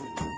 Thank you.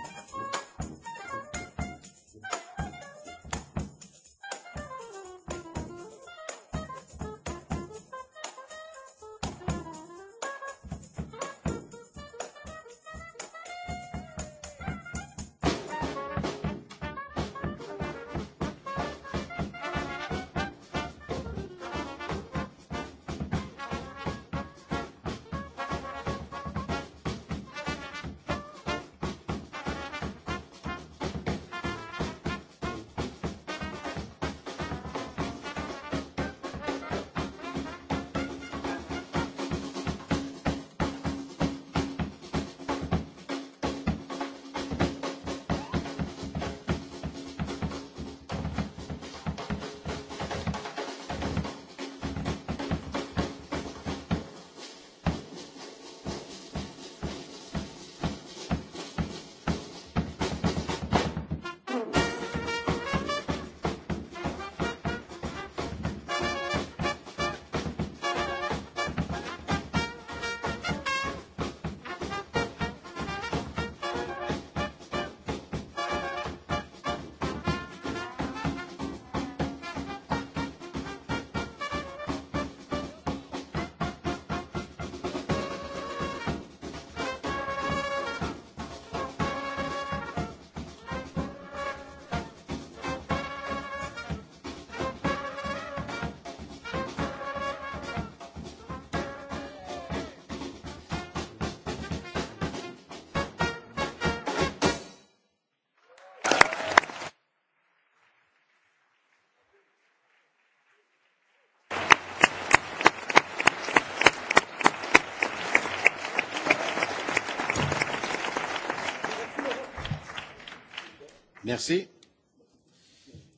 Merci.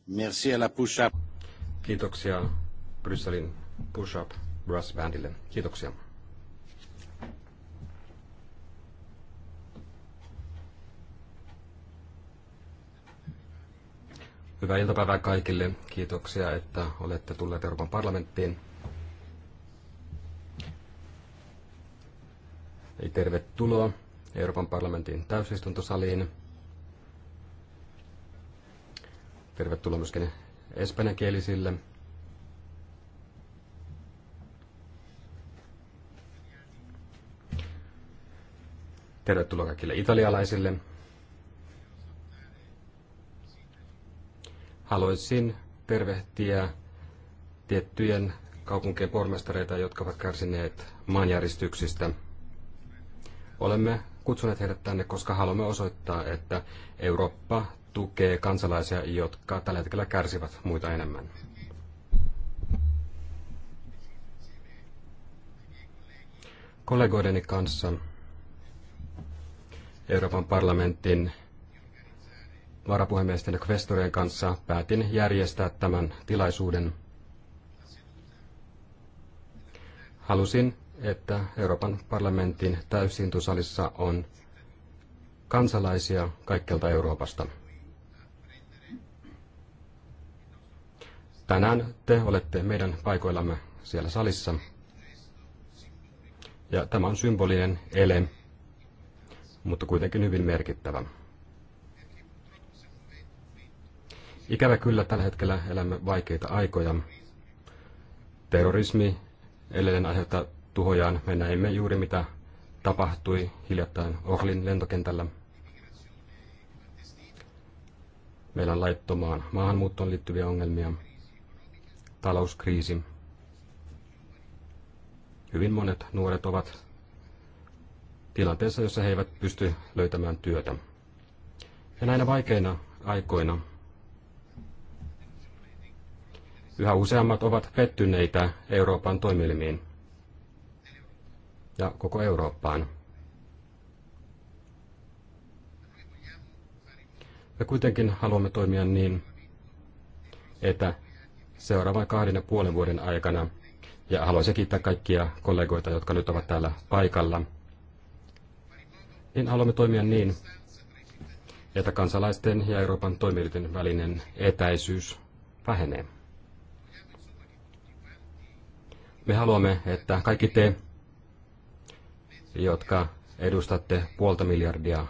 Merci à la push-up. Kiitoksia Brysselin push-up brass bandille. Kiitoksia. Hyvää iltapäivää kaikille. Kiitoksia, että olette tulleet Euroopan parlamenttiin. tervetuloa Euroopan parlamentin täysistuntosaliin. Tervetuloa myöskin espanjankielisille. Tervetuloa kaikille italialaisille. Haluaisin tervehtiä tiettyjen kaupunkien pormestareita, jotka ovat kärsineet maanjäristyksistä. Olemme kutsuneet heidät tänne, koska haluamme osoittaa, että Eurooppa tukee kansalaisia, jotka tällä hetkellä kärsivät muita enemmän. Kollegoideni kanssa Euroopan parlamentin varapuhemiesten ja kvestorien kanssa päätin järjestää tämän tilaisuuden. Halusin, että Euroopan parlamentin täysintosalissa on kansalaisia kaikkelta Euroopasta. tänään te olette meidän paikoillamme siellä salissa. Ja tämä on symbolinen ele, mutta kuitenkin hyvin merkittävä. Ikävä kyllä tällä hetkellä elämme vaikeita aikoja. Terrorismi edelleen aiheuttaa tuhojaan. Me näimme juuri mitä tapahtui hiljattain Ohlin lentokentällä. Meillä on laittomaan maahanmuuttoon liittyviä ongelmia talouskriisi. Hyvin monet nuoret ovat tilanteessa, jossa he eivät pysty löytämään työtä. Ja näinä vaikeina aikoina yhä useammat ovat pettyneitä Euroopan toimielimiin ja koko Eurooppaan. Me kuitenkin haluamme toimia niin, että seuraavan kahden ja puolen vuoden aikana. Ja haluaisin kiittää kaikkia kollegoita, jotka nyt ovat täällä paikalla. Niin haluamme toimia niin, että kansalaisten ja Euroopan toimijoiden välinen etäisyys vähenee. Me haluamme, että kaikki te, jotka edustatte puolta miljardia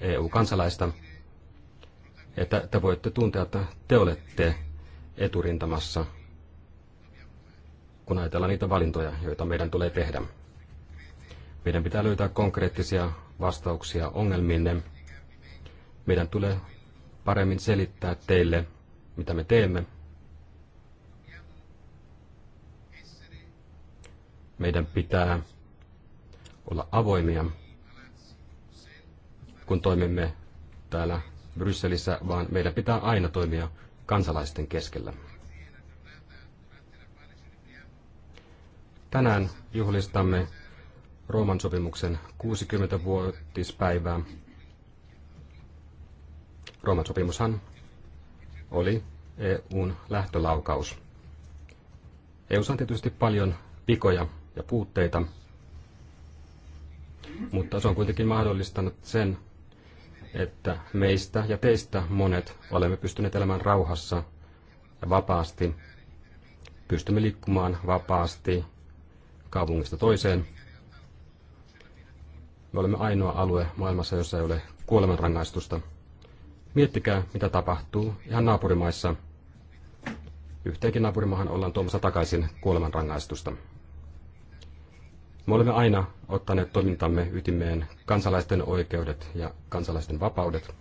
EU-kansalaista, että te voitte tuntea, että te olette eturintamassa, kun ajatellaan niitä valintoja, joita meidän tulee tehdä. Meidän pitää löytää konkreettisia vastauksia ongelmiinne. Meidän tulee paremmin selittää teille, mitä me teemme. Meidän pitää olla avoimia, kun toimimme täällä Brysselissä, vaan meidän pitää aina toimia kansalaisten keskellä. Tänään juhlistamme Rooman sopimuksen 60-vuotispäivää. Rooman sopimushan oli EUn lähtölaukaus. EU on tietysti paljon pikoja ja puutteita, mutta se on kuitenkin mahdollistanut sen, että meistä ja teistä monet olemme pystyneet elämään rauhassa ja vapaasti. Pystymme liikkumaan vapaasti kaupungista toiseen. Me olemme ainoa alue maailmassa, jossa ei ole kuolemanrangaistusta. Miettikää, mitä tapahtuu ihan naapurimaissa. Yhteenkin naapurimaahan ollaan tuomassa takaisin kuolemanrangaistusta. Me olemme aina ottaneet toimintamme ytimeen kansalaisten oikeudet ja kansalaisten vapaudet.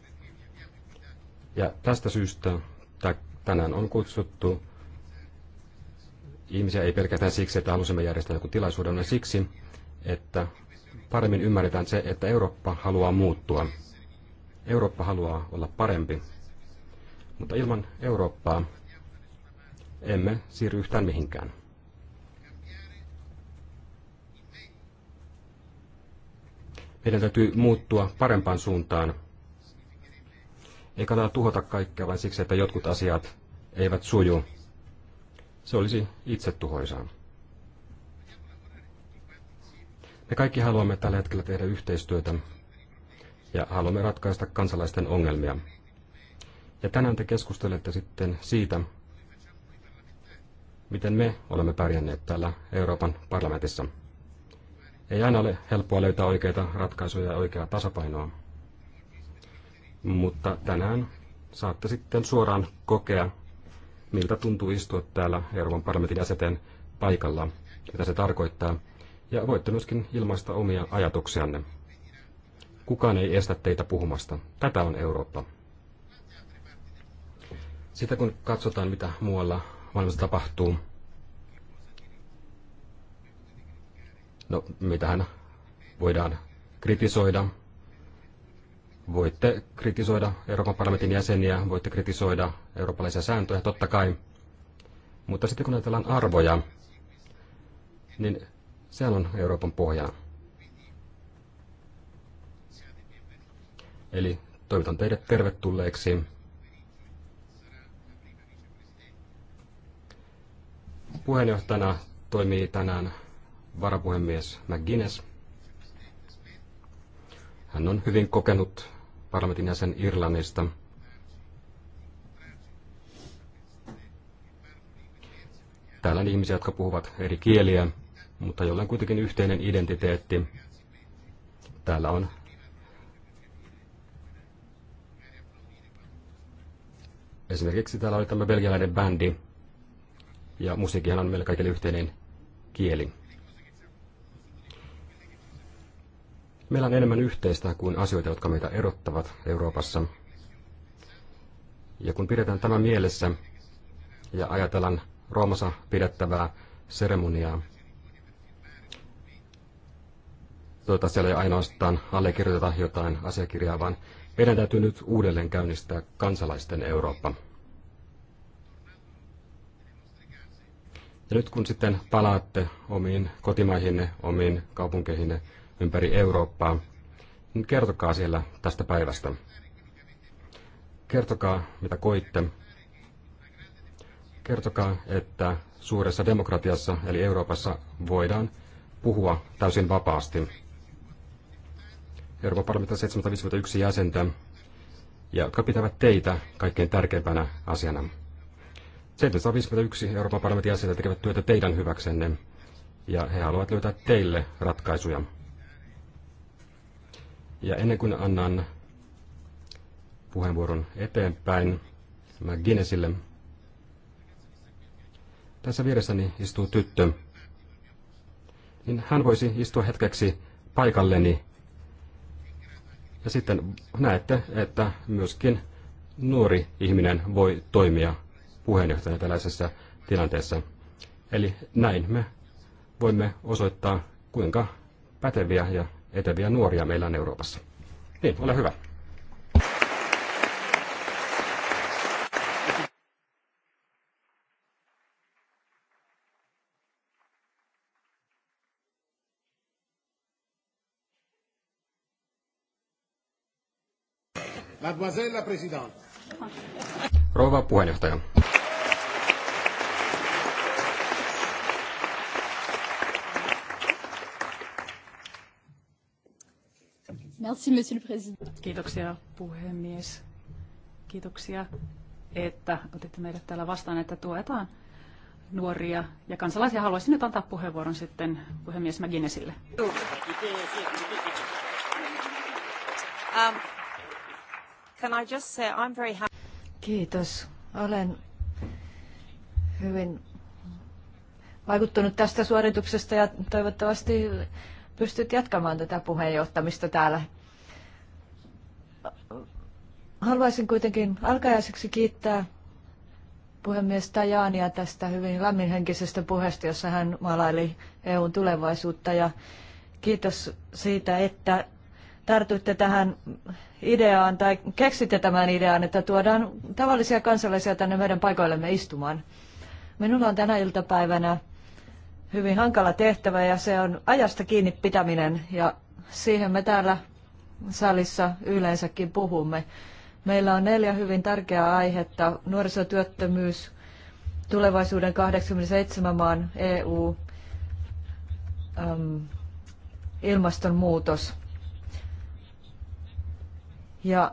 Ja tästä syystä tänään on kutsuttu ihmisiä ei pelkästään siksi, että halusimme järjestää joku tilaisuuden, vaan siksi, että paremmin ymmärretään se, että Eurooppa haluaa muuttua. Eurooppa haluaa olla parempi. Mutta ilman Eurooppaa emme siirry yhtään mihinkään. Meidän täytyy muuttua parempaan suuntaan. Ei kannata tuhota kaikkea vain siksi, että jotkut asiat eivät suju. Se olisi itse tuhoisaa. Me kaikki haluamme tällä hetkellä tehdä yhteistyötä ja haluamme ratkaista kansalaisten ongelmia. Ja tänään te keskustelette sitten siitä, miten me olemme pärjänneet täällä Euroopan parlamentissa. Ei aina ole helppoa löytää oikeita ratkaisuja ja oikeaa tasapainoa. Mutta tänään saatte sitten suoraan kokea, miltä tuntuu istua täällä Euroopan parlamentin jäsenten paikalla, mitä se tarkoittaa, ja voitte myöskin ilmaista omia ajatuksianne. Kukaan ei estä teitä puhumasta. Tätä on Eurooppa. Sitä kun katsotaan, mitä muualla maailmassa tapahtuu, No, mitähän voidaan kritisoida? Voitte kritisoida Euroopan parlamentin jäseniä, voitte kritisoida eurooppalaisia sääntöjä, totta kai. Mutta sitten kun ajatellaan arvoja, niin sehän on Euroopan pohjana. Eli toivotan teidät tervetulleeksi. Puheenjohtajana toimii tänään varapuhemies McGuinness. Hän on hyvin kokenut parlamentin jäsen Irlannista. Täällä on ihmisiä, jotka puhuvat eri kieliä, mutta joilla on kuitenkin yhteinen identiteetti. Täällä on esimerkiksi täällä oli tämä belgialainen bändi, ja musiikkihan on meille kaikille yhteinen kieli. Meillä on enemmän yhteistä kuin asioita, jotka meitä erottavat Euroopassa. Ja kun pidetään tämä mielessä ja ajatellaan Roomassa pidettävää seremoniaa, tuota, siellä ei ainoastaan allekirjoiteta jotain asiakirjaa, vaan meidän täytyy nyt uudelleen käynnistää kansalaisten Eurooppa. Ja nyt kun sitten palaatte omiin kotimaihinne, omiin kaupunkeihinne, ympäri Eurooppaa. Kertokaa siellä tästä päivästä. Kertokaa, mitä koitte. Kertokaa, että suuressa demokratiassa eli Euroopassa voidaan puhua täysin vapaasti. Euroopan parlamentissa 751 jäsentä, jotka pitävät teitä kaikkein tärkeimpänä asiana. 751 Euroopan parlamentin jäsentä tekevät työtä teidän hyväksenne, ja he haluavat löytää teille ratkaisuja. Ja ennen kuin annan puheenvuoron eteenpäin Guinnessille, tässä vieressäni istuu tyttö, niin hän voisi istua hetkeksi paikalleni. Ja sitten näette, että myöskin nuori ihminen voi toimia puheenjohtajana tällaisessa tilanteessa. Eli näin me voimme osoittaa, kuinka päteviä ja eteviä nuoria meillä on Euroopassa. Niin, ole hyvä. Mademoiselle la Rouva puheenjohtaja. Merci, monsieur le président. Kiitoksia puhemies. Kiitoksia, että otitte meidät täällä vastaan, että tuetaan nuoria ja kansalaisia. Haluaisin nyt antaa puheenvuoron sitten puhemies Mäkinesille. Um, Kiitos. Olen hyvin vaikuttunut tästä suorituksesta ja toivottavasti pystyt jatkamaan tätä puheenjohtamista täällä. Haluaisin kuitenkin alkajaiseksi kiittää puhemies Tajania tästä hyvin lämminhenkisestä puheesta, jossa hän maalaili EUn tulevaisuutta. Ja kiitos siitä, että tartuitte tähän ideaan tai keksitte tämän idean, että tuodaan tavallisia kansalaisia tänne meidän paikoillemme istumaan. Minulla on tänä iltapäivänä hyvin hankala tehtävä ja se on ajasta kiinni pitäminen ja siihen me täällä salissa yleensäkin puhumme. Meillä on neljä hyvin tärkeää aihetta. Nuorisotyöttömyys, tulevaisuuden 87 maan EU, äm, ilmastonmuutos. Ja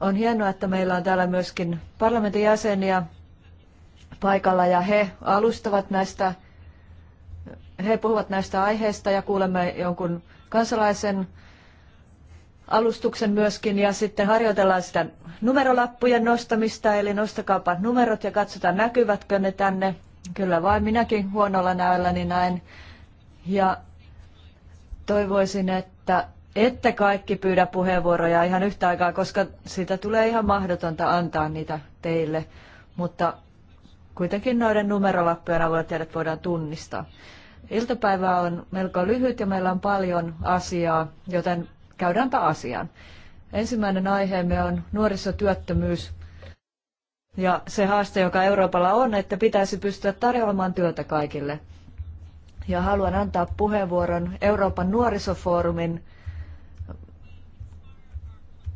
on hienoa, että meillä on täällä myöskin parlamentin jäseniä paikalla ja he alustavat näistä he puhuvat näistä aiheista ja kuulemme jonkun kansalaisen alustuksen myöskin ja sitten harjoitellaan sitä numerolappujen nostamista, eli nostakaapa numerot ja katsotaan näkyvätkö ne tänne. Kyllä vain minäkin huonolla näölläni näin. Ja toivoisin, että ette kaikki pyydä puheenvuoroja ihan yhtä aikaa, koska sitä tulee ihan mahdotonta antaa niitä teille. Mutta kuitenkin noiden numerolappujen avulla teidät voidaan tunnistaa. Iltapäivä on melko lyhyt ja meillä on paljon asiaa, joten käydäänpä asiaan. Ensimmäinen aiheemme on nuorisotyöttömyys ja se haaste, joka Euroopalla on, että pitäisi pystyä tarjoamaan työtä kaikille. Ja haluan antaa puheenvuoron Euroopan nuorisofoorumin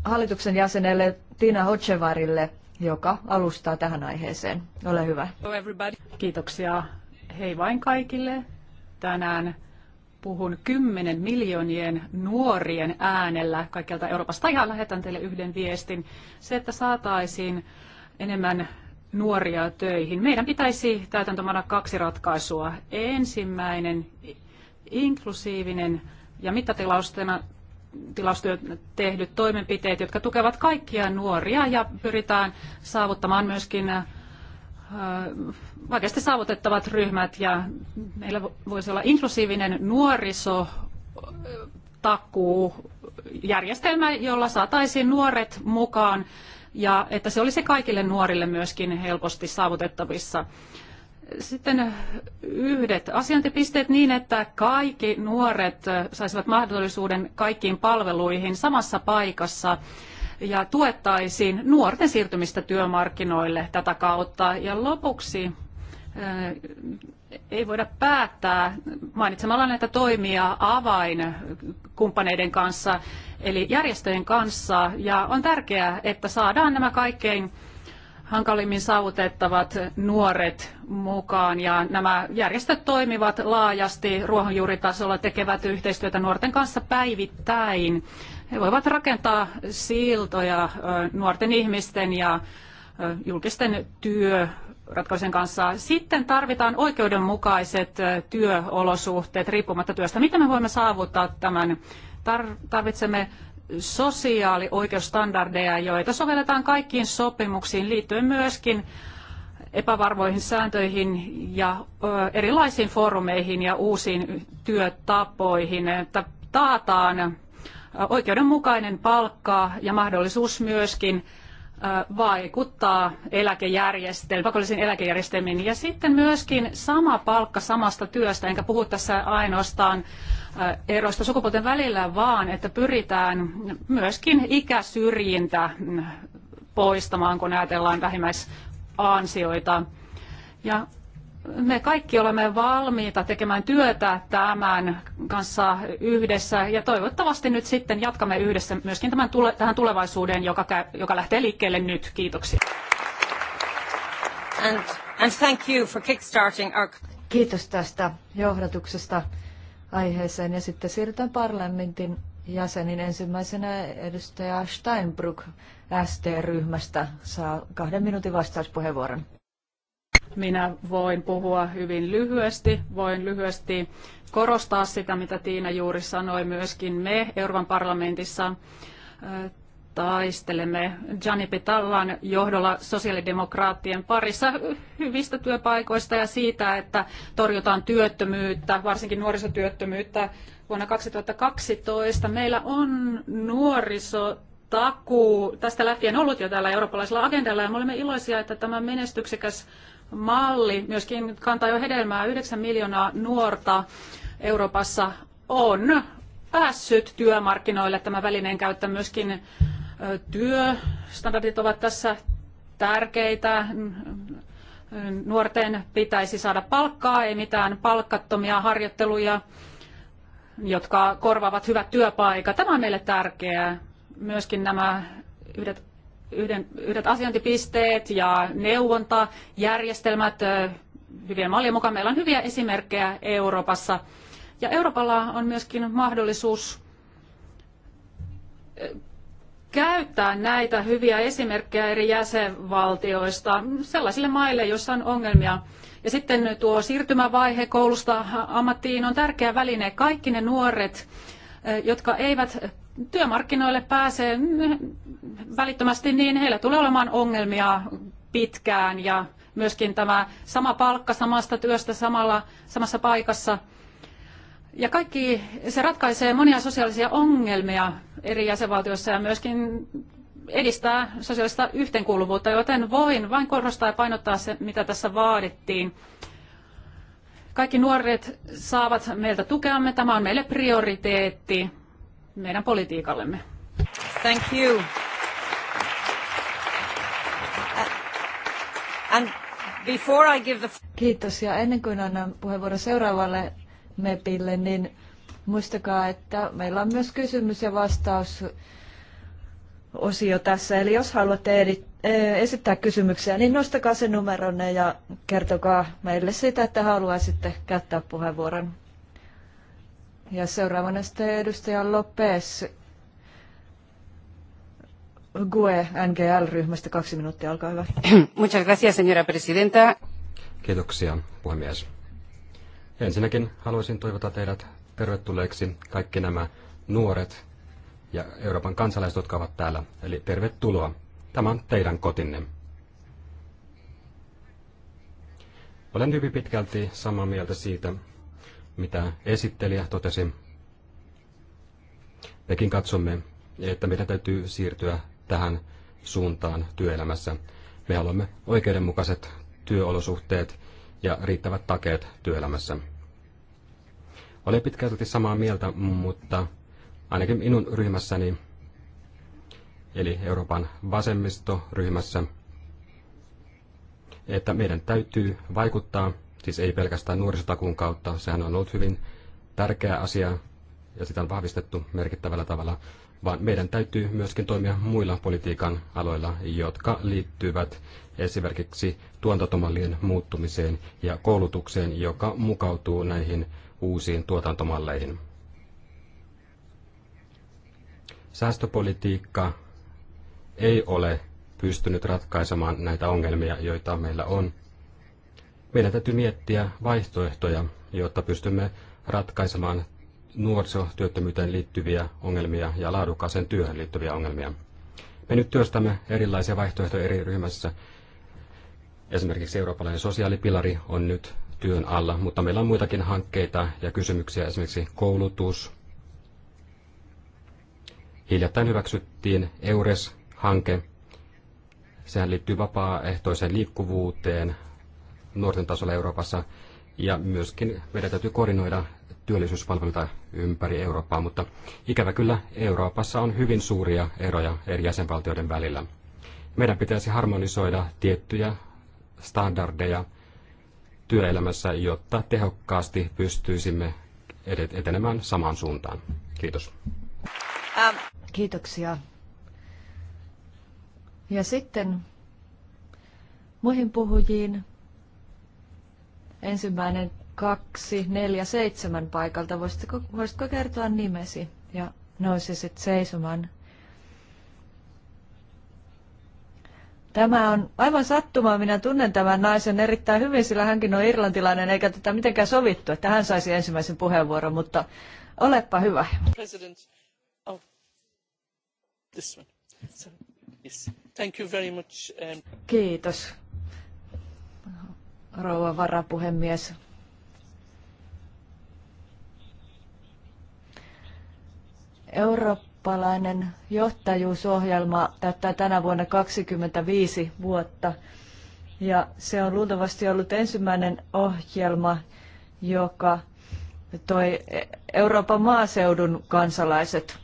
hallituksen jäsenelle Tina Hotchevarille, joka alustaa tähän aiheeseen. Ole hyvä. Kiitoksia. Hei vain kaikille tänään puhun kymmenen miljoonien nuorien äänellä kaikkialta Euroopasta. Ihan lähetän teille yhden viestin. Se, että saataisiin enemmän nuoria töihin. Meidän pitäisi täytäntömana kaksi ratkaisua. Ensimmäinen inklusiivinen ja mittatilaustyönä tehdyt toimenpiteet, jotka tukevat kaikkia nuoria ja pyritään saavuttamaan myöskin Äh, vaikeasti saavutettavat ryhmät ja meillä voisi olla inklusiivinen nuoriso takuu järjestelmä, jolla saataisiin nuoret mukaan ja että se olisi kaikille nuorille myöskin helposti saavutettavissa. Sitten yhdet asiointipisteet niin, että kaikki nuoret saisivat mahdollisuuden kaikkiin palveluihin samassa paikassa ja tuettaisiin nuorten siirtymistä työmarkkinoille tätä kautta. Ja lopuksi eh, ei voida päättää mainitsemalla näitä toimia avainkumppaneiden kanssa, eli järjestöjen kanssa. Ja on tärkeää, että saadaan nämä kaikkein hankalimmin saavutettavat nuoret mukaan ja nämä järjestöt toimivat laajasti ruohonjuuritasolla, tekevät yhteistyötä nuorten kanssa päivittäin he voivat rakentaa siltoja nuorten ihmisten ja julkisten työratkaisujen kanssa. Sitten tarvitaan oikeudenmukaiset työolosuhteet riippumatta työstä. Miten me voimme saavuttaa tämän? Tarvitsemme sosiaalioikeusstandardeja, joita sovelletaan kaikkiin sopimuksiin liittyen myöskin epävarvoihin sääntöihin ja erilaisiin foorumeihin ja uusiin työtapoihin, että taataan oikeudenmukainen palkka ja mahdollisuus myöskin vaikuttaa eläkejärjestel, pakollisiin eläkejärjestelmiin. Ja sitten myöskin sama palkka samasta työstä, enkä puhu tässä ainoastaan eroista sukupuolten välillä, vaan että pyritään myöskin ikäsyrjintä mm, poistamaan, kun ajatellaan vähimmäisansioita. Ja me kaikki olemme valmiita tekemään työtä tämän kanssa yhdessä ja toivottavasti nyt sitten jatkamme yhdessä myöskin tämän tule, tähän tulevaisuuteen, joka, joka lähtee liikkeelle nyt. Kiitoksia. And, and thank you for kickstarting our... Kiitos tästä johdatuksesta aiheeseen ja sitten siirrytään parlamentin jäsenin ensimmäisenä edustaja Steinbrück ST-ryhmästä saa kahden minuutin vastauspuheenvuoron. Minä voin puhua hyvin lyhyesti, voin lyhyesti korostaa sitä, mitä Tiina juuri sanoi. Myöskin me Euroopan parlamentissa taistelemme Gianni Petallan johdolla sosiaalidemokraattien parissa hyvistä työpaikoista ja siitä, että torjutaan työttömyyttä, varsinkin nuorisotyöttömyyttä. Vuonna 2012 meillä on nuoriso takuu tästä lähtien ollut jo täällä eurooppalaisella agendalla ja me olemme iloisia, että tämä menestyksekäs malli myöskin kantaa jo hedelmää. 9 miljoonaa nuorta Euroopassa on päässyt työmarkkinoille. Tämä välineen käyttö myöskin työstandardit ovat tässä tärkeitä. Nuorten pitäisi saada palkkaa, ei mitään palkkattomia harjoitteluja, jotka korvaavat hyvät työpaikat. Tämä on meille tärkeää. Myöskin nämä yhdet yhden, yhdet asiointipisteet ja neuvontajärjestelmät hyvien mallien mukaan. Meillä on hyviä esimerkkejä Euroopassa. Ja Euroopalla on myöskin mahdollisuus käyttää näitä hyviä esimerkkejä eri jäsenvaltioista sellaisille maille, joissa on ongelmia. Ja sitten tuo siirtymävaihe koulusta ammattiin on tärkeä väline. Kaikki ne nuoret, jotka eivät työmarkkinoille pääsee välittömästi, niin heillä tulee olemaan ongelmia pitkään ja myöskin tämä sama palkka samasta työstä samalla, samassa paikassa. Ja kaikki, se ratkaisee monia sosiaalisia ongelmia eri jäsenvaltioissa ja myöskin edistää sosiaalista yhteenkuuluvuutta, joten voin vain korostaa ja painottaa se, mitä tässä vaadittiin. Kaikki nuoret saavat meiltä tukeamme, tämä on meille prioriteetti meidän politiikallemme. Thank you. Uh, and before I give the... Kiitos ja ennen kuin annan puheenvuoron seuraavalle MEPille, niin muistakaa, että meillä on myös kysymys ja vastaus osio tässä. Eli jos haluatte eh, esittää kysymyksiä, niin nostakaa se numeronne ja kertokaa meille sitä, että haluaisitte käyttää puheenvuoron. Ja seuraavana sitten edustaja Lopez GUE NGL-ryhmästä kaksi minuuttia, alkaa hyvä. Muchas gracias, señora presidenta. Kiitoksia, puhemies. Ensinnäkin haluaisin toivottaa teidät tervetulleeksi kaikki nämä nuoret ja Euroopan kansalaiset, jotka ovat täällä. Eli tervetuloa. Tämä on teidän kotinne. Olen hyvin pitkälti samaa mieltä siitä, mitä esittelijä totesi. Mekin katsomme, että meidän täytyy siirtyä tähän suuntaan työelämässä. Me haluamme oikeudenmukaiset työolosuhteet ja riittävät takeet työelämässä. Olen pitkälti samaa mieltä, mutta ainakin minun ryhmässäni, eli Euroopan vasemmistoryhmässä, että meidän täytyy vaikuttaa siis ei pelkästään nuorisotakuun kautta, sehän on ollut hyvin tärkeä asia ja sitä on vahvistettu merkittävällä tavalla, vaan meidän täytyy myöskin toimia muilla politiikan aloilla, jotka liittyvät esimerkiksi tuotantomallien muuttumiseen ja koulutukseen, joka mukautuu näihin uusiin tuotantomalleihin. Säästöpolitiikka ei ole pystynyt ratkaisemaan näitä ongelmia, joita meillä on meidän täytyy miettiä vaihtoehtoja, jotta pystymme ratkaisemaan nuorisotyöttömyyteen liittyviä ongelmia ja laadukkaaseen työhön liittyviä ongelmia. Me nyt työstämme erilaisia vaihtoehtoja eri ryhmässä. Esimerkiksi eurooppalainen sosiaalipilari on nyt työn alla, mutta meillä on muitakin hankkeita ja kysymyksiä, esimerkiksi koulutus. Hiljattain hyväksyttiin EURES-hanke. Sehän liittyy vapaaehtoiseen liikkuvuuteen nuorten tasolla Euroopassa. Ja myöskin meidän täytyy koordinoida työllisyyspalveluita ympäri Eurooppaa, mutta ikävä kyllä Euroopassa on hyvin suuria eroja eri jäsenvaltioiden välillä. Meidän pitäisi harmonisoida tiettyjä standardeja työelämässä, jotta tehokkaasti pystyisimme etenemään samaan suuntaan. Kiitos. Ähm. Kiitoksia. Ja sitten muihin puhujiin ensimmäinen kaksi, neljä, seitsemän paikalta. Voisitko, voisitko kertoa nimesi ja sitten seisomaan? Tämä on aivan sattumaa. Minä tunnen tämän naisen erittäin hyvin, sillä hänkin on irlantilainen, eikä tätä mitenkään sovittu, että hän saisi ensimmäisen puheenvuoron, mutta olepa hyvä. President. Oh. This one. So, yes. Thank you very much. Um... Kiitos rouva varapuhemies. Eurooppalainen johtajuusohjelma täyttää tänä vuonna 25 vuotta. Ja se on luultavasti ollut ensimmäinen ohjelma, joka toi e- Euroopan maaseudun kansalaiset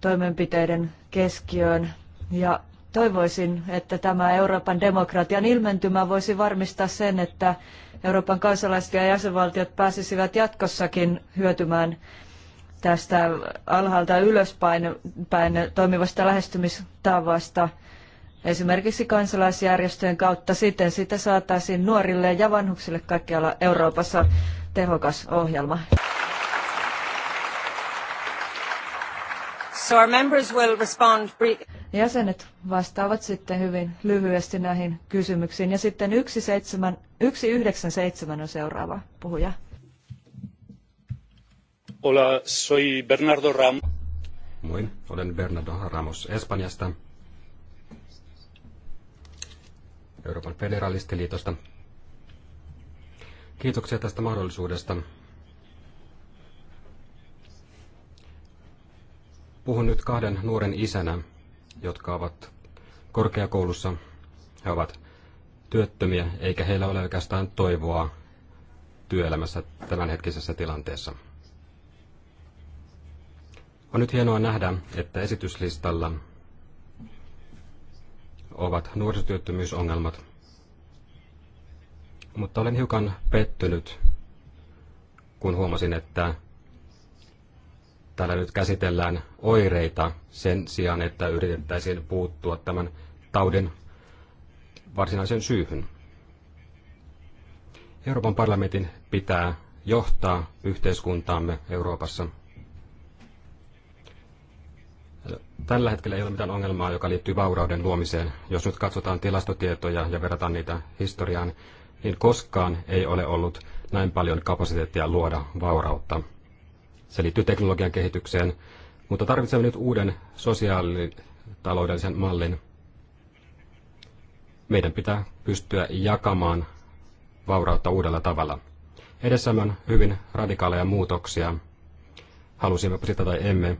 toimenpiteiden keskiöön. Ja Toivoisin, että tämä Euroopan demokratian ilmentymä voisi varmistaa sen, että Euroopan kansalaiset ja jäsenvaltiot pääsisivät jatkossakin hyötymään tästä alhaalta ylöspäin toimivasta lähestymistavasta esimerkiksi kansalaisjärjestöjen kautta. Siten sitä saataisiin nuorille ja vanhuksille kaikkialla Euroopassa tehokas ohjelma. So our members will respond Jäsenet vastaavat sitten hyvin lyhyesti näihin kysymyksiin. Ja sitten 197 197 on seuraava puhuja. Hola, soy Bernardo Ramos. Moi, olen Bernardo Ramos Espanjasta, Euroopan federalistiliitosta. Kiitoksia tästä mahdollisuudesta Puhun nyt kahden nuoren isänä, jotka ovat korkeakoulussa. He ovat työttömiä, eikä heillä ole oikeastaan toivoa työelämässä tämänhetkisessä tilanteessa. On nyt hienoa nähdä, että esityslistalla ovat nuorisotyöttömyysongelmat, mutta olen hiukan pettynyt, kun huomasin, että täällä nyt käsitellään oireita sen sijaan, että yritettäisiin puuttua tämän taudin varsinaisen syyhyn. Euroopan parlamentin pitää johtaa yhteiskuntaamme Euroopassa. Tällä hetkellä ei ole mitään ongelmaa, joka liittyy vaurauden luomiseen. Jos nyt katsotaan tilastotietoja ja verrataan niitä historiaan, niin koskaan ei ole ollut näin paljon kapasiteettia luoda vaurautta. Se liittyy teknologian kehitykseen, mutta tarvitsemme nyt uuden sosiaalitaloudellisen mallin. Meidän pitää pystyä jakamaan vaurautta uudella tavalla. Edessämme on hyvin radikaaleja muutoksia, halusimme sitä tai emme.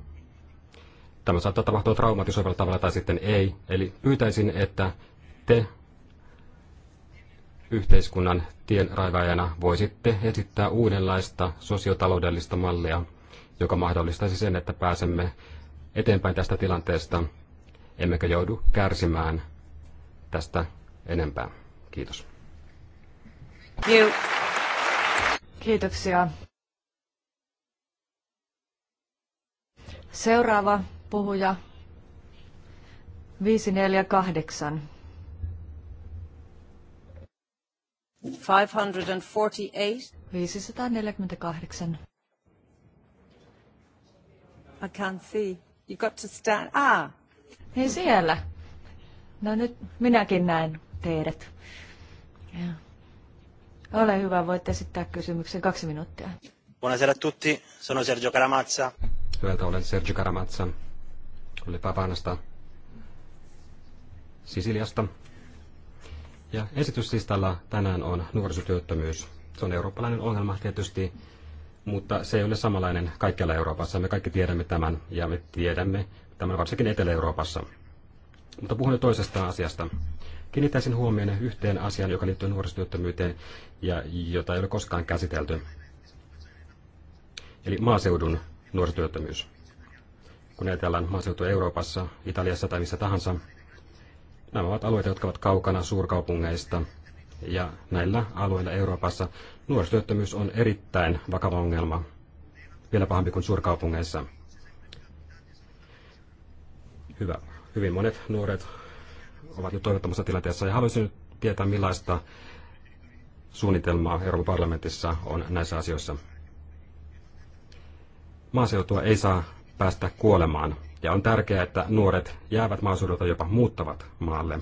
Tämä saattaa tapahtua traumatisoivalla tavalla tai sitten ei. Eli pyytäisin, että te yhteiskunnan tienraivaajana voisitte esittää uudenlaista sosiotaloudellista mallia, joka mahdollistaisi sen, että pääsemme eteenpäin tästä tilanteesta, emmekä joudu kärsimään tästä enempää. Kiitos. Kiitoksia. Seuraava puhuja 548. 548. I can't see. You got to stand. Ah. Niin siellä. No nyt minäkin näen teidät. Ja. Ole hyvä, voit esittää kysymyksen kaksi minuuttia. Buonasera a tutti, sono Sergio Caramazza. Hyvältä olen Sergio Caramazza. Oli Papanasta Sisiliasta. Ja esityslistalla tänään on nuorisotyöttömyys. Se on eurooppalainen ongelma tietysti mutta se ei ole samanlainen kaikkialla Euroopassa. Me kaikki tiedämme tämän ja me tiedämme tämän varsinkin Etelä-Euroopassa. Mutta puhun nyt toisesta asiasta. Kiinnittäisin huomioon yhteen asiaan, joka liittyy nuorisotyöttömyyteen ja jota ei ole koskaan käsitelty. Eli maaseudun nuorisotyöttömyys. Kun ajatellaan maaseutua Euroopassa, Italiassa tai missä tahansa, nämä ovat alueita, jotka ovat kaukana suurkaupungeista. Ja näillä alueilla Euroopassa Nuorisotyöttömyys on erittäin vakava ongelma, vielä pahempi kuin suurkaupungeissa. Hyvä. Hyvin monet nuoret ovat nyt toivottomassa tilanteessa ja haluaisin nyt tietää, millaista suunnitelmaa Euroopan parlamentissa on näissä asioissa. Maaseutua ei saa päästä kuolemaan ja on tärkeää, että nuoret jäävät maaseudulta jopa muuttavat maalle.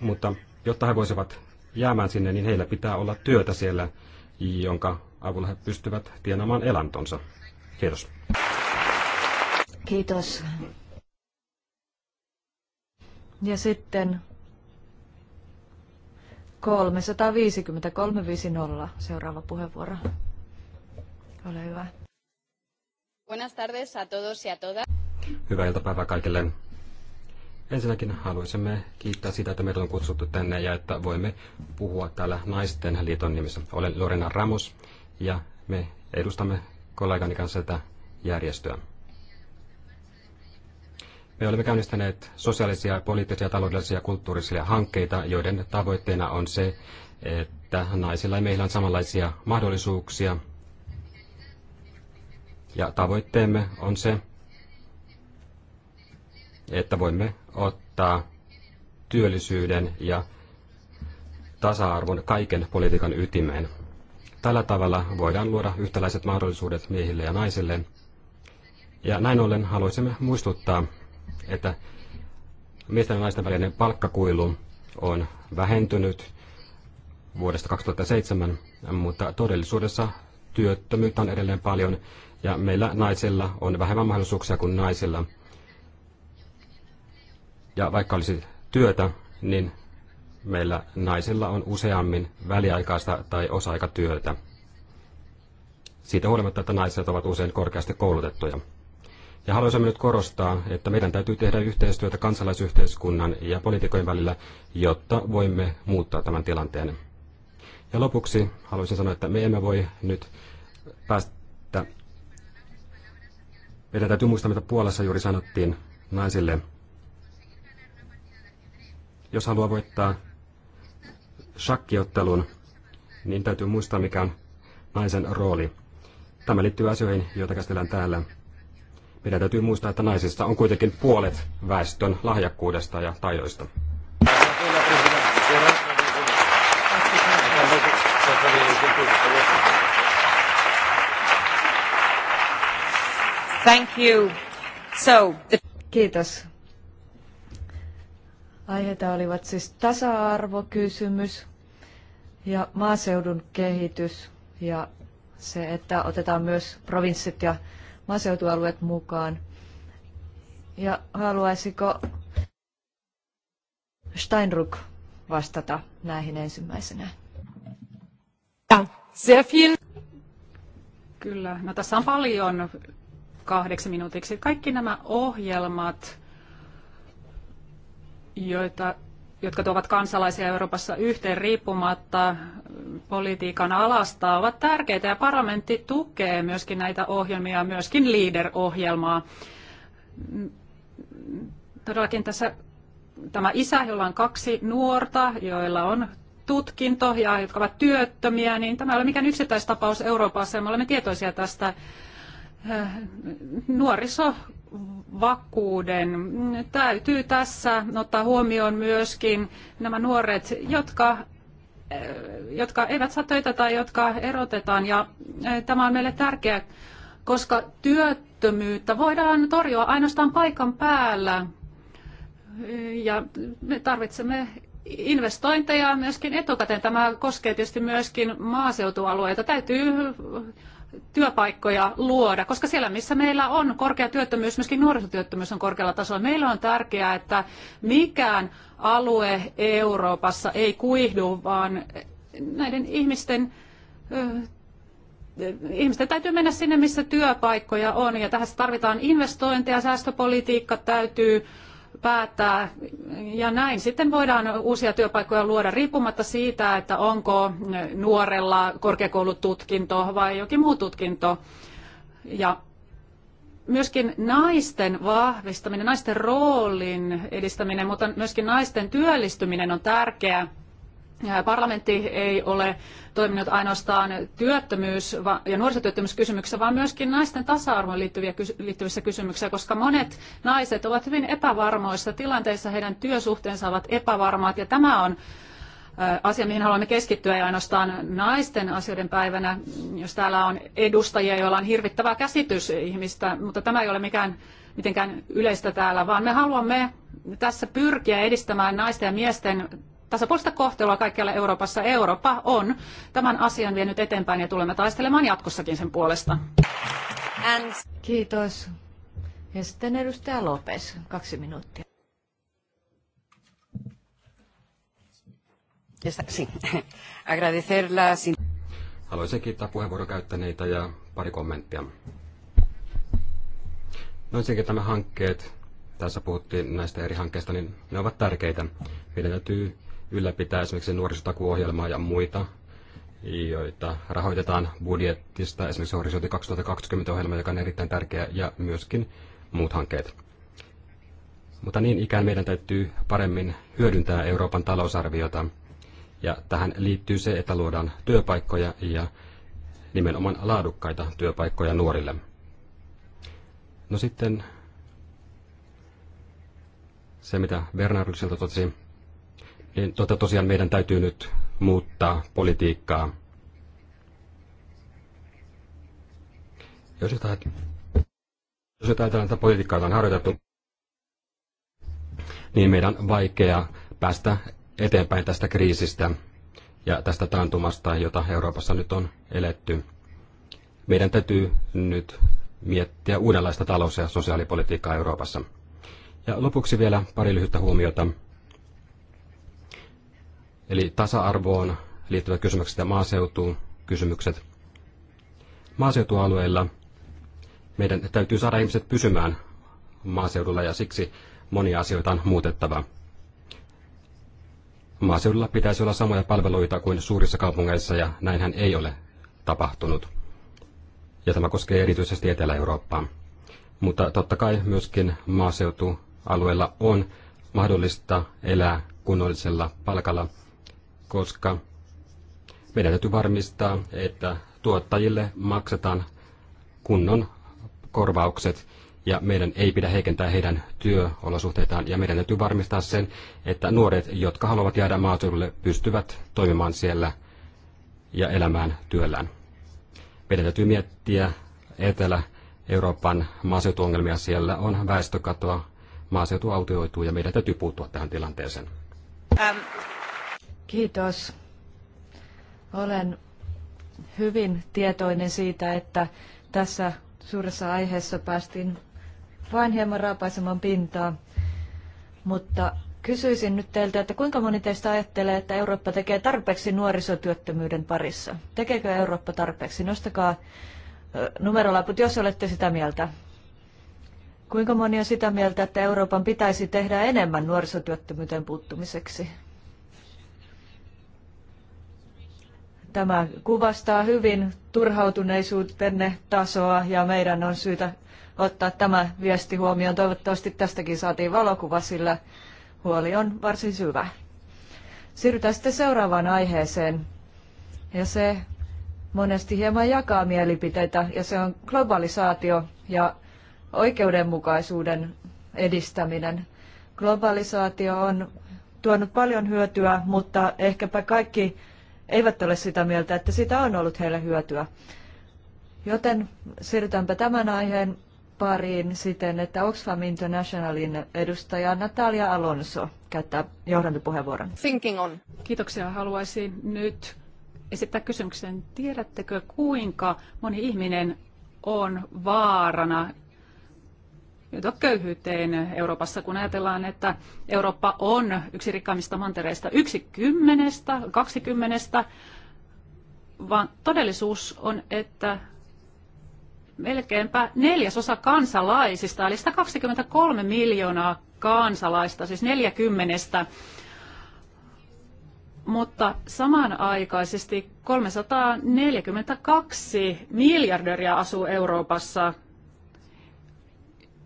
Mutta jotta he voisivat jäämään sinne, niin heillä pitää olla työtä siellä, jonka avulla he pystyvät tienaamaan elantonsa. Kiitos. Kiitos. Ja sitten 350, 350, seuraava puheenvuoro. Ole hyvä. Buenas tardes a todos y a todas. Hyvää iltapäivää kaikille. Ensinnäkin haluaisimme kiittää sitä, että meidät on kutsuttu tänne ja että voimme puhua täällä Naisten liiton nimissä. Olen Lorena Ramos ja me edustamme kollegani kanssa tätä järjestöä. Me olemme käynnistäneet sosiaalisia, poliittisia, taloudellisia ja kulttuurisia hankkeita, joiden tavoitteena on se, että naisilla ja meillä on samanlaisia mahdollisuuksia. Ja tavoitteemme on se, että voimme ottaa työllisyyden ja tasa-arvon kaiken politiikan ytimeen. Tällä tavalla voidaan luoda yhtäläiset mahdollisuudet miehille ja naisille. Ja näin ollen haluaisimme muistuttaa, että miesten ja naisten välinen palkkakuilu on vähentynyt vuodesta 2007, mutta todellisuudessa työttömyyttä on edelleen paljon ja meillä naisilla on vähemmän mahdollisuuksia kuin naisilla – ja vaikka olisi työtä, niin meillä naisilla on useammin väliaikaista tai osa-aikatyötä. Siitä huolimatta, että naiset ovat usein korkeasti koulutettuja. Ja haluaisimme nyt korostaa, että meidän täytyy tehdä yhteistyötä kansalaisyhteiskunnan ja poliitikojen välillä, jotta voimme muuttaa tämän tilanteen. Ja lopuksi haluaisin sanoa, että me emme voi nyt päästä... Meidän täytyy muistaa, mitä Puolassa juuri sanottiin naisille – jos haluaa voittaa shakkiottelun, niin täytyy muistaa, mikä on naisen rooli. Tämä liittyy asioihin, joita käsitellään täällä. Meidän täytyy muistaa, että naisissa on kuitenkin puolet väestön lahjakkuudesta ja taidoista. Thank you. So, the... Kiitos. Aiheita olivat siis tasa-arvokysymys ja maaseudun kehitys ja se, että otetaan myös provinssit ja maaseutualueet mukaan. Ja haluaisiko Steinruck vastata näihin ensimmäisenä? Ja, sehr viel. Kyllä, no tässä on paljon kahdeksi minuutiksi. Kaikki nämä ohjelmat joita, jotka tuovat kansalaisia Euroopassa yhteen riippumatta politiikan alasta, ovat tärkeitä ja parlamentti tukee myöskin näitä ohjelmia, myöskin Leader-ohjelmaa. Todellakin tässä tämä isä, jolla on kaksi nuorta, joilla on tutkinto ja jotka ovat työttömiä, niin tämä ei ole mikään yksittäistapaus Euroopassa ja me olemme tietoisia tästä. Nuoriso vakuuden. Täytyy tässä ottaa huomioon myöskin nämä nuoret, jotka eh, jotka eivät saa töitä tai jotka erotetaan. Ja eh, tämä on meille tärkeää, koska työttömyyttä voidaan torjua ainoastaan paikan päällä. Ja me tarvitsemme investointeja myöskin etukäteen. Tämä koskee tietysti myöskin maaseutualueita. Täytyy työpaikkoja luoda, koska siellä missä meillä on korkea työttömyys, myöskin nuorisotyöttömyys on korkealla tasolla. Meillä on tärkeää, että mikään alue Euroopassa ei kuihdu, vaan näiden ihmisten ihmisten täytyy mennä sinne, missä työpaikkoja on, ja tähän tarvitaan investointeja, säästöpolitiikka täytyy päättää ja näin sitten voidaan uusia työpaikkoja luoda riippumatta siitä, että onko nuorella korkeakoulututkinto vai jokin muu tutkinto. Ja myöskin naisten vahvistaminen, naisten roolin edistäminen, mutta myöskin naisten työllistyminen on tärkeää Parlamentti ei ole toiminut ainoastaan työttömyys- ja nuorisotyöttömyyskysymyksissä, vaan myöskin naisten tasa-arvoon liittyvissä kysymyksissä, koska monet naiset ovat hyvin epävarmoissa tilanteissa, heidän työsuhteensa ovat epävarmaat, ja tämä on asia, mihin haluamme keskittyä, ei ainoastaan naisten asioiden päivänä, jos täällä on edustajia, joilla on hirvittävä käsitys ihmistä, mutta tämä ei ole mikään mitenkään yleistä täällä, vaan me haluamme tässä pyrkiä edistämään naisten ja miesten tasapuolista kohtelua kaikkialla Euroopassa. Eurooppa on tämän asian vienyt eteenpäin ja tulemme taistelemaan jatkossakin sen puolesta. And... Kiitos. Ja sitten edustaja Lopes, kaksi minuuttia. Haluaisin kiittää puheenvuoron käyttäneitä ja pari kommenttia. No ensinnäkin tämä hankkeet, tässä puhuttiin näistä eri hankkeista, niin ne ovat tärkeitä. Meidän täytyy ylläpitää esimerkiksi nuorisotakuohjelmaa ja muita, joita rahoitetaan budjettista, esimerkiksi Horisontti 2020-ohjelma, joka on erittäin tärkeä, ja myöskin muut hankkeet. Mutta niin ikään meidän täytyy paremmin hyödyntää Euroopan talousarviota, ja tähän liittyy se, että luodaan työpaikkoja ja nimenomaan laadukkaita työpaikkoja nuorille. No sitten se, mitä Bernardo totesi, niin tota tosiaan meidän täytyy nyt muuttaa politiikkaa. Jos jotain, jos jotain tällaista politiikkaa on harjoitettu, niin meidän on vaikea päästä eteenpäin tästä kriisistä ja tästä taantumasta, jota Euroopassa nyt on eletty. Meidän täytyy nyt miettiä uudenlaista talous- ja sosiaalipolitiikkaa Euroopassa. Ja lopuksi vielä pari lyhyttä huomiota Eli tasa-arvoon liittyvät kysymykset ja maaseutuun kysymykset. Maaseutualueilla meidän täytyy saada ihmiset pysymään maaseudulla ja siksi monia asioita on muutettava. Maaseudulla pitäisi olla samoja palveluita kuin suurissa kaupungeissa ja näinhän ei ole tapahtunut. Ja tämä koskee erityisesti Etelä-Eurooppaa. Mutta totta kai myöskin maaseutualueella on mahdollista elää kunnollisella palkalla – koska meidän täytyy varmistaa, että tuottajille maksetaan kunnon korvaukset ja meidän ei pidä heikentää heidän työolosuhteitaan ja meidän täytyy varmistaa sen, että nuoret, jotka haluavat jäädä maaseudulle, pystyvät toimimaan siellä ja elämään työllään. Meidän täytyy miettiä Etelä-Euroopan maaseutuongelmia. Siellä on väestökatoa, maaseutu autioituu ja meidän täytyy puuttua tähän tilanteeseen. Ähm, Kiitos. Olen hyvin tietoinen siitä, että tässä suuressa aiheessa päästiin vain hieman raapaisemaan pintaa, mutta kysyisin nyt teiltä, että kuinka moni teistä ajattelee, että Eurooppa tekee tarpeeksi nuorisotyöttömyyden parissa? Tekeekö Eurooppa tarpeeksi? Nostakaa numerolaput, jos olette sitä mieltä. Kuinka moni on sitä mieltä, että Euroopan pitäisi tehdä enemmän nuorisotyöttömyyteen puuttumiseksi? Tämä kuvastaa hyvin turhautuneisuutenne tasoa ja meidän on syytä ottaa tämä viesti huomioon. Toivottavasti tästäkin saatiin valokuva, sillä huoli on varsin syvä. Siirrytään sitten seuraavaan aiheeseen. Ja se monesti hieman jakaa mielipiteitä, ja se on globalisaatio ja oikeudenmukaisuuden edistäminen. Globalisaatio on tuonut paljon hyötyä, mutta ehkäpä kaikki eivät ole sitä mieltä, että siitä on ollut heille hyötyä. Joten siirrytäänpä tämän aiheen pariin siten, että Oxfam Internationalin edustaja Natalia Alonso käyttää johdantopuheenvuoron. Thinking on. Kiitoksia. Haluaisin nyt esittää kysymyksen. Tiedättekö, kuinka moni ihminen on vaarana joutua köyhyyteen Euroopassa, kun ajatellaan, että Eurooppa on yksi rikkaimmista mantereista, yksi kymmenestä, kaksikymmenestä, vaan todellisuus on, että melkeinpä neljäsosa kansalaisista, eli 123 miljoonaa kansalaista, siis neljäkymmenestä, mutta samanaikaisesti 342 miljardöriä asuu Euroopassa,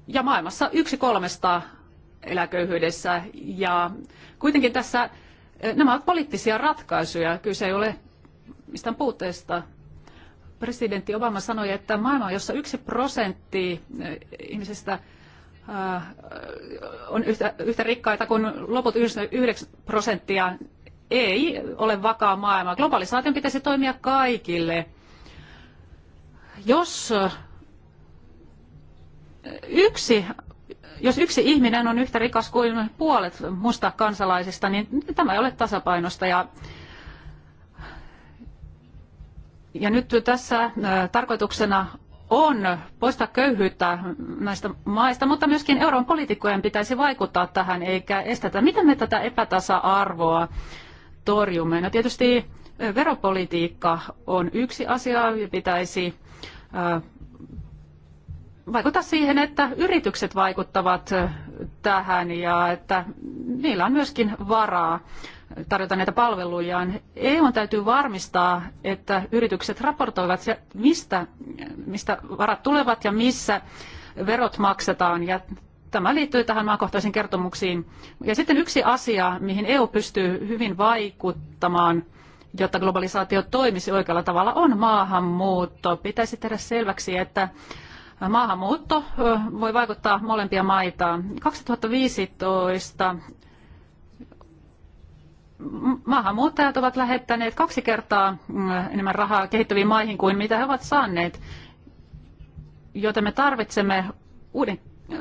ja maailmassa yksi kolmesta eläköyhyydessä. Ja kuitenkin tässä eh, nämä ovat poliittisia ratkaisuja. Kyse ei ole mistään puutteesta. Presidentti Obama sanoi, että maailma, jossa yksi prosentti eh, ihmisistä eh, on yhtä, yhtä rikkaita kuin loput 99 prosenttia, ei ole vakaa maailma. Globalisaation pitäisi toimia kaikille. Jos yksi, jos yksi ihminen on yhtä rikas kuin puolet musta kansalaisista, niin tämä ei ole tasapainosta. Ja, ja nyt tässä tarkoituksena on poistaa köyhyyttä näistä maista, mutta myöskin euron poliitikkojen pitäisi vaikuttaa tähän eikä estetä. Miten me tätä epätasa-arvoa torjumme? No tietysti veropolitiikka on yksi asia, ja pitäisi vaikuta siihen, että yritykset vaikuttavat äh, tähän ja että niillä on myöskin varaa tarjota näitä palvelujaan. EU täytyy varmistaa, että yritykset raportoivat, mistä, mistä varat tulevat ja missä verot maksetaan. Ja tämä liittyy tähän maakohtaisiin kertomuksiin. Ja sitten yksi asia, mihin EU pystyy hyvin vaikuttamaan, jotta globalisaatio toimisi oikealla tavalla, on maahanmuutto. Pitäisi tehdä selväksi, että maahanmuutto voi vaikuttaa molempia maita. 2015 maahanmuuttajat ovat lähettäneet kaksi kertaa mm, enemmän rahaa kehittyviin maihin kuin mitä he ovat saaneet, joten me tarvitsemme uuden,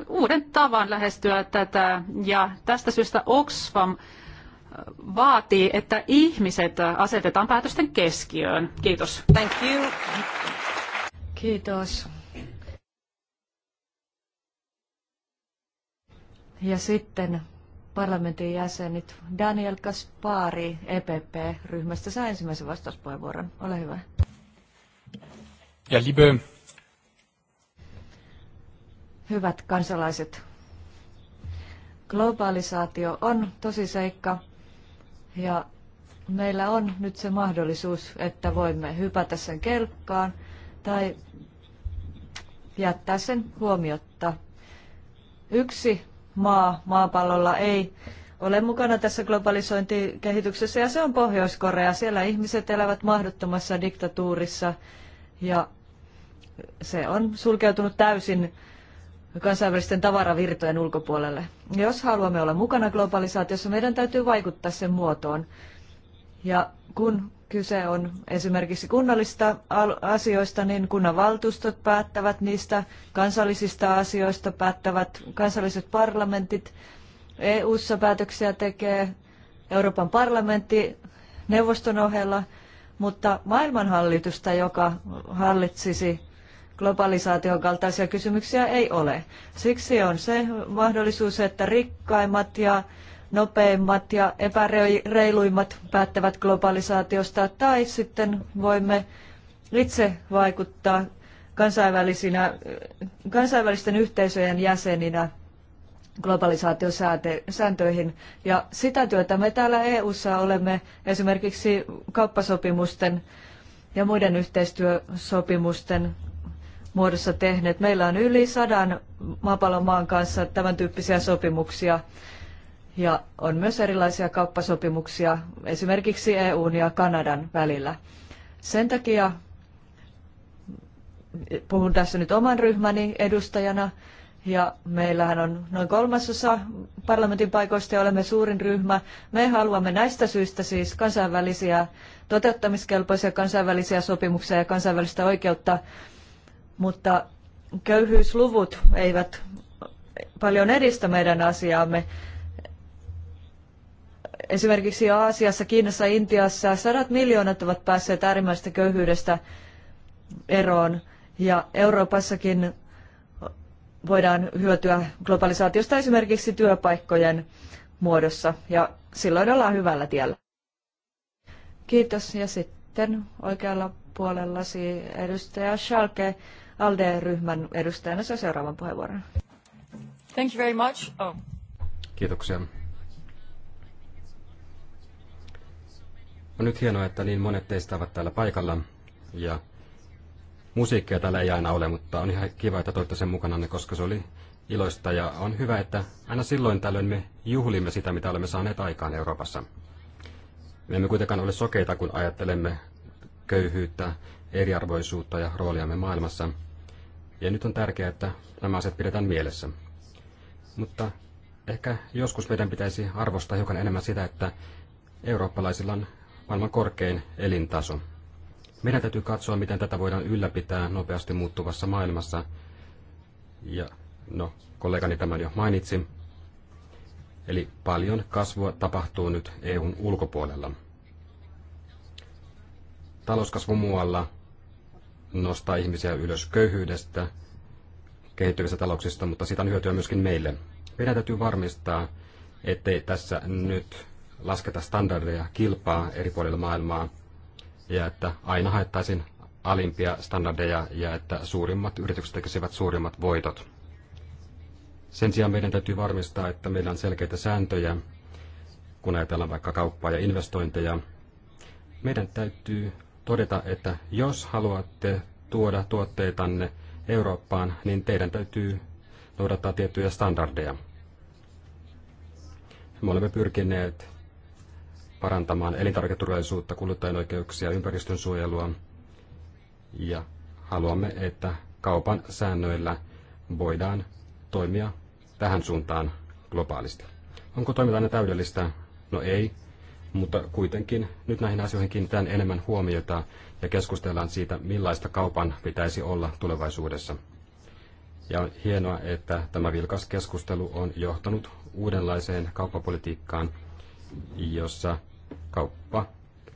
uuden tavan lähestyä tätä. Ja tästä syystä Oxfam vaatii, että ihmiset asetetaan päätösten keskiöön. Kiitos. Thank you. Kiitos. Ja sitten parlamentin jäsenit. Daniel Kaspari EPP-ryhmästä saa ensimmäisen vastauspuheenvuoron. Ole hyvä. Ja libe. Hyvät kansalaiset, globalisaatio on seikka ja meillä on nyt se mahdollisuus, että voimme hypätä sen kelkkaan tai jättää sen huomiotta. Yksi maa maapallolla ei ole mukana tässä globalisointikehityksessä ja se on Pohjois-Korea. Siellä ihmiset elävät mahdottomassa diktatuurissa ja se on sulkeutunut täysin kansainvälisten tavaravirtojen ulkopuolelle. Jos haluamme olla mukana globalisaatiossa, meidän täytyy vaikuttaa sen muotoon. Ja kun kyse on esimerkiksi kunnallista asioista, niin kunnanvaltuustot päättävät niistä, kansallisista asioista päättävät kansalliset parlamentit, EU-ssa päätöksiä tekee Euroopan parlamentti neuvoston ohella, mutta maailmanhallitusta, joka hallitsisi globalisaation kaltaisia kysymyksiä, ei ole. Siksi on se mahdollisuus, että rikkaimmat ja nopeimmat ja epäreiluimmat päättävät globalisaatiosta, tai sitten voimme itse vaikuttaa kansainvälisinä, kansainvälisten yhteisöjen jäseninä globalisaatiosääntöihin. Ja sitä työtä me täällä EU:ssa olemme esimerkiksi kauppasopimusten ja muiden yhteistyösopimusten muodossa tehneet. Meillä on yli sadan maapallon maan kanssa tämän tyyppisiä sopimuksia ja on myös erilaisia kauppasopimuksia esimerkiksi EUn ja Kanadan välillä. Sen takia puhun tässä nyt oman ryhmäni edustajana. Ja meillähän on noin kolmasosa parlamentin paikoista ja olemme suurin ryhmä. Me haluamme näistä syistä siis kansainvälisiä toteuttamiskelpoisia kansainvälisiä sopimuksia ja kansainvälistä oikeutta, mutta köyhyysluvut eivät paljon edistä meidän asiaamme. Esimerkiksi Aasiassa, Kiinassa, Intiassa sadat miljoonat ovat päässeet äärimmäisestä köyhyydestä eroon. Ja Euroopassakin voidaan hyötyä globalisaatiosta esimerkiksi työpaikkojen muodossa. Ja silloin ollaan hyvällä tiellä. Kiitos. Ja sitten oikealla puolellasi edustaja Schalke ALDE-ryhmän edustajana saa seuraavan puheenvuoron. Thank you very much. Oh. Kiitoksia. On nyt hienoa, että niin monet teistä ovat täällä paikalla ja musiikkia täällä ei aina ole, mutta on ihan kiva, että toitte sen mukananne, koska se oli iloista ja on hyvä, että aina silloin tällöin me juhlimme sitä, mitä olemme saaneet aikaan Euroopassa. Me emme kuitenkaan ole sokeita, kun ajattelemme köyhyyttä, eriarvoisuutta ja rooliamme maailmassa. Ja nyt on tärkeää, että nämä asiat pidetään mielessä. Mutta ehkä joskus meidän pitäisi arvostaa hiukan enemmän sitä, että eurooppalaisilla on maailman korkein elintaso. Meidän täytyy katsoa, miten tätä voidaan ylläpitää nopeasti muuttuvassa maailmassa. Ja no, kollegani tämän jo mainitsi. Eli paljon kasvua tapahtuu nyt EUn ulkopuolella. Talouskasvu muualla nostaa ihmisiä ylös köyhyydestä, kehittyvistä talouksista, mutta siitä on hyötyä myöskin meille. Meidän täytyy varmistaa, ettei tässä nyt lasketa standardeja, kilpaa eri puolilla maailmaa ja että aina haettaisiin alimpia standardeja ja että suurimmat yritykset tekisivät suurimmat voitot. Sen sijaan meidän täytyy varmistaa, että meillä on selkeitä sääntöjä, kun ajatellaan vaikka kauppaa ja investointeja. Meidän täytyy todeta, että jos haluatte tuoda tuotteitanne Eurooppaan, niin teidän täytyy noudattaa tiettyjä standardeja. Me olemme pyrkineet parantamaan elintarviketurvallisuutta, kuluttajien oikeuksia, ympäristön suojelua ja haluamme, että kaupan säännöillä voidaan toimia tähän suuntaan globaalisti. Onko toiminta täydellistä? No ei, mutta kuitenkin nyt näihin asioihin kiinnitetään enemmän huomiota ja keskustellaan siitä, millaista kaupan pitäisi olla tulevaisuudessa. Ja on hienoa, että tämä vilkas keskustelu on johtanut uudenlaiseen kauppapolitiikkaan, jossa kauppa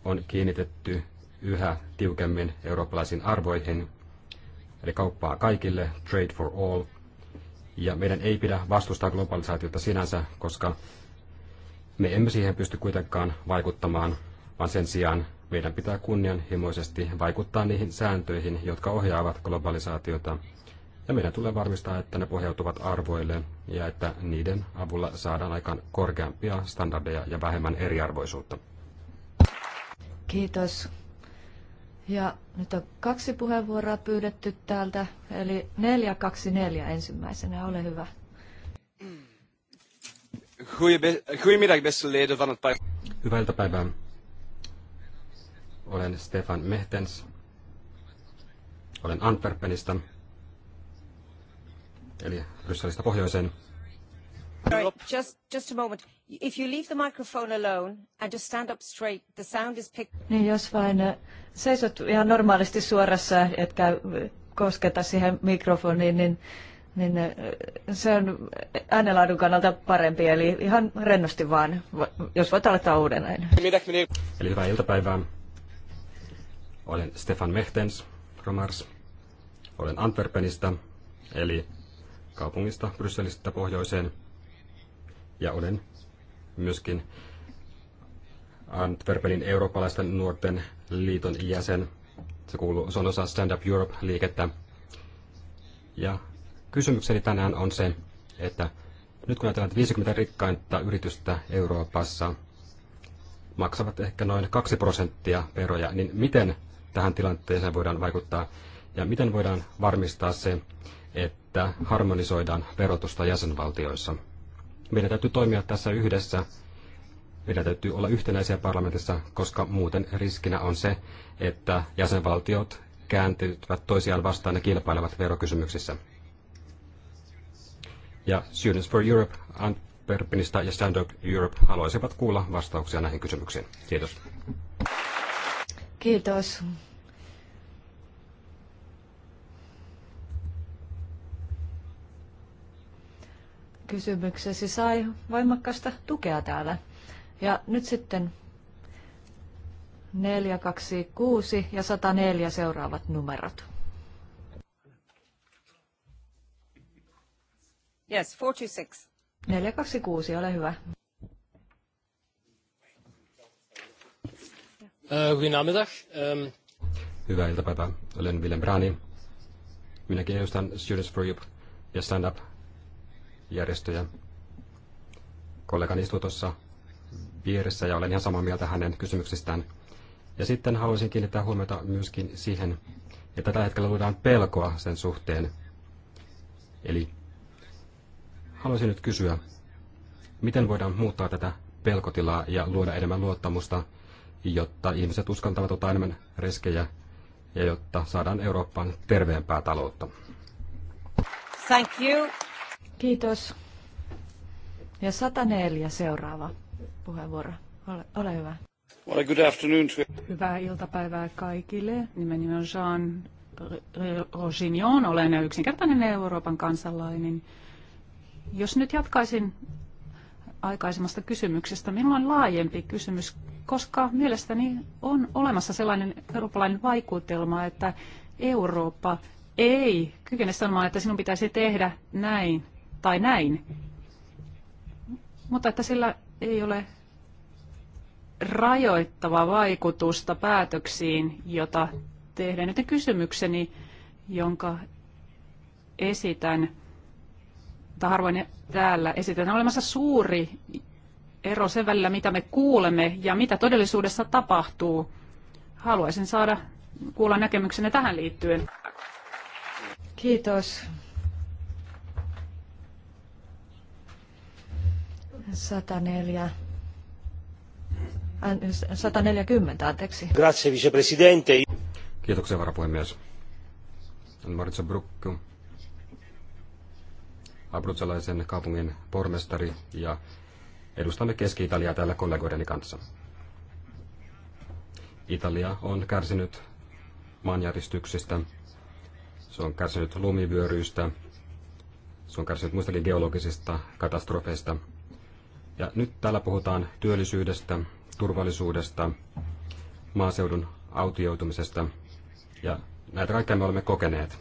on kiinnitetty yhä tiukemmin eurooppalaisiin arvoihin, eli kauppaa kaikille, trade for all. Ja meidän ei pidä vastustaa globalisaatiota sinänsä, koska me emme siihen pysty kuitenkaan vaikuttamaan, vaan sen sijaan meidän pitää kunnianhimoisesti vaikuttaa niihin sääntöihin, jotka ohjaavat globalisaatiota – ja meidän tulee varmistaa, että ne pohjautuvat arvoille ja että niiden avulla saadaan aikaan korkeampia standardeja ja vähemmän eriarvoisuutta. Kiitos. Ja nyt on kaksi puheenvuoroa pyydetty täältä, eli 424 ensimmäisenä, ole hyvä. Goedemiddag, Hyvää iltapäivää. Olen Stefan Mehtens. Olen Antwerpenista eli Brysselistä pohjoiseen. Right, just, just a moment. If you leave the microphone alone and just stand up straight, the sound is picked. Niin, jos vain äh, seisot ihan normaalisti suorassa, etkä äh, kosketa siihen mikrofoniin, niin, niin äh, se on äänenlaadun kannalta parempi. Eli ihan rennosti vaan, jos voit aloittaa uudelleen. Eli hyvää iltapäivää. Olen Stefan Mehtens, Romars. Olen Antwerpenista, eli kaupungista Brysselistä pohjoiseen. Ja olen myöskin Antwerpenin eurooppalaisten nuorten liiton jäsen. Se, kuuluu, se on osa Stand Up Europe-liikettä. Ja kysymykseni tänään on se, että nyt kun ajatellaan, että 50 rikkainta yritystä Euroopassa maksavat ehkä noin 2 prosenttia veroja, niin miten tähän tilanteeseen voidaan vaikuttaa ja miten voidaan varmistaa se, että harmonisoidaan verotusta jäsenvaltioissa. Meidän täytyy toimia tässä yhdessä. Meidän täytyy olla yhtenäisiä parlamentissa, koska muuten riskinä on se, että jäsenvaltiot kääntyvät toisiaan vastaan ja kilpailevat verokysymyksissä. Ja Students for Europe, Antwerpenista ja Stand Up Europe haluaisivat kuulla vastauksia näihin kysymyksiin. Kiitos. Kiitos. kysymyksesi sai voimakkaista tukea täällä. Ja nyt sitten 426 ja 104 seuraavat numerot. Yes, 46. 426, ole hyvä. Eh, Goedenamiddag. Ehm, Hyvää iltapäivää. Olen Willem Brani. Minäkin edustan Students for Europe ja Stand Up järjestöjen Kollegani istuu tuossa vieressä ja olen ihan samaa mieltä hänen kysymyksistään. Ja sitten haluaisin kiinnittää huomiota myöskin siihen, että tällä hetkellä luodaan pelkoa sen suhteen. Eli haluaisin nyt kysyä, miten voidaan muuttaa tätä pelkotilaa ja luoda enemmän luottamusta, jotta ihmiset uskaltavat ottaa enemmän riskejä ja jotta saadaan Eurooppaan terveempää taloutta. Thank you. Kiitos. Ja 104 seuraava puheenvuoro. Ole, ole hyvä. Well, good afternoon to... Hyvää iltapäivää kaikille. Nimeni on Jean Rosignon. Olen yksinkertainen Euroopan kansalainen. Jos nyt jatkaisin aikaisemmasta kysymyksestä, minulla on laajempi kysymys, koska mielestäni on olemassa sellainen eurooppalainen vaikutelma, että Eurooppa ei kykene sanomaan, että sinun pitäisi tehdä näin tai näin. Mutta että sillä ei ole rajoittava vaikutusta päätöksiin, jota tehdään. Nyt kysymykseni, jonka esitän, tai harvoin täällä esitän, on olemassa suuri ero sen välillä, mitä me kuulemme ja mitä todellisuudessa tapahtuu. Haluaisin saada kuulla näkemyksenne tähän liittyen. Kiitos. 104. 140, anteeksi. Grazie, vicepresidente. Kiitoksia, varapuhemies. Maritsa Brukku, abruzzalaisen kaupungin pormestari ja edustamme Keski-Italiaa täällä kollegoideni kanssa. Italia on kärsinyt maanjäristyksistä, se on kärsinyt lumivyöryistä, se on kärsinyt muistakin geologisista katastrofeista – ja nyt täällä puhutaan työllisyydestä, turvallisuudesta, maaseudun autioitumisesta ja näitä kaikkea me olemme kokeneet.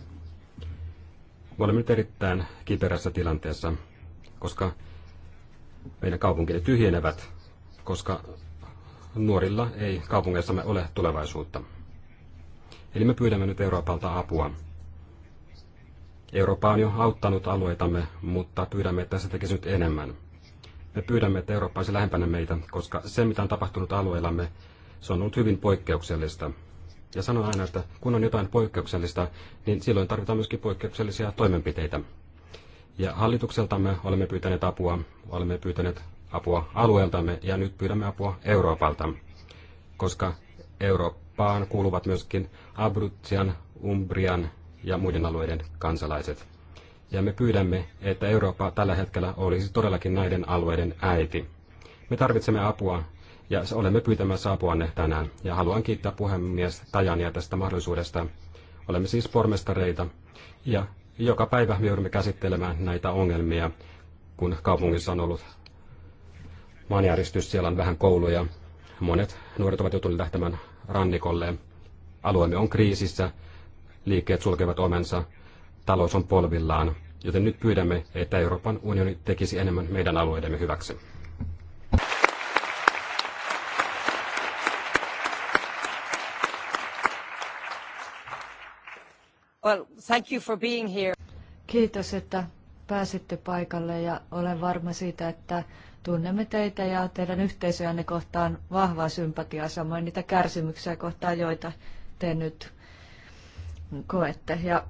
Me olemme nyt erittäin kiperässä tilanteessa, koska meidän kaupunkini tyhjenevät, koska nuorilla ei kaupungeissamme ole tulevaisuutta. Eli me pyydämme nyt Euroopalta apua. Eurooppa on jo auttanut alueitamme, mutta pyydämme, että se tekisi nyt enemmän – me pyydämme, että Eurooppa olisi lähempänä meitä, koska se, mitä on tapahtunut alueellamme, se on ollut hyvin poikkeuksellista. Ja sanon aina, että kun on jotain poikkeuksellista, niin silloin tarvitaan myöskin poikkeuksellisia toimenpiteitä. Ja hallitukseltamme olemme pyytäneet apua, olemme pyytäneet apua alueeltamme ja nyt pyydämme apua Euroopalta, koska Eurooppaan kuuluvat myöskin Abruzian, Umbrian ja muiden alueiden kansalaiset ja me pyydämme, että Eurooppa tällä hetkellä olisi todellakin näiden alueiden äiti. Me tarvitsemme apua ja olemme pyytämässä ne tänään. Ja haluan kiittää puhemies Tajania tästä mahdollisuudesta. Olemme siis pormestareita ja joka päivä me joudumme käsittelemään näitä ongelmia, kun kaupungissa on ollut maanjäristys, siellä on vähän kouluja. Monet nuoret ovat joutuneet lähtemään rannikolle. Alueemme on kriisissä, liikkeet sulkevat omensa, talous on polvillaan, joten nyt pyydämme, että Euroopan unioni tekisi enemmän meidän alueidemme hyväksi. Well, thank you for being here. Kiitos, että pääsitte paikalle ja olen varma siitä, että tunnemme teitä ja teidän yhteisöjänne kohtaan vahvaa sympatiaa, samoin niitä kärsimyksiä kohtaan, joita te nyt koette. Ja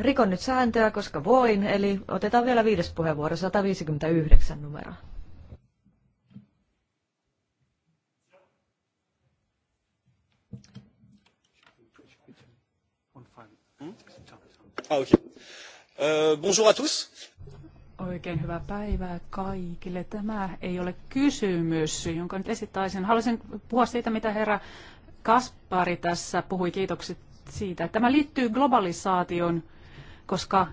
Rikon nyt sääntöä, koska voin, eli otetaan vielä viides puheenvuoro, 159 numero. Ah, okay. Uh, bonjour à tous. Oikein hyvää päivää kaikille. Tämä ei ole kysymys, jonka nyt esittäisin. Haluaisin puhua siitä, mitä herra Kaspari tässä puhui. Kiitokset siitä. Tämä liittyy globalisaation koska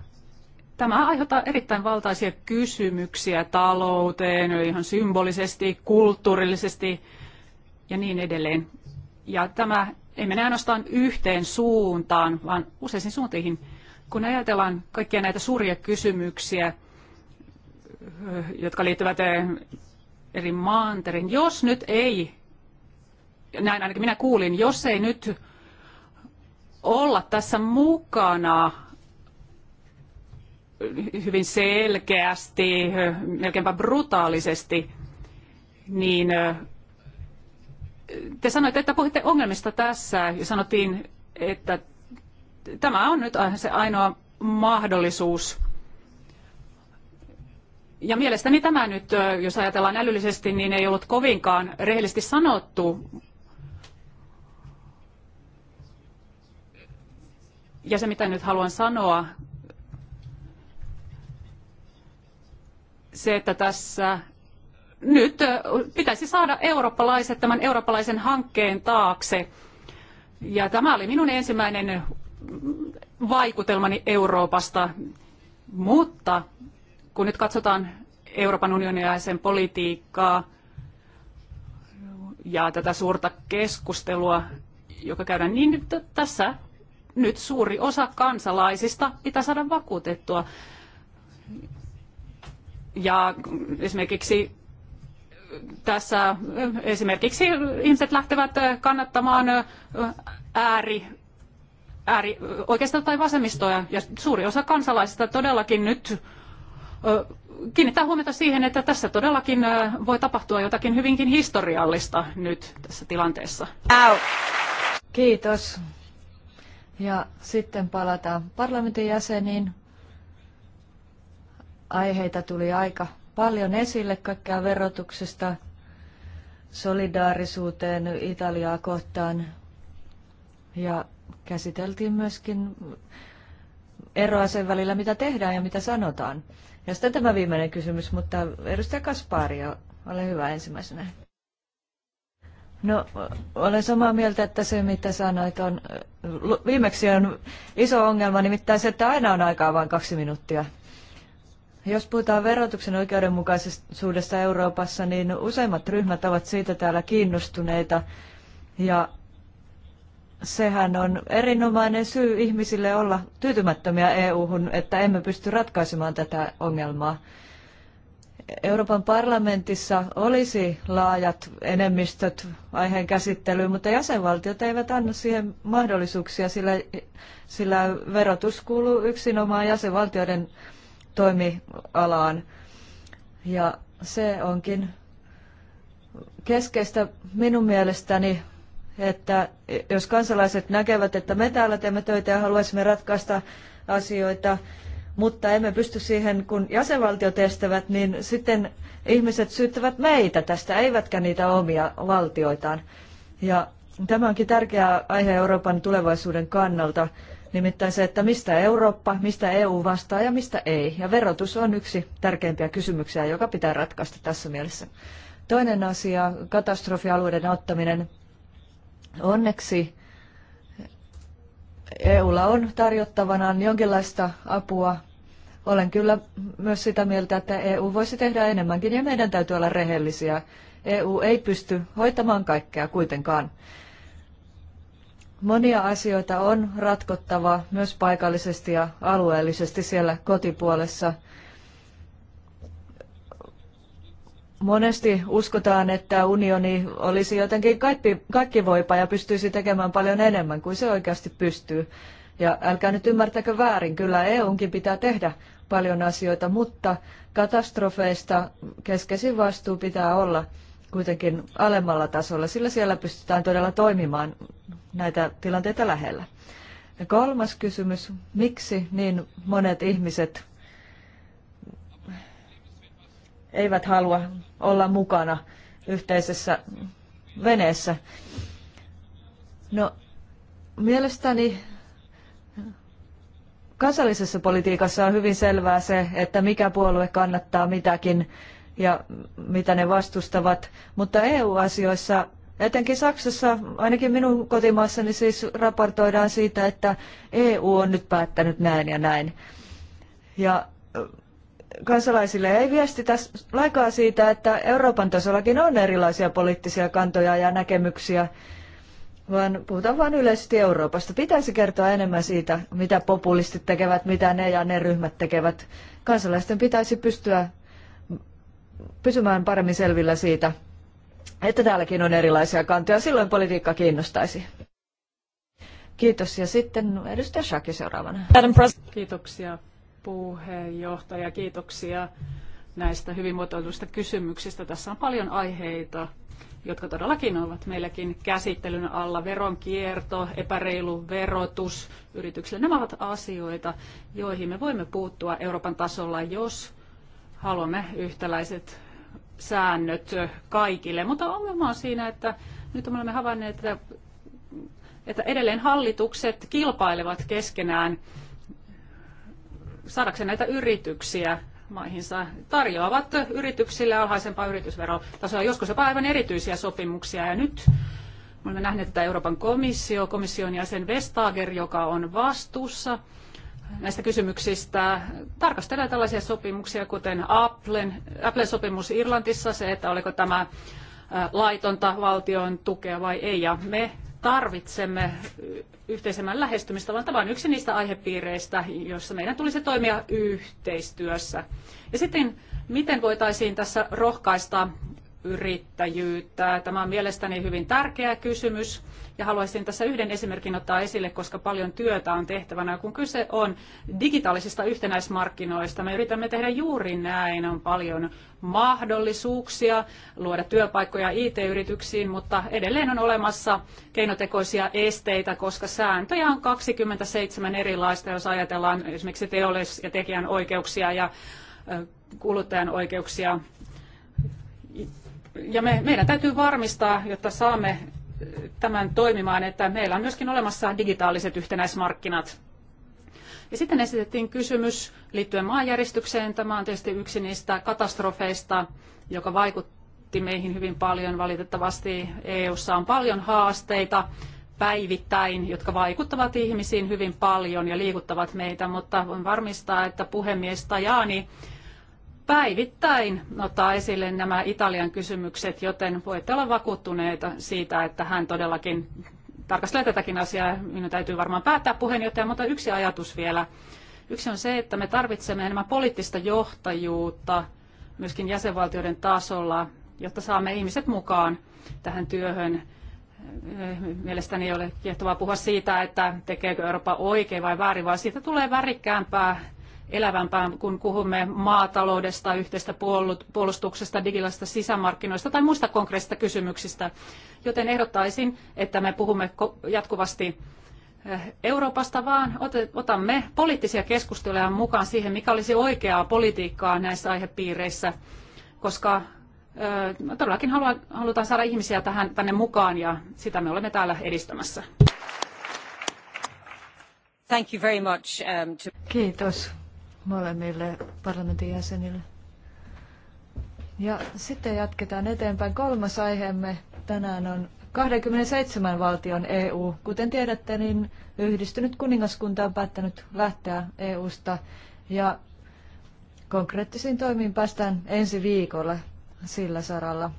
tämä aiheuttaa erittäin valtaisia kysymyksiä talouteen, ihan symbolisesti, kulttuurillisesti ja niin edelleen. Ja tämä ei mene ainoastaan yhteen suuntaan, vaan useisiin suuntiin. Kun ajatellaan kaikkia näitä suuria kysymyksiä, jotka liittyvät eh, eri maanterin, jos nyt ei, näin ainakin minä kuulin, jos ei nyt olla tässä mukana hyvin selkeästi, melkeinpä brutaalisesti, niin te sanoitte, että puhutte ongelmista tässä ja sanottiin, että tämä on nyt se ainoa mahdollisuus. Ja mielestäni tämä nyt, jos ajatellaan älyllisesti, niin ei ollut kovinkaan rehellisesti sanottu. Ja se, mitä nyt haluan sanoa, se, että tässä nyt pitäisi saada eurooppalaiset tämän eurooppalaisen hankkeen taakse. Ja tämä oli minun ensimmäinen vaikutelmani Euroopasta. Mutta kun nyt katsotaan Euroopan unionin ja sen politiikkaa ja tätä suurta keskustelua, joka käydään, niin nyt tässä nyt suuri osa kansalaisista pitää saada vakuutettua. Ja esimerkiksi tässä esimerkiksi ihmiset lähtevät kannattamaan ääri, ääri oikeastaan tai vasemmistoja. ja suuri osa kansalaisista todellakin nyt kiinnittää huomiota siihen, että tässä todellakin voi tapahtua jotakin hyvinkin historiallista nyt tässä tilanteessa. Au. Kiitos. Ja sitten palataan parlamentin jäseniin aiheita tuli aika paljon esille, kaikkea verotuksesta, solidaarisuuteen Italiaa kohtaan ja käsiteltiin myöskin eroa sen välillä, mitä tehdään ja mitä sanotaan. Ja sitten tämä viimeinen kysymys, mutta edustaja Kaspari, ole hyvä ensimmäisenä. No, olen samaa mieltä, että se mitä sanoit on, viimeksi on iso ongelma, nimittäin se, että aina on aikaa vain kaksi minuuttia. Jos puhutaan verotuksen oikeudenmukaisuudesta Euroopassa, niin useimmat ryhmät ovat siitä täällä kiinnostuneita. Ja sehän on erinomainen syy ihmisille olla tyytymättömiä EU-hun, että emme pysty ratkaisemaan tätä ongelmaa. Euroopan parlamentissa olisi laajat enemmistöt aiheen käsittelyyn, mutta jäsenvaltiot eivät anna siihen mahdollisuuksia, sillä, sillä verotus kuuluu yksinomaan jäsenvaltioiden toimialaan. Ja se onkin keskeistä minun mielestäni, että jos kansalaiset näkevät, että me täällä teemme töitä ja haluaisimme ratkaista asioita, mutta emme pysty siihen, kun jäsenvaltiot estävät, niin sitten ihmiset syyttävät meitä tästä, eivätkä niitä omia valtioitaan. Ja tämä onkin tärkeä aihe Euroopan tulevaisuuden kannalta. Nimittäin se, että mistä Eurooppa, mistä EU vastaa ja mistä ei. Ja verotus on yksi tärkeimpiä kysymyksiä, joka pitää ratkaista tässä mielessä. Toinen asia, katastrofialueiden ottaminen. Onneksi EUlla on tarjottavanaan jonkinlaista apua. Olen kyllä myös sitä mieltä, että EU voisi tehdä enemmänkin ja meidän täytyy olla rehellisiä. EU ei pysty hoitamaan kaikkea kuitenkaan. Monia asioita on ratkottava myös paikallisesti ja alueellisesti siellä kotipuolessa. Monesti uskotaan, että unioni olisi jotenkin kaikki, kaikki voipa ja pystyisi tekemään paljon enemmän kuin se oikeasti pystyy. Ja älkää nyt ymmärtäkö väärin, kyllä EUnkin pitää tehdä paljon asioita, mutta katastrofeista keskeisin vastuu pitää olla kuitenkin alemmalla tasolla, sillä siellä pystytään todella toimimaan näitä tilanteita lähellä. Ja kolmas kysymys, miksi niin monet ihmiset eivät halua olla mukana yhteisessä veneessä? No, mielestäni kansallisessa politiikassa on hyvin selvää se, että mikä puolue kannattaa mitäkin ja mitä ne vastustavat, mutta EU-asioissa Etenkin Saksassa, ainakin minun kotimaassani siis raportoidaan siitä, että EU on nyt päättänyt näin ja näin. Ja kansalaisille ei viestitä lainkaan siitä, että Euroopan tasollakin on erilaisia poliittisia kantoja ja näkemyksiä, vaan puhutaan vain yleisesti Euroopasta. Pitäisi kertoa enemmän siitä, mitä populistit tekevät, mitä ne ja ne ryhmät tekevät. Kansalaisten pitäisi pystyä pysymään paremmin selvillä siitä, että täälläkin on erilaisia kantoja. Silloin politiikka kiinnostaisi. Kiitos. Ja sitten edustaja Shaki seuraavana. Kiitoksia puheenjohtaja. Kiitoksia näistä hyvin muotoiluista kysymyksistä. Tässä on paljon aiheita, jotka todellakin ovat meilläkin käsittelyn alla. Veronkierto, epäreilu verotus yrityksille. Nämä ovat asioita, joihin me voimme puuttua Euroopan tasolla, jos haluamme yhtäläiset säännöt kaikille. Mutta ongelma on siinä, että nyt me olemme havainneet, että, että edelleen hallitukset kilpailevat keskenään saadakseen näitä yrityksiä maihinsa tarjoavat yrityksille alhaisempaa yritysverotasoa, joskus jopa aivan erityisiä sopimuksia. Ja nyt me olemme nähneet, että Euroopan komissio, komission jäsen Vestager, joka on vastuussa näistä kysymyksistä tarkastelee tällaisia sopimuksia, kuten Applen, Applen sopimus Irlantissa, se, että oliko tämä laitonta valtion tukea vai ei. Ja me tarvitsemme yhteisemmän lähestymistavan. Tämä on yksi niistä aihepiireistä, joissa meidän tulisi toimia yhteistyössä. Ja sitten, miten voitaisiin tässä rohkaista yrittäjyyttä. Tämä on mielestäni hyvin tärkeä kysymys ja haluaisin tässä yhden esimerkin ottaa esille, koska paljon työtä on tehtävänä. Kun kyse on digitaalisista yhtenäismarkkinoista, me yritämme tehdä juuri näin. On paljon mahdollisuuksia luoda työpaikkoja IT-yrityksiin, mutta edelleen on olemassa keinotekoisia esteitä, koska sääntöjä on 27 erilaista, jos ajatellaan esimerkiksi teollis- ja tekijänoikeuksia ja kuluttajan oikeuksia ja me, meidän täytyy varmistaa, jotta saamme tämän toimimaan, että meillä on myöskin olemassa digitaaliset yhtenäismarkkinat. Ja sitten esitettiin kysymys liittyen maanjäristykseen. Tämä on tietysti yksi niistä katastrofeista, joka vaikutti meihin hyvin paljon. Valitettavasti EU:ssa on paljon haasteita päivittäin, jotka vaikuttavat ihmisiin hyvin paljon ja liikuttavat meitä, mutta voin varmistaa, että puhemies Tajani päivittäin ottaa esille nämä Italian kysymykset, joten voitte olla vakuuttuneita siitä, että hän todellakin tarkastelee tätäkin asiaa. Minun täytyy varmaan päättää puheenjohtaja, mutta yksi ajatus vielä. Yksi on se, että me tarvitsemme enemmän poliittista johtajuutta myöskin jäsenvaltioiden tasolla, jotta saamme ihmiset mukaan tähän työhön. Mielestäni ei ole kiehtovaa puhua siitä, että tekeekö Eurooppa oikein vai väärin, vaan siitä tulee värikkäämpää elävämpää, kun puhumme maataloudesta, yhteistä puolustuksesta, digilasta sisämarkkinoista tai muista konkreettisista kysymyksistä. Joten ehdottaisin, että me puhumme jatkuvasti eh, Euroopasta, vaan otamme poliittisia keskusteluja mukaan siihen, mikä olisi oikeaa politiikkaa näissä aihepiireissä, koska eh, no todellakin halutaan saada ihmisiä tähän, tänne mukaan ja sitä me olemme täällä edistämässä. Um, Kiitos molemmille parlamentin jäsenille. Ja sitten jatketaan eteenpäin. Kolmas aiheemme tänään on 27 valtion EU. Kuten tiedätte, niin yhdistynyt kuningaskunta on päättänyt lähteä EUsta ja konkreettisiin toimiin päästään ensi viikolla sillä saralla.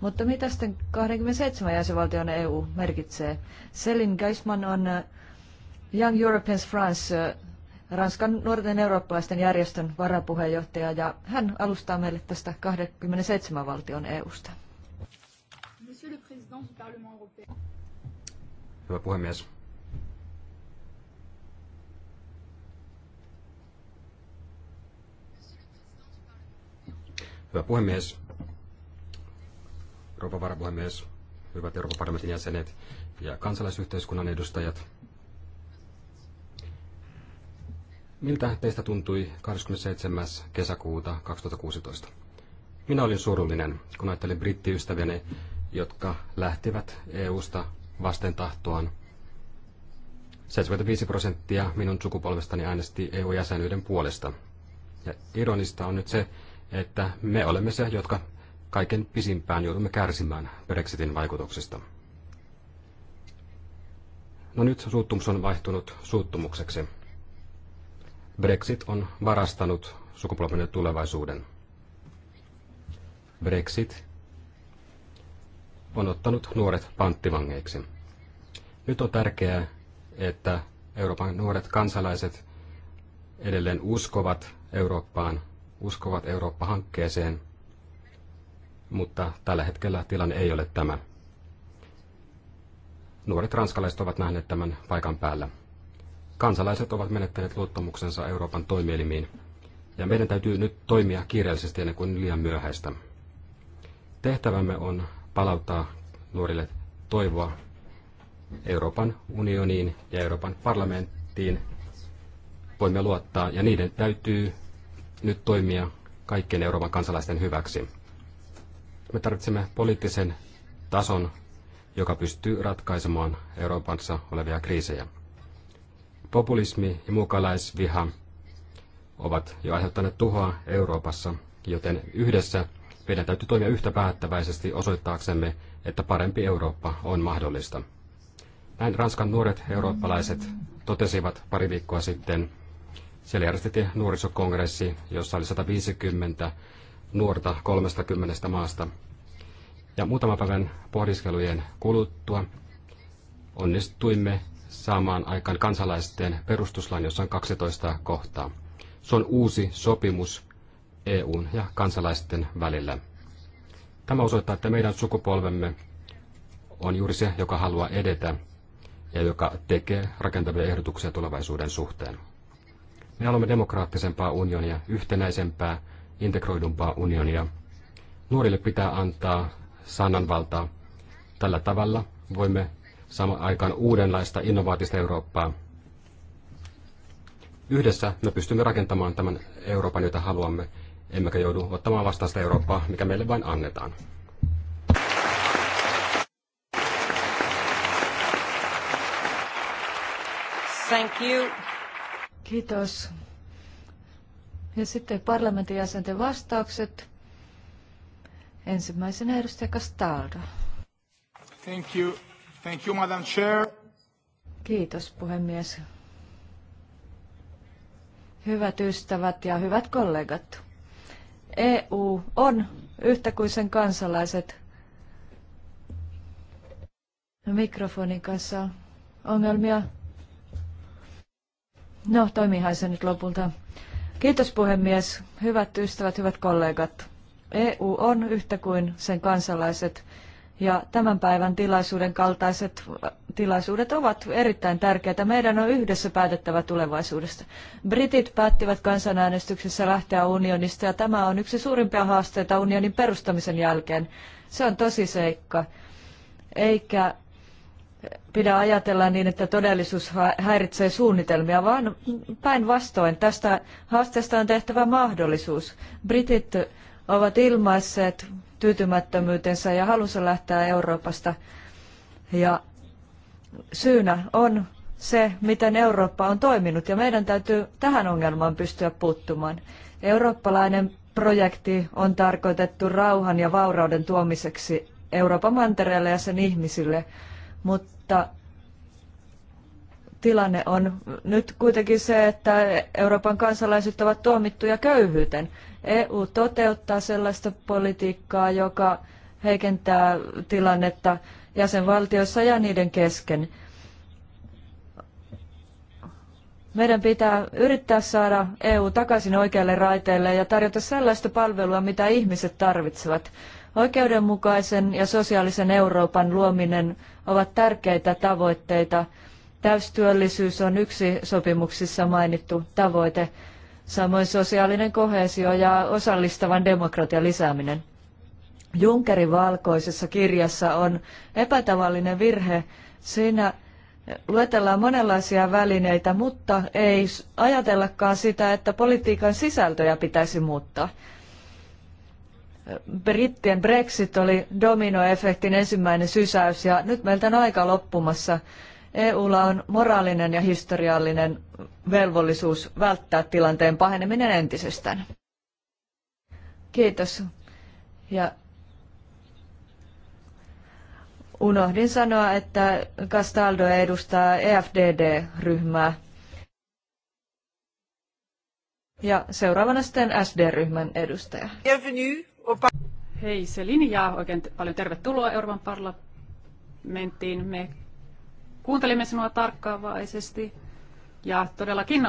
Mutta mitä sitten 27 jäsenvaltion EU merkitsee? Selin Geisman on Young Europeans France Ranskan nuorten eurooppalaisten järjestön varapuheenjohtaja, ja hän alustaa meille tästä 27 valtion EUsta. Hyvä puhemies. Hyvä puhemies, rouva varapuhemies, hyvät Euroopan parlamentin jäsenet ja kansalaisyhteiskunnan edustajat. Miltä teistä tuntui 27. kesäkuuta 2016? Minä olin surullinen, kun ajattelin brittiystäviäni, jotka lähtivät EU-sta vasten tahtoaan. 75 prosenttia minun sukupolvestani äänesti EU-jäsenyyden puolesta. Ja ironista on nyt se, että me olemme se, jotka kaiken pisimpään joudumme kärsimään Brexitin vaikutuksista. No nyt suuttumus on vaihtunut suuttumukseksi. Brexit on varastanut sukupolvemme tulevaisuuden. Brexit on ottanut nuoret panttivangeiksi. Nyt on tärkeää, että Euroopan nuoret kansalaiset edelleen uskovat Eurooppaan, uskovat Eurooppa-hankkeeseen, mutta tällä hetkellä tilanne ei ole tämä. Nuoret ranskalaiset ovat nähneet tämän paikan päällä kansalaiset ovat menettäneet luottamuksensa Euroopan toimielimiin. Ja meidän täytyy nyt toimia kiireellisesti ennen kuin liian myöhäistä. Tehtävämme on palauttaa nuorille toivoa Euroopan unioniin ja Euroopan parlamenttiin. Voimme luottaa ja niiden täytyy nyt toimia kaikkien Euroopan kansalaisten hyväksi. Me tarvitsemme poliittisen tason, joka pystyy ratkaisemaan Euroopassa olevia kriisejä. Populismi ja mukalaisviha ovat jo aiheuttaneet tuhoa Euroopassa, joten yhdessä meidän täytyy toimia yhtä päättäväisesti osoittaaksemme, että parempi Eurooppa on mahdollista. Näin Ranskan nuoret eurooppalaiset totesivat pari viikkoa sitten. Siellä järjestettiin nuorisokongressi, jossa oli 150 nuorta 30 maasta. Ja muutaman päivän pohdiskelujen kuluttua onnistuimme saamaan aikaan kansalaisten perustuslain, jossa on 12 kohtaa. Se on uusi sopimus EUn ja kansalaisten välillä. Tämä osoittaa, että meidän sukupolvemme on juuri se, joka haluaa edetä ja joka tekee rakentavia ehdotuksia tulevaisuuden suhteen. Me haluamme demokraattisempaa unionia, yhtenäisempää, integroidumpaa unionia. Nuorille pitää antaa sananvaltaa. Tällä tavalla voimme samaan aikaan uudenlaista innovaatista Eurooppaa. Yhdessä me pystymme rakentamaan tämän Euroopan, jota haluamme, emmekä joudu ottamaan vastaan sitä Eurooppaa, mikä meille vain annetaan. Thank you. Kiitos. Ja sitten parlamentin jäsenten vastaukset. Ensimmäisenä edustaja Castaldo. Thank you. Thank you, Madam Chair. Kiitos, puhemies. Hyvät ystävät ja hyvät kollegat. EU on yhtä kuin sen kansalaiset. Mikrofonin kanssa ongelmia. No, toimiihan se nyt lopulta. Kiitos puhemies. Hyvät ystävät, hyvät kollegat. EU on yhtä kuin sen kansalaiset ja tämän päivän tilaisuuden kaltaiset tilaisuudet ovat erittäin tärkeitä. Meidän on yhdessä päätettävä tulevaisuudesta. Britit päättivät kansanäänestyksessä lähteä unionista ja tämä on yksi suurimpia haasteita unionin perustamisen jälkeen. Se on tosi seikka. Eikä pidä ajatella niin, että todellisuus häiritsee suunnitelmia, vaan päinvastoin tästä haasteesta on tehtävä mahdollisuus. Britit ovat ilmaisseet tyytymättömyytensä ja halunsa lähteä Euroopasta. Ja syynä on se, miten Eurooppa on toiminut ja meidän täytyy tähän ongelmaan pystyä puuttumaan. Eurooppalainen projekti on tarkoitettu rauhan ja vaurauden tuomiseksi Euroopan mantereelle ja sen ihmisille, mutta tilanne on nyt kuitenkin se, että Euroopan kansalaiset ovat tuomittuja köyhyyteen. EU toteuttaa sellaista politiikkaa, joka heikentää tilannetta jäsenvaltioissa ja niiden kesken. Meidän pitää yrittää saada EU takaisin oikealle raiteelle ja tarjota sellaista palvelua, mitä ihmiset tarvitsevat. Oikeudenmukaisen ja sosiaalisen Euroopan luominen ovat tärkeitä tavoitteita. Täystyöllisyys on yksi sopimuksissa mainittu tavoite samoin sosiaalinen kohesio ja osallistavan demokratian lisääminen. Junkerin valkoisessa kirjassa on epätavallinen virhe. Siinä luetellaan monenlaisia välineitä, mutta ei ajatellakaan sitä, että politiikan sisältöjä pitäisi muuttaa. Brittien Brexit oli dominoefektin ensimmäinen sysäys ja nyt meiltä on aika loppumassa EUlla on moraalinen ja historiallinen velvollisuus välttää tilanteen paheneminen entisestään. Kiitos. Ja unohdin sanoa, että Castaldo edustaa EFDD-ryhmää. Ja seuraavana sitten SD-ryhmän edustaja. Hei Selin ja oikein paljon tervetuloa Euroopan parlamenttiin. Me kuuntelimme sinua tarkkaavaisesti ja todellakin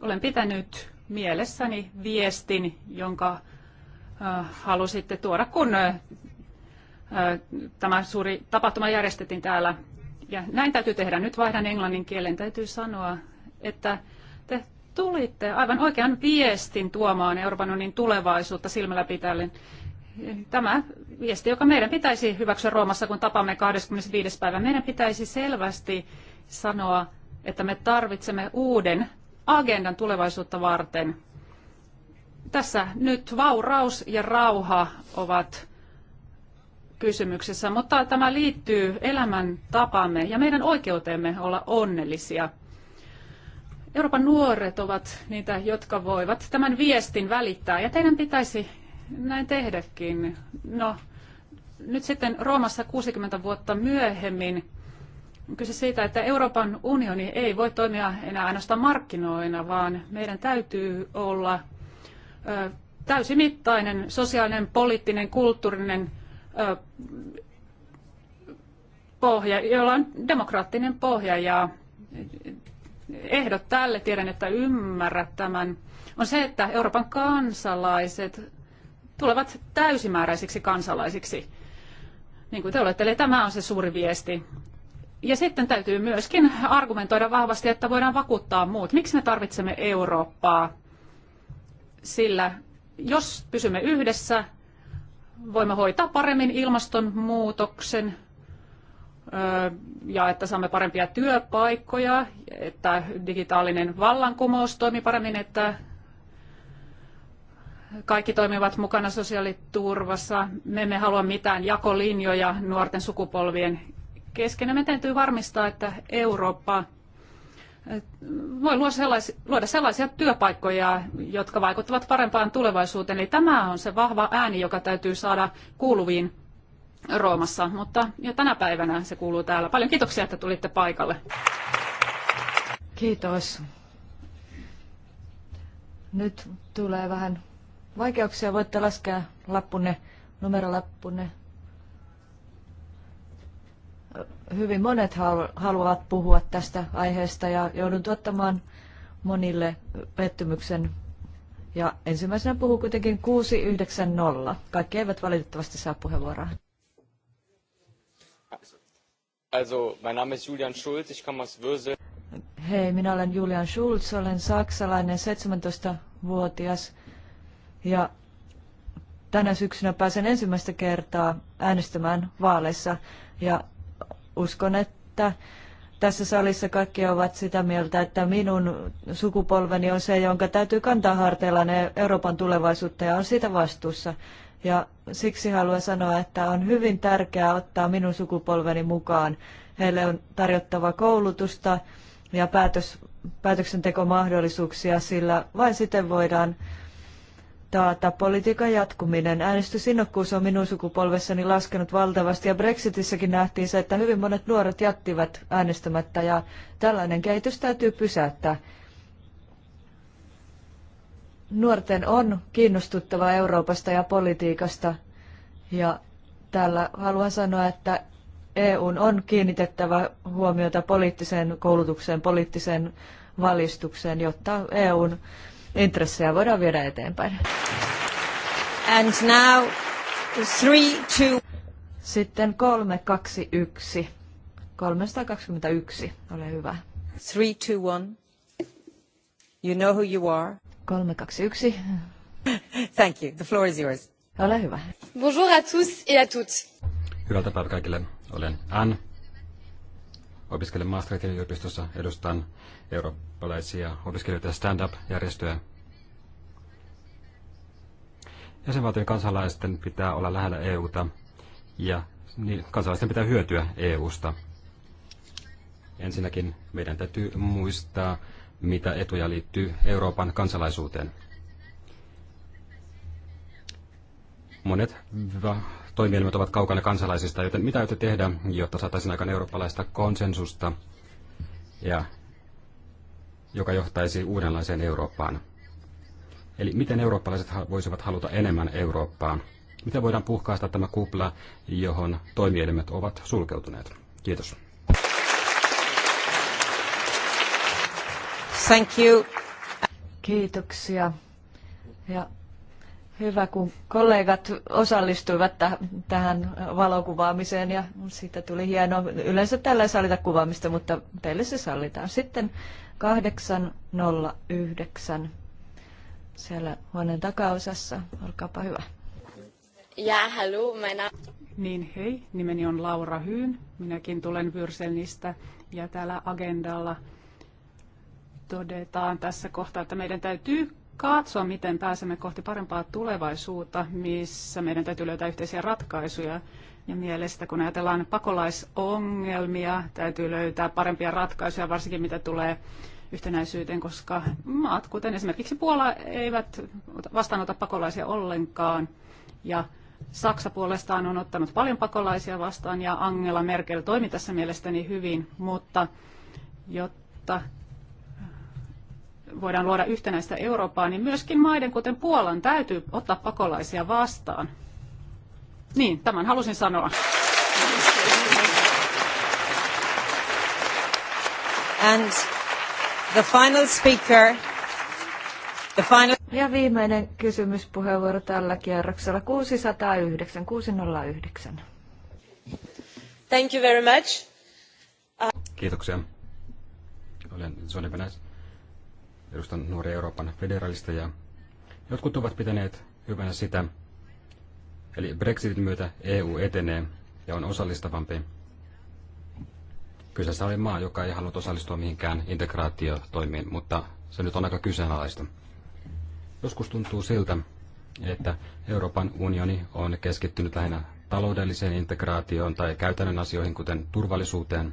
olen pitänyt mielessäni viestin, jonka halusitte tuoda, kun tämä suuri tapahtuma järjestettiin täällä. Ja näin täytyy tehdä. Nyt vaihdan englannin kielen. Täytyy sanoa, että te tulitte aivan oikean viestin tuomaan Euroopan unionin tulevaisuutta silmällä pitäen. Tämä viesti, joka meidän pitäisi hyväksyä Roomassa, kun tapamme 25. päivä, meidän pitäisi selvästi sanoa, että me tarvitsemme uuden agendan tulevaisuutta varten. Tässä nyt vauraus ja rauha ovat kysymyksessä, mutta tämä liittyy elämän tapamme ja meidän oikeuteemme olla onnellisia. Euroopan nuoret ovat niitä, jotka voivat tämän viestin välittää ja teidän pitäisi näin tehdäkin. No, nyt sitten Roomassa 60 vuotta myöhemmin kyse siitä, että Euroopan unioni ei voi toimia enää ainoastaan markkinoina, vaan meidän täytyy olla täysimittainen sosiaalinen, poliittinen, kulttuurinen pohja, jolla on demokraattinen pohja ja ehdot tälle, tiedän, että ymmärrät tämän, on se, että Euroopan kansalaiset tulevat täysimääräisiksi kansalaisiksi. Niin kuin te olette, eli tämä on se suuri viesti. Ja sitten täytyy myöskin argumentoida vahvasti, että voidaan vakuuttaa muut. Miksi me tarvitsemme Eurooppaa? Sillä jos pysymme yhdessä, voimme hoitaa paremmin ilmastonmuutoksen ja että saamme parempia työpaikkoja, että digitaalinen vallankumous toimii paremmin, että kaikki toimivat mukana sosiaaliturvassa. Me emme halua mitään jakolinjoja nuorten sukupolvien kesken. Ja me täytyy varmistaa, että Eurooppa eh, voi luoda sellaisia, työpaikkoja, jotka vaikuttavat parempaan tulevaisuuteen. Eli tämä on se vahva ääni, joka täytyy saada kuuluviin Roomassa, mutta jo tänä päivänä se kuuluu täällä. Paljon kiitoksia, että tulitte paikalle. Kiitos. Nyt tulee vähän vaikeuksia, voitte laskea lappunne, numerolappunne. Hyvin monet haluavat puhua tästä aiheesta ja joudun tuottamaan monille pettymyksen. Ja ensimmäisenä puhuu kuitenkin 690. Kaikki eivät valitettavasti saa puheenvuoroa. Also, mein Name ist Julian Schulz, ich komme aus Würsel. Hei, minä olen Julian Schulz, olen saksalainen 17-vuotias ja tänä syksynä pääsen ensimmäistä kertaa äänestämään vaaleissa ja uskon, että tässä salissa kaikki ovat sitä mieltä, että minun sukupolveni on se, jonka täytyy kantaa ne Euroopan tulevaisuutta ja on siitä vastuussa. Ja siksi haluan sanoa, että on hyvin tärkeää ottaa minun sukupolveni mukaan. Heille on tarjottava koulutusta ja päätös, päätöksentekomahdollisuuksia, sillä vain siten voidaan taata politiikan jatkuminen. Äänestysinnokkuus on minun sukupolvessani laskenut valtavasti ja Brexitissäkin nähtiin se, että hyvin monet nuoret jättivät äänestämättä ja tällainen kehitys täytyy pysäyttää. Nuorten on kiinnostuttava Euroopasta ja politiikasta ja tällä haluan sanoa, että EUn on kiinnitettävä huomiota poliittiseen koulutukseen, poliittiseen valistukseen, jotta EUn intressejä voidaan viedä eteenpäin. And now three, two. Sitten 321. 321, ole hyvä. 321. You know who you are. 321. Thank you. The floor is yours. Ole hyvä. Bonjour à tous et à toutes. Hyvältä päivää kaikille. Olen Anne. Opiskelen Maastrichtin yliopistossa. Edustan Euroopan ja opiskelijoita stand-up-järjestöjä. Jäsenvaltion kansalaisten pitää olla lähellä EUta ja niin kansalaisten pitää hyötyä EUsta. Ensinnäkin meidän täytyy muistaa, mitä etuja liittyy Euroopan kansalaisuuteen. Monet toimielimet ovat kaukana kansalaisista, joten mitä täytyy tehdä, jotta saataisiin aikaan eurooppalaista konsensusta ja joka johtaisi uudenlaiseen Eurooppaan. Eli miten eurooppalaiset voisivat haluta enemmän Eurooppaan? Miten voidaan puhkaista tämä kupla, johon toimielimet ovat sulkeutuneet? Kiitos. Thank you. Kiitoksia. Ja hyvä, kun kollegat osallistuivat tähän valokuvaamiseen ja siitä tuli hienoa. Yleensä tällä ei sallita kuvaamista, mutta teille se sallitaan. Sitten 809 siellä huoneen takaosassa. Olkaapa hyvä. Ja, hallo, minä... Niin, hei. Nimeni on Laura Hyyn. Minäkin tulen Vyrselnistä ja täällä agendalla todetaan tässä kohtaa, että meidän täytyy katsoa, miten pääsemme kohti parempaa tulevaisuutta, missä meidän täytyy löytää yhteisiä ratkaisuja ja mielestä, kun ajatellaan pakolaisongelmia, täytyy löytää parempia ratkaisuja, varsinkin mitä tulee yhtenäisyyteen, koska maat, kuten esimerkiksi Puola, eivät vastaanota pakolaisia ollenkaan. Ja Saksa puolestaan on ottanut paljon pakolaisia vastaan ja Angela Merkel toimi tässä mielestäni hyvin, mutta jotta voidaan luoda yhtenäistä Eurooppaa, niin myöskin maiden, kuten Puolan, täytyy ottaa pakolaisia vastaan. Niin, tämän halusin sanoa. And the final speaker, the final... Ja viimeinen kysymyspuheenvuoro tällä kierroksella 609, 609. Thank you very much. Uh... Kiitoksia. Olen Sonja Venäs, edustan Nuoria Euroopan federalista ja jotkut ovat pitäneet hyvänä sitä, Eli Brexitin myötä EU etenee ja on osallistavampi. Kyseessä oli maa, joka ei halunnut osallistua mihinkään integraatiotoimiin, mutta se nyt on aika kyseenalaista. Joskus tuntuu siltä, että Euroopan unioni on keskittynyt lähinnä taloudelliseen integraatioon tai käytännön asioihin, kuten turvallisuuteen,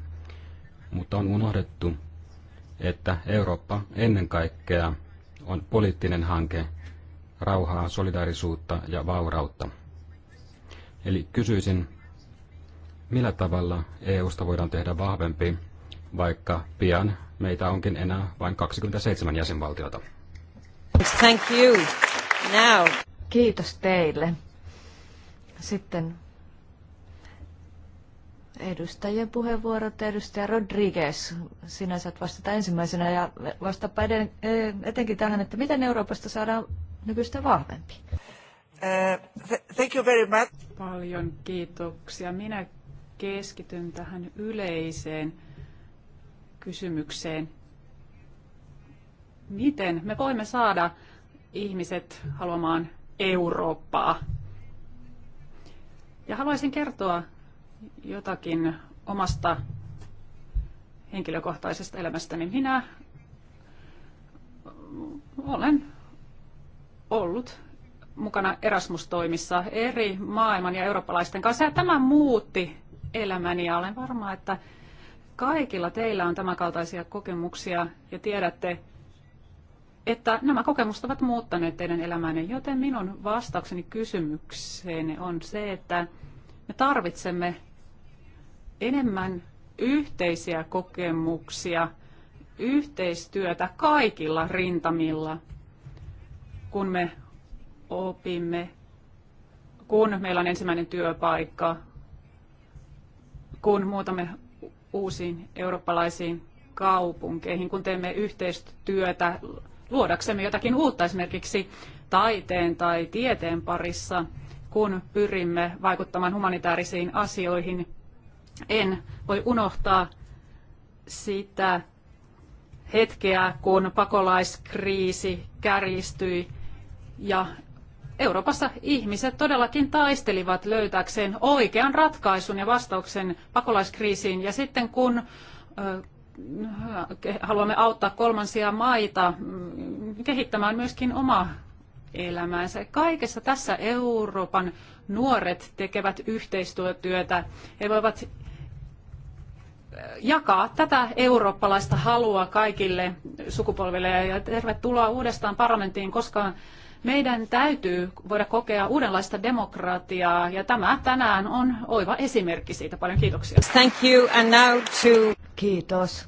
mutta on unohdettu, että Eurooppa ennen kaikkea on poliittinen hanke rauhaa, solidaarisuutta ja vaurautta. Eli kysyisin, millä tavalla EUsta voidaan tehdä vahvempi, vaikka pian meitä onkin enää vain 27 jäsenvaltiota. Thank you. Now. Kiitos teille. Sitten edustajien puheenvuorot. Edustaja Rodriguez, sinä saat vastata ensimmäisenä ja vastaapa eden, eh, etenkin tähän, että miten Euroopasta saadaan nykyistä vahvempi. Uh, thank you very much. Paljon kiitoksia. Minä keskityn tähän yleiseen kysymykseen. Miten me voimme saada ihmiset haluamaan Eurooppaa? Ja haluaisin kertoa jotakin omasta henkilökohtaisesta elämästäni. Minä olen ollut mukana Erasmus-toimissa eri maailman ja eurooppalaisten kanssa. Ja tämä muutti elämäni ja olen varma, että kaikilla teillä on tämänkaltaisia kokemuksia ja tiedätte, että nämä kokemukset ovat muuttaneet teidän elämänne, joten minun vastaukseni kysymykseen on se, että me tarvitsemme enemmän yhteisiä kokemuksia, yhteistyötä kaikilla rintamilla, kun me opimme, kun meillä on ensimmäinen työpaikka, kun muutamme uusiin eurooppalaisiin kaupunkeihin, kun teemme yhteistyötä luodaksemme jotakin uutta esimerkiksi taiteen tai tieteen parissa, kun pyrimme vaikuttamaan humanitaarisiin asioihin. En voi unohtaa sitä hetkeä, kun pakolaiskriisi kärjistyi ja Euroopassa ihmiset todellakin taistelivat löytääkseen oikean ratkaisun ja vastauksen pakolaiskriisiin. Ja sitten kun haluamme auttaa kolmansia maita mm, kehittämään myöskin omaa elämäänsä. Kaikessa tässä Euroopan nuoret tekevät yhteistyötä. He voivat jakaa tätä eurooppalaista halua kaikille sukupolville. Ja tervetuloa uudestaan parlamenttiin, koska meidän täytyy voida kokea uudenlaista demokratiaa ja tämä tänään on oiva esimerkki siitä. Paljon kiitoksia. Thank you and now to... Kiitos.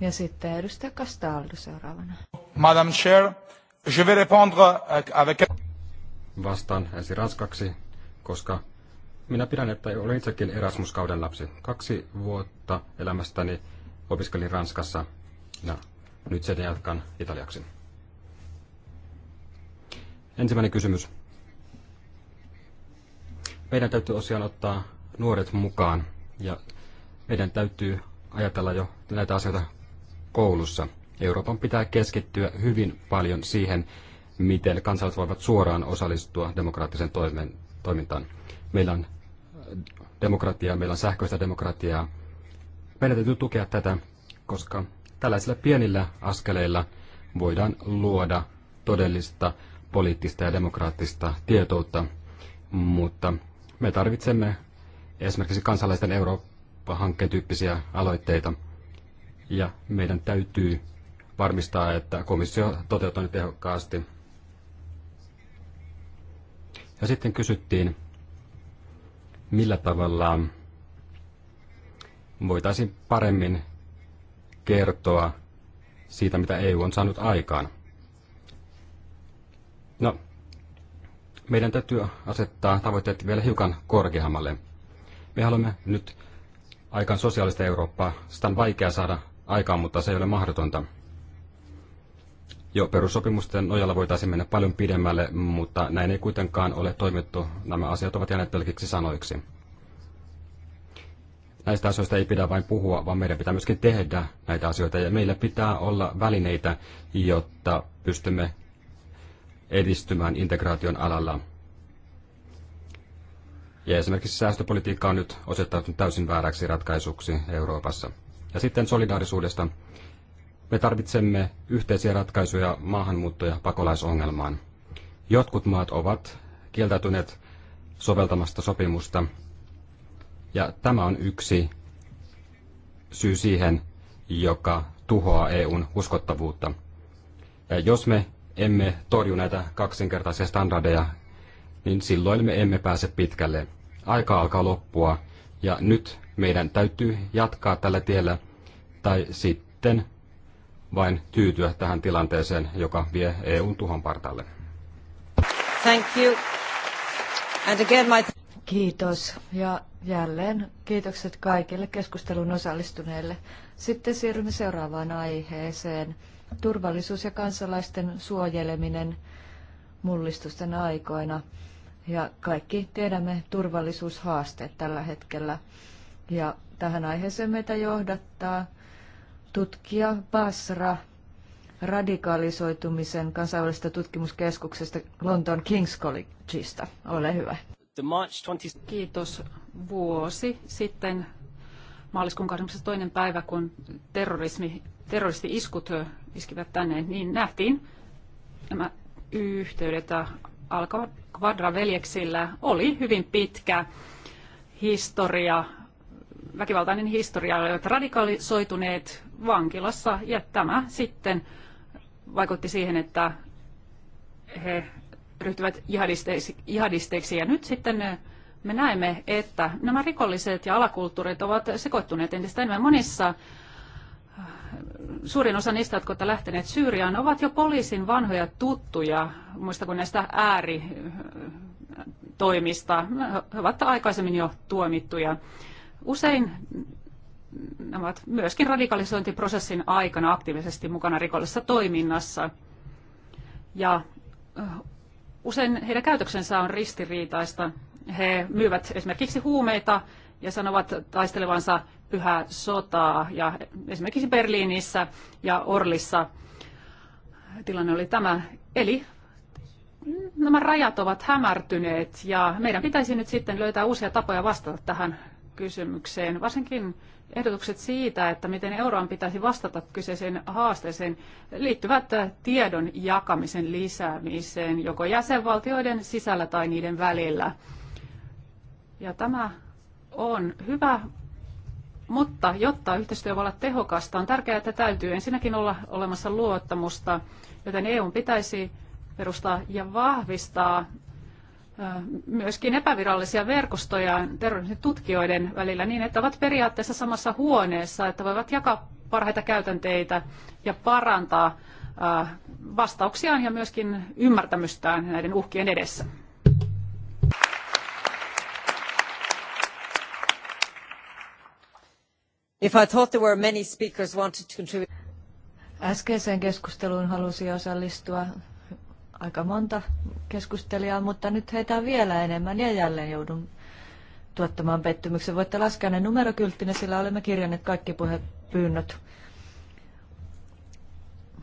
Ja sitten edustaja Castaldo seuraavana. Madam Chair, je vais répondre euh, avec... Vastaan ensin ranskaksi, koska minä pidän, että olen itsekin Erasmus-kauden lapsi. Kaksi vuotta elämästäni opiskelin Ranskassa ja nyt sen jatkan italiaksi. Ensimmäinen kysymys. Meidän täytyy osiaan ottaa nuoret mukaan ja meidän täytyy ajatella jo näitä asioita koulussa. Euroopan pitää keskittyä hyvin paljon siihen, miten kansalaiset voivat suoraan osallistua demokraattiseen toimen, toimintaan. Meillä on demokratiaa, meillä on sähköistä demokratiaa. Meidän täytyy tukea tätä, koska tällaisilla pienillä askeleilla voidaan luoda todellista poliittista ja demokraattista tietoutta, mutta me tarvitsemme esimerkiksi kansalaisten Eurooppa-hankkeen tyyppisiä aloitteita, ja meidän täytyy varmistaa, että komissio toteuttaa ne tehokkaasti. Ja sitten kysyttiin, millä tavalla voitaisiin paremmin kertoa siitä, mitä EU on saanut aikaan. No, meidän täytyy asettaa tavoitteet vielä hiukan korkeammalle. Me haluamme nyt aikaan sosiaalista Eurooppaa. Sitä on vaikea saada aikaan, mutta se ei ole mahdotonta. Jo perussopimusten nojalla voitaisiin mennä paljon pidemmälle, mutta näin ei kuitenkaan ole toimittu. Nämä asiat ovat jääneet pelkiksi sanoiksi. Näistä asioista ei pidä vain puhua, vaan meidän pitää myöskin tehdä näitä asioita. Ja meillä pitää olla välineitä, jotta pystymme edistymään integraation alalla. Ja esimerkiksi säästöpolitiikka on nyt osoittautunut täysin vääräksi ratkaisuksi Euroopassa. Ja sitten solidaarisuudesta. Me tarvitsemme yhteisiä ratkaisuja maahanmuutto- ja pakolaisongelmaan. Jotkut maat ovat kieltäytyneet soveltamasta sopimusta, ja tämä on yksi syy siihen, joka tuhoaa EUn uskottavuutta. Ja jos me emme torju näitä kaksinkertaisia standardeja, niin silloin me emme pääse pitkälle. Aika alkaa loppua ja nyt meidän täytyy jatkaa tällä tiellä tai sitten vain tyytyä tähän tilanteeseen, joka vie EUn tuhon partalle. Thank you. And again my... Kiitos ja jälleen kiitokset kaikille keskustelun osallistuneille. Sitten siirrymme seuraavaan aiheeseen turvallisuus ja kansalaisten suojeleminen mullistusten aikoina. Ja kaikki tiedämme turvallisuushaasteet tällä hetkellä. Ja tähän aiheeseen meitä johdattaa tutkija Basra radikalisoitumisen kansainvälisestä tutkimuskeskuksesta Lontoon King's Collegeista. Ole hyvä. Kiitos. Vuosi sitten maaliskuun 22. päivä, kun terrorismi terroristi-iskut iskivät tänne, niin nähtiin nämä yhteydet. Al-Quadra-veljeksillä oli hyvin pitkä historia, väkivaltainen historia, olivat radikalisoituneet vankilassa ja tämä sitten vaikutti siihen, että he ryhtyvät jihadisteiksi, jihadisteiksi. Ja nyt sitten me näemme, että nämä rikolliset ja alakulttuurit ovat sekoittuneet entistä enemmän monissa suurin osa niistä, jotka ovat lähteneet Syyriaan, ovat jo poliisin vanhoja tuttuja, muista kuin näistä ääritoimista. He ovat aikaisemmin jo tuomittuja. Usein nämä ovat myöskin radikalisointiprosessin aikana aktiivisesti mukana rikollisessa toiminnassa. Ja usein heidän käytöksensä on ristiriitaista. He myyvät esimerkiksi huumeita ja sanovat taistelevansa pyhää sotaa ja esimerkiksi Berliinissä ja Orlissa tilanne oli tämä. Eli nämä rajat ovat hämärtyneet ja meidän pitäisi nyt sitten löytää uusia tapoja vastata tähän kysymykseen, varsinkin ehdotukset siitä, että miten euroon pitäisi vastata kyseiseen haasteeseen, liittyvät tiedon jakamisen lisäämiseen joko jäsenvaltioiden sisällä tai niiden välillä. Ja tämä on hyvä mutta jotta yhteistyö voi olla tehokasta, on tärkeää, että täytyy ensinnäkin olla olemassa luottamusta, joten EU pitäisi perustaa ja vahvistaa myöskin epävirallisia verkostoja terrorismin tutkijoiden välillä niin, että ovat periaatteessa samassa huoneessa, että voivat jakaa parhaita käytänteitä ja parantaa vastauksiaan ja myöskin ymmärtämystään näiden uhkien edessä. If I thought there were many speakers wanted to contribute. Äskeiseen keskusteluun halusi osallistua aika monta keskustelijaa, mutta nyt heitä on vielä enemmän ja jälleen joudun tuottamaan pettymyksen. Voitte laskea ne numerokylttinä, sillä olemme kirjanneet kaikki puhepyynnöt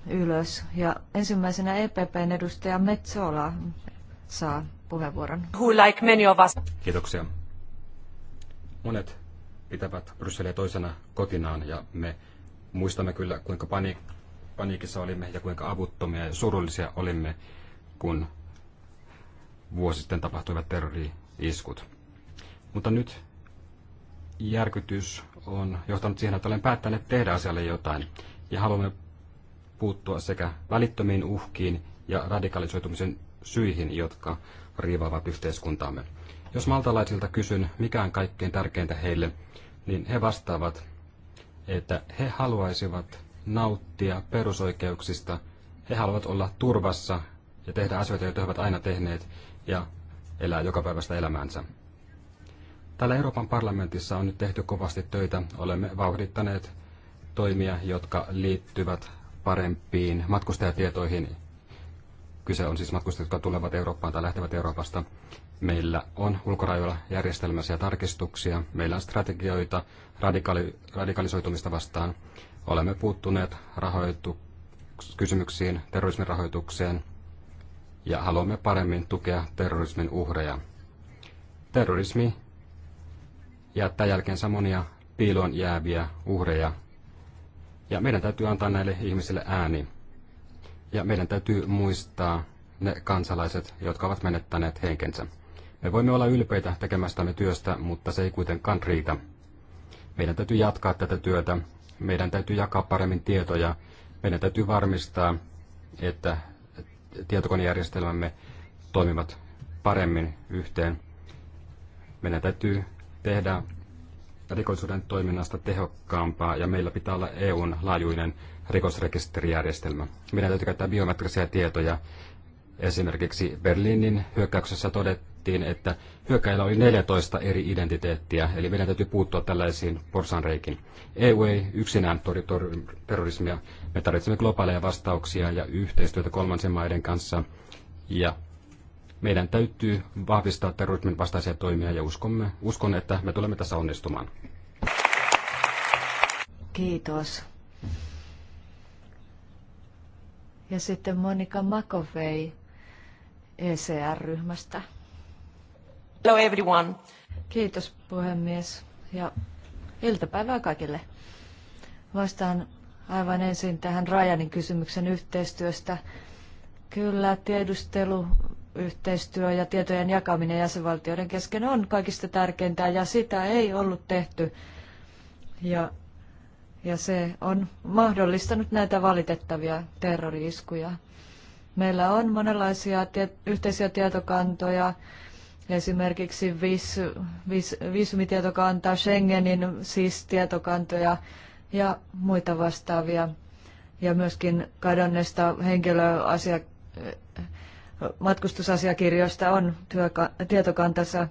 ylös. Ja ensimmäisenä EPPn edustaja Metsola saa puheenvuoron. Who like many of us. Kiitoksia. Monet pitävät Brysseliä toisena kotinaan ja me muistamme kyllä, kuinka paniik- paniikissa olimme ja kuinka avuttomia ja surullisia olimme, kun vuosi sitten tapahtuivat terrori-iskut. Mutta nyt järkytys on johtanut siihen, että olen päättänyt tehdä asialle jotain ja haluamme puuttua sekä välittömiin uhkiin ja radikalisoitumisen syihin, jotka riivaavat yhteiskuntaamme. Jos maltalaisilta kysyn, mikä on kaikkein tärkeintä heille, niin he vastaavat, että he haluaisivat nauttia perusoikeuksista, he haluavat olla turvassa ja tehdä asioita, joita he ovat aina tehneet, ja elää jokapäiväistä elämäänsä. Täällä Euroopan parlamentissa on nyt tehty kovasti töitä. Olemme vauhdittaneet toimia, jotka liittyvät parempiin matkustajatietoihin Kyse on siis matkustajista, jotka tulevat Eurooppaan tai lähtevät Euroopasta. Meillä on ulkorajoilla järjestelmäisiä tarkistuksia, meillä on strategioita radikali- radikalisoitumista vastaan. Olemme puuttuneet rahoituskysymyksiin, terrorismin rahoitukseen ja haluamme paremmin tukea terrorismin uhreja. Terrorismi jättää jälkeensä monia piiloon jääviä uhreja ja meidän täytyy antaa näille ihmisille ääni ja meidän täytyy muistaa ne kansalaiset, jotka ovat menettäneet henkensä. Me voimme olla ylpeitä tekemästämme työstä, mutta se ei kuitenkaan riitä. Meidän täytyy jatkaa tätä työtä, meidän täytyy jakaa paremmin tietoja, meidän täytyy varmistaa, että tietokonejärjestelmämme toimivat paremmin yhteen. Meidän täytyy tehdä rikollisuuden toiminnasta tehokkaampaa ja meillä pitää olla EUn laajuinen rikosrekisterijärjestelmä. Meidän täytyy käyttää biometrisiä tietoja. Esimerkiksi Berliinin hyökkäyksessä todettiin, että hyökkäillä oli 14 eri identiteettiä, eli meidän täytyy puuttua tällaisiin porsanreikin. EU ei yksinään tori tor- terrorismia. Me tarvitsemme globaaleja vastauksia ja yhteistyötä kolmansien maiden kanssa. Ja meidän täytyy vahvistaa terrorismin vastaisia toimia ja uskomme, uskon, että me tulemme tässä onnistumaan. Kiitos. ja sitten Monika Makovei ECR-ryhmästä. Hello everyone. Kiitos puhemies ja iltapäivää kaikille. Vastaan aivan ensin tähän Rajanin kysymyksen yhteistyöstä. Kyllä tiedustelu yhteistyö ja tietojen jakaminen jäsenvaltioiden kesken on kaikista tärkeintä ja sitä ei ollut tehty. Ja ja se on mahdollistanut näitä valitettavia terroriiskuja. Meillä on monenlaisia tie- yhteisiä tietokantoja, esimerkiksi vis, vis, viisumitietokantaa, Schengenin siis tietokantoja ja muita vastaavia. Ja myöskin kadonneista henkilöasiakirjoista matkustusasiakirjoista on työka- tietokantansa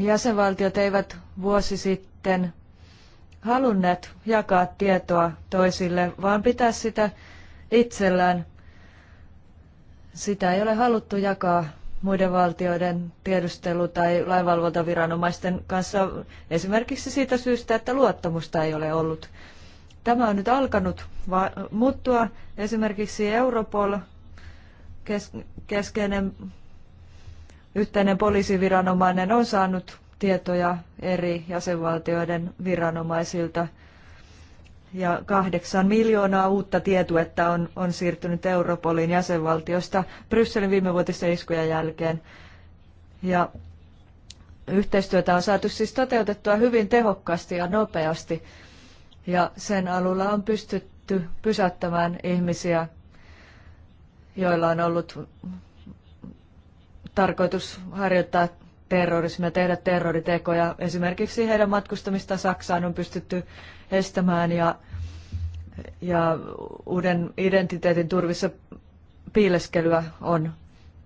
jäsenvaltiot eivät vuosi sitten halunneet jakaa tietoa toisille, vaan pitää sitä itsellään. Sitä ei ole haluttu jakaa muiden valtioiden tiedustelu- tai lainvalvontaviranomaisten kanssa esimerkiksi siitä syystä, että luottamusta ei ole ollut. Tämä on nyt alkanut muuttua. Esimerkiksi Europol, keskeinen Yhteinen poliisiviranomainen on saanut tietoja eri jäsenvaltioiden viranomaisilta ja kahdeksan miljoonaa uutta tietuetta on, on siirtynyt Europolin jäsenvaltiosta Brysselin viimevuotisten iskujen jälkeen. Ja yhteistyötä on saatu siis toteutettua hyvin tehokkaasti ja nopeasti. Ja sen alulla on pystytty pysäyttämään ihmisiä, joilla on ollut tarkoitus harjoittaa terrorismia, tehdä terroritekoja. Esimerkiksi heidän matkustamista Saksaan on pystytty estämään ja, ja uuden identiteetin turvissa piileskelyä on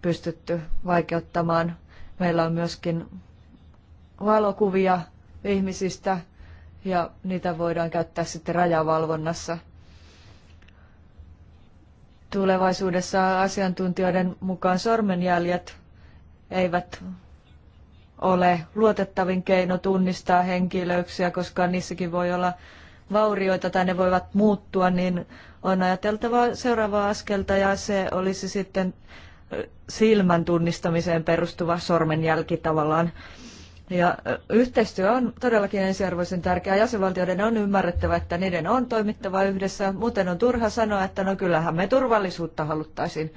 pystytty vaikeuttamaan. Meillä on myöskin valokuvia ihmisistä ja niitä voidaan käyttää sitten rajavalvonnassa. Tulevaisuudessa asiantuntijoiden mukaan sormenjäljet eivät ole luotettavin keino tunnistaa henkilöksiä, koska niissäkin voi olla vaurioita tai ne voivat muuttua, niin on ajateltava seuraavaa askelta ja se olisi sitten silmän tunnistamiseen perustuva sormenjälki tavallaan. Ja yhteistyö on todellakin ensiarvoisen tärkeää. Jäsenvaltioiden on ymmärrettävä, että niiden on toimittava yhdessä. Muuten on turha sanoa, että no kyllähän me turvallisuutta haluttaisiin.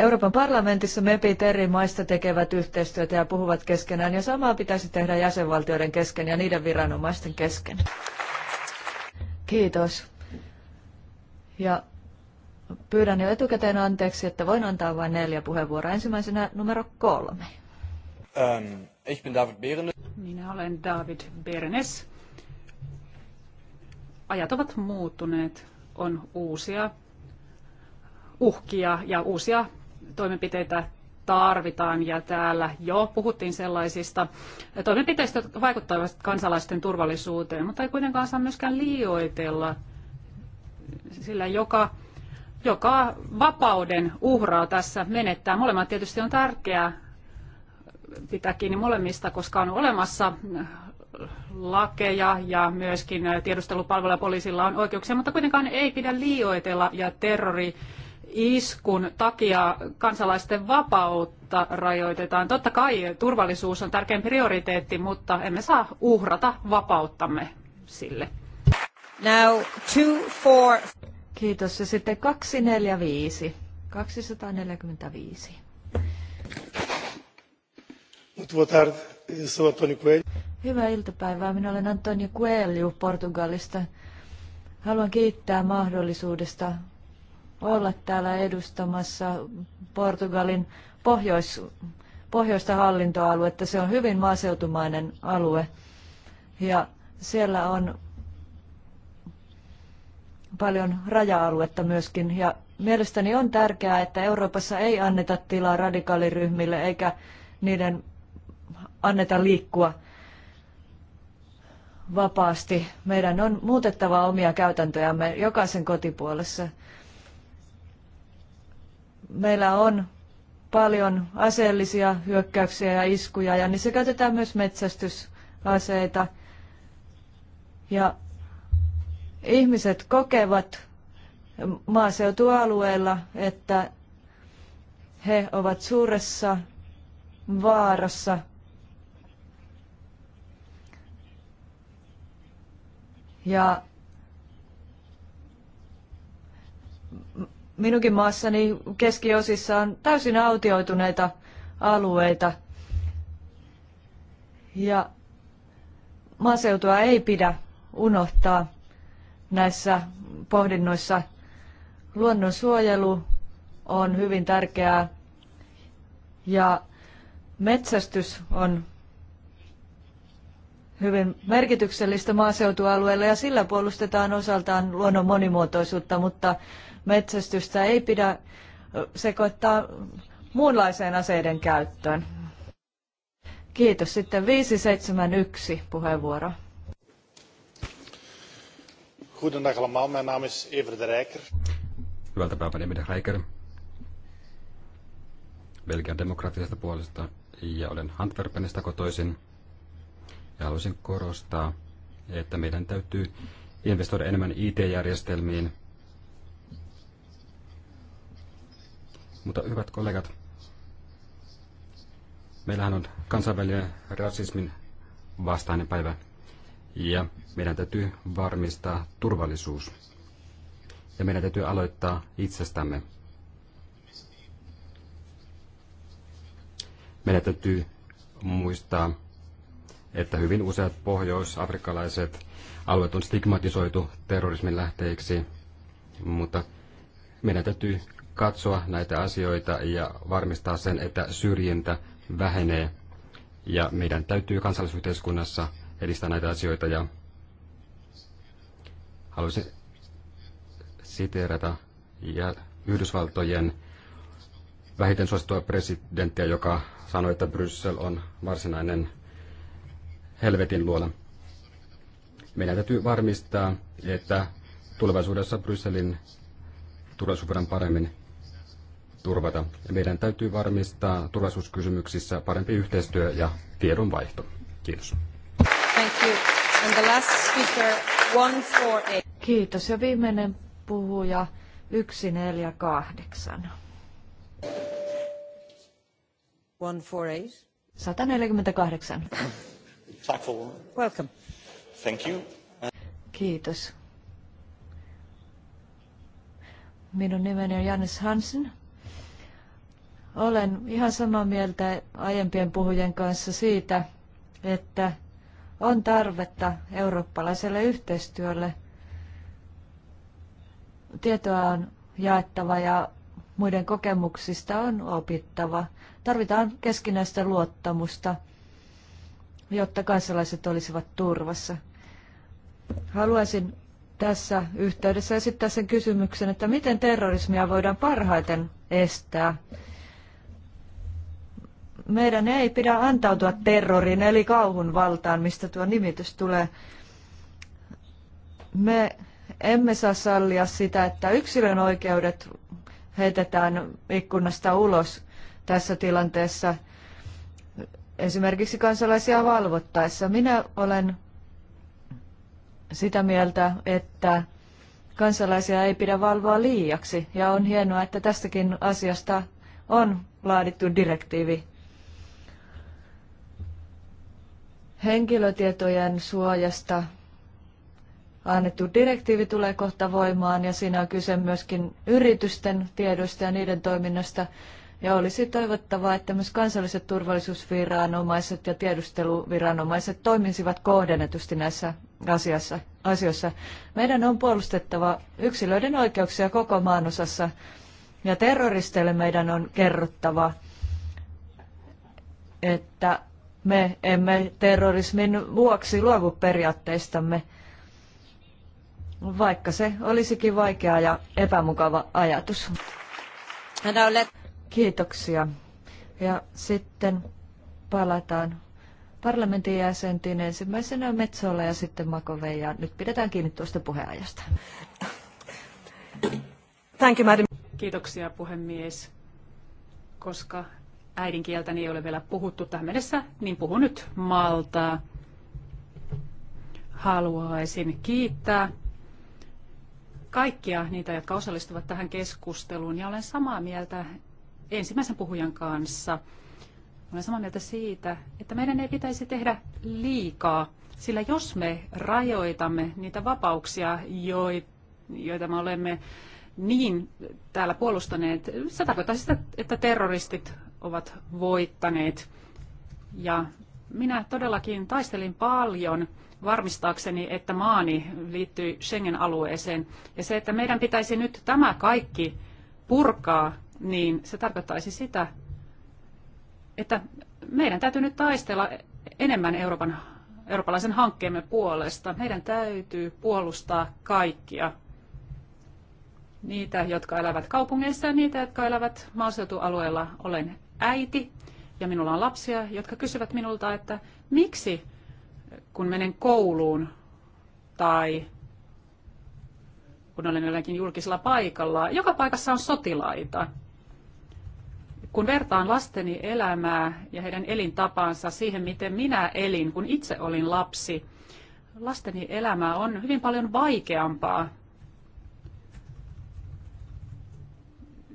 Euroopan parlamentissa MEPit eri maista tekevät yhteistyötä ja puhuvat keskenään, ja samaa pitäisi tehdä jäsenvaltioiden kesken ja niiden viranomaisten kesken. Kiitos. Ja pyydän jo etukäteen anteeksi, että voin antaa vain neljä puheenvuoroa. Ensimmäisenä numero kolme. Ähm, ich bin David Minä olen David Bernes. Ajat ovat muuttuneet. On uusia uhkia ja uusia toimenpiteitä tarvitaan ja täällä jo puhuttiin sellaisista toimenpiteistä, jotka vaikuttavat kansalaisten turvallisuuteen, mutta ei kuitenkaan saa myöskään liioitella, sillä joka, joka vapauden uhraa tässä menettää. Molemmat tietysti on tärkeää pitää kiinni molemmista, koska on olemassa lakeja ja myöskin tiedustelupalveluja poliisilla on oikeuksia, mutta kuitenkaan ei pidä liioitella ja terrori iskun takia kansalaisten vapautta rajoitetaan. Totta kai turvallisuus on tärkein prioriteetti, mutta emme saa uhrata vapauttamme sille. Now, two, four. Kiitos. Ja sitten 245. 245. Hyvää iltapäivää. Minä olen Antonio Coelho Portugalista. Haluan kiittää mahdollisuudesta olla täällä edustamassa Portugalin pohjois, pohjoista hallintoaluetta. Se on hyvin maaseutumainen alue ja siellä on paljon raja-aluetta myöskin. Ja mielestäni on tärkeää, että Euroopassa ei anneta tilaa radikaaliryhmille eikä niiden anneta liikkua vapaasti. Meidän on muutettava omia käytäntöjämme jokaisen kotipuolessa meillä on paljon aseellisia hyökkäyksiä ja iskuja ja niissä käytetään myös metsästysaseita. Ja ihmiset kokevat maaseutualueella, että he ovat suuressa vaarassa. Ja minunkin maassani keskiosissa on täysin autioituneita alueita. Ja maaseutua ei pidä unohtaa näissä pohdinnoissa. Luonnonsuojelu on hyvin tärkeää ja metsästys on hyvin merkityksellistä maaseutualueella ja sillä puolustetaan osaltaan luonnon monimuotoisuutta, mutta metsästystä ei pidä sekoittaa muunlaiseen aseiden käyttöön. Kiitos. Sitten 571 puheenvuoro. Goedendag allemaal, mijn naam is Evert de Rijker. Hyvältä päivää, de Rijker. Belgian demokraattisesta puolesta ja olen Antwerpenista kotoisin. Ja haluaisin korostaa, että meidän täytyy investoida enemmän IT-järjestelmiin Mutta hyvät kollegat, meillähän on kansainvälinen rasismin vastainen päivä ja meidän täytyy varmistaa turvallisuus. Ja meidän täytyy aloittaa itsestämme. Meidän täytyy muistaa, että hyvin useat pohjois-afrikkalaiset alueet on stigmatisoitu terrorismin lähteiksi, mutta meidän täytyy katsoa näitä asioita ja varmistaa sen, että syrjintä vähenee. Ja meidän täytyy kansallisyhteiskunnassa edistää näitä asioita. Ja haluaisin siteerata ja Yhdysvaltojen vähiten suosittua presidenttiä, joka sanoi, että Bryssel on varsinainen helvetin luola. Meidän täytyy varmistaa, että tulevaisuudessa Brysselin turvallisuus paremmin turvata. Meidän täytyy varmistaa turvallisuuskysymyksissä parempi yhteistyö ja tiedonvaihto. Kiitos. Thank you. And the last speaker, one four eight. Kiitos. Ja viimeinen puhuja 148. 148. 148. Welcome. Thank you. Kiitos. Minun nimeni on Janis Hansen. Olen ihan samaa mieltä aiempien puhujien kanssa siitä, että on tarvetta eurooppalaiselle yhteistyölle. Tietoa on jaettava ja muiden kokemuksista on opittava. Tarvitaan keskinäistä luottamusta, jotta kansalaiset olisivat turvassa. Haluaisin tässä yhteydessä esittää sen kysymyksen, että miten terrorismia voidaan parhaiten estää meidän ei pidä antautua terrorin eli kauhun valtaan, mistä tuo nimitys tulee. Me emme saa sallia sitä, että yksilön oikeudet heitetään ikkunasta ulos tässä tilanteessa esimerkiksi kansalaisia valvottaessa. Minä olen sitä mieltä, että kansalaisia ei pidä valvoa liiaksi ja on hienoa, että tästäkin asiasta on laadittu direktiivi Henkilötietojen suojasta annettu direktiivi tulee kohta voimaan ja siinä on kyse myöskin yritysten tiedoista ja niiden toiminnasta. Ja olisi toivottavaa, että myös kansalliset turvallisuusviranomaiset ja tiedusteluviranomaiset toimisivat kohdennetusti näissä asiassa, asioissa. Meidän on puolustettava yksilöiden oikeuksia koko maanosassa ja terroristeille meidän on kerrottava, että me emme terrorismin vuoksi luovu periaatteistamme, vaikka se olisikin vaikea ja epämukava ajatus. Kiitoksia. Ja sitten palataan parlamentin jäsentiin ensimmäisenä Metsola ja sitten Makove. Ja nyt pidetään kiinni tuosta puheajasta. Thank you, madam. Kiitoksia puhemies. Koska äidinkieltäni niin ei ole vielä puhuttu tähän mennessä, niin puhun nyt Maltaa. Haluaisin kiittää kaikkia niitä, jotka osallistuvat tähän keskusteluun, ja olen samaa mieltä ensimmäisen puhujan kanssa. Olen samaa mieltä siitä, että meidän ei pitäisi tehdä liikaa, sillä jos me rajoitamme niitä vapauksia, joita me olemme niin täällä puolustaneet, se tarkoittaa sitä, että terroristit ovat voittaneet. Ja minä todellakin taistelin paljon varmistaakseni, että maani liittyy Schengen-alueeseen. Ja se, että meidän pitäisi nyt tämä kaikki purkaa, niin se tarkoittaisi sitä, että meidän täytyy nyt taistella enemmän Euroopan, eurooppalaisen hankkeemme puolesta. Meidän täytyy puolustaa kaikkia. Niitä, jotka elävät kaupungeissa ja niitä, jotka elävät maaseutualueella. Olen äiti ja minulla on lapsia, jotka kysyvät minulta, että miksi kun menen kouluun tai kun olen jollakin julkisella paikalla, joka paikassa on sotilaita. Kun vertaan lasteni elämää ja heidän elintapaansa siihen, miten minä elin, kun itse olin lapsi, lasteni elämä on hyvin paljon vaikeampaa.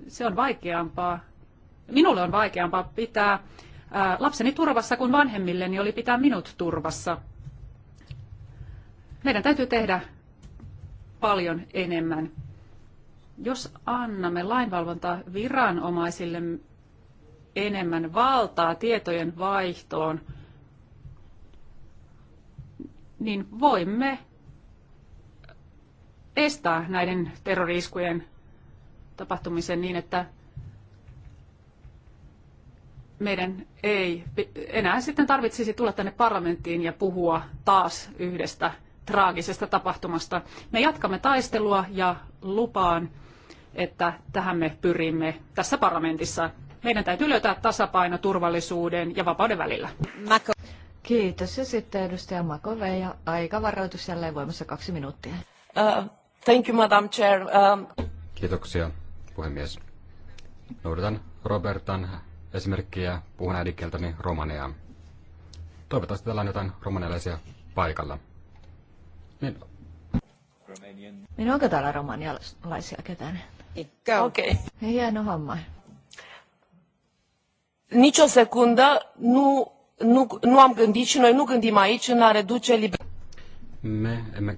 Se on vaikeampaa Minulle on vaikeampaa pitää äh, lapseni turvassa kuin vanhemmilleni oli pitää minut turvassa. Meidän täytyy tehdä paljon enemmän. Jos annamme lainvalvontaa viranomaisille enemmän valtaa tietojen vaihtoon, niin voimme estää näiden terroriiskujen tapahtumisen niin, että meidän ei enää sitten tarvitsisi tulla tänne parlamenttiin ja puhua taas yhdestä traagisesta tapahtumasta. Me jatkamme taistelua ja lupaan, että tähän me pyrimme tässä parlamentissa. Meidän täytyy löytää tasapaino turvallisuuden ja vapauden välillä. Kiitos. Ja sitten edustaja Makove ja aikavaroitus jälleen voimassa kaksi minuuttia. Uh, thank you, Madam Chair. Um... Kiitoksia, puhemies. Noudatan Robertan esimerkkiä, puhun äidinkieltäni romaneaa. Toivottavasti täällä on jotain romanialaisia paikalla. Niin. Niin onko täällä romanialaisia ketään? Okei. Okay. Hieno homma. Nici o secundă nu, nu, nu am gândit și noi nu gândim aici în a reduce liber... Me me.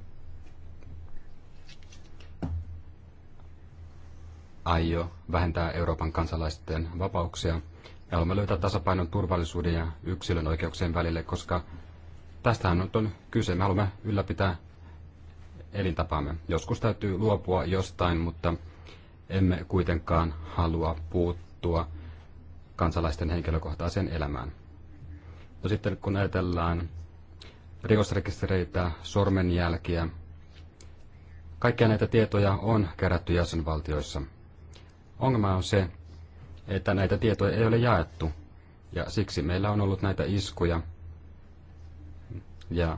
aio vähentää Euroopan kansalaisten vapauksia, ja haluamme löytää tasapainon turvallisuuden ja yksilön oikeuksien välille, koska tästähän on kyse. Me haluamme ylläpitää elintapaamme. Joskus täytyy luopua jostain, mutta emme kuitenkaan halua puuttua kansalaisten henkilökohtaiseen elämään. No sitten kun ajatellaan rikosrekistereitä, sormenjälkiä, kaikkia näitä tietoja on kerätty jäsenvaltioissa. Ongelma on se, että näitä tietoja ei ole jaettu. Ja siksi meillä on ollut näitä iskuja. Ja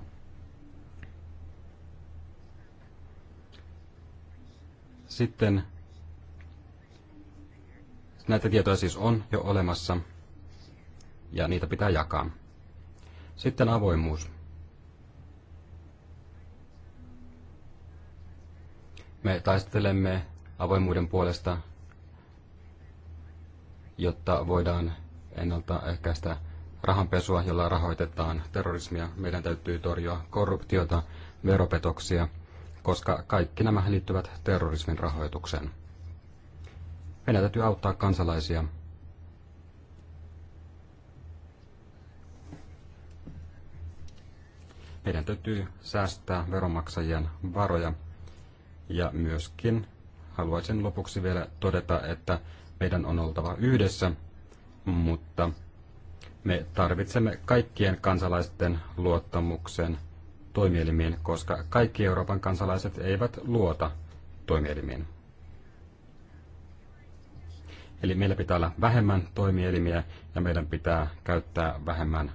sitten näitä tietoja siis on jo olemassa ja niitä pitää jakaa. Sitten avoimuus. Me taistelemme avoimuuden puolesta jotta voidaan ennaltaehkäistä rahanpesua, jolla rahoitetaan terrorismia. Meidän täytyy torjua korruptiota, veropetoksia, koska kaikki nämä liittyvät terrorismin rahoitukseen. Meidän täytyy auttaa kansalaisia. Meidän täytyy säästää veronmaksajien varoja. Ja myöskin haluaisin lopuksi vielä todeta, että meidän on oltava yhdessä, mutta me tarvitsemme kaikkien kansalaisten luottamuksen toimielimiin, koska kaikki Euroopan kansalaiset eivät luota toimielimiin. Eli meillä pitää olla vähemmän toimielimiä ja meidän pitää käyttää vähemmän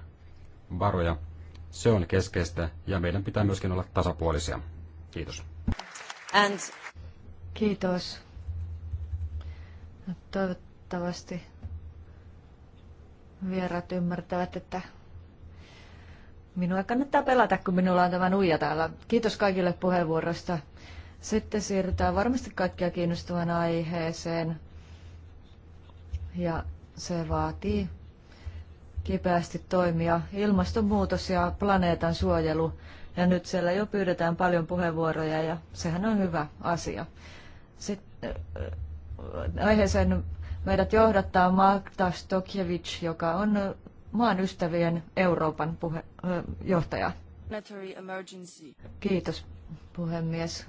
varoja. Se on keskeistä ja meidän pitää myöskin olla tasapuolisia. Kiitos. And... Kiitos. No, toivottavasti vierat ymmärtävät, että minua kannattaa pelata, kun minulla on tämä nuija täällä. Kiitos kaikille puheenvuorosta. Sitten siirrytään varmasti kaikkia kiinnostavan aiheeseen. Ja se vaatii kipeästi toimia. Ilmastonmuutos ja planeetan suojelu. Ja nyt siellä jo pyydetään paljon puheenvuoroja ja sehän on hyvä asia. Sitten aiheeseen meidät johdattaa Magda Stokjevic, joka on maan ystävien Euroopan puhe, johtaja. Kiitos puhemies.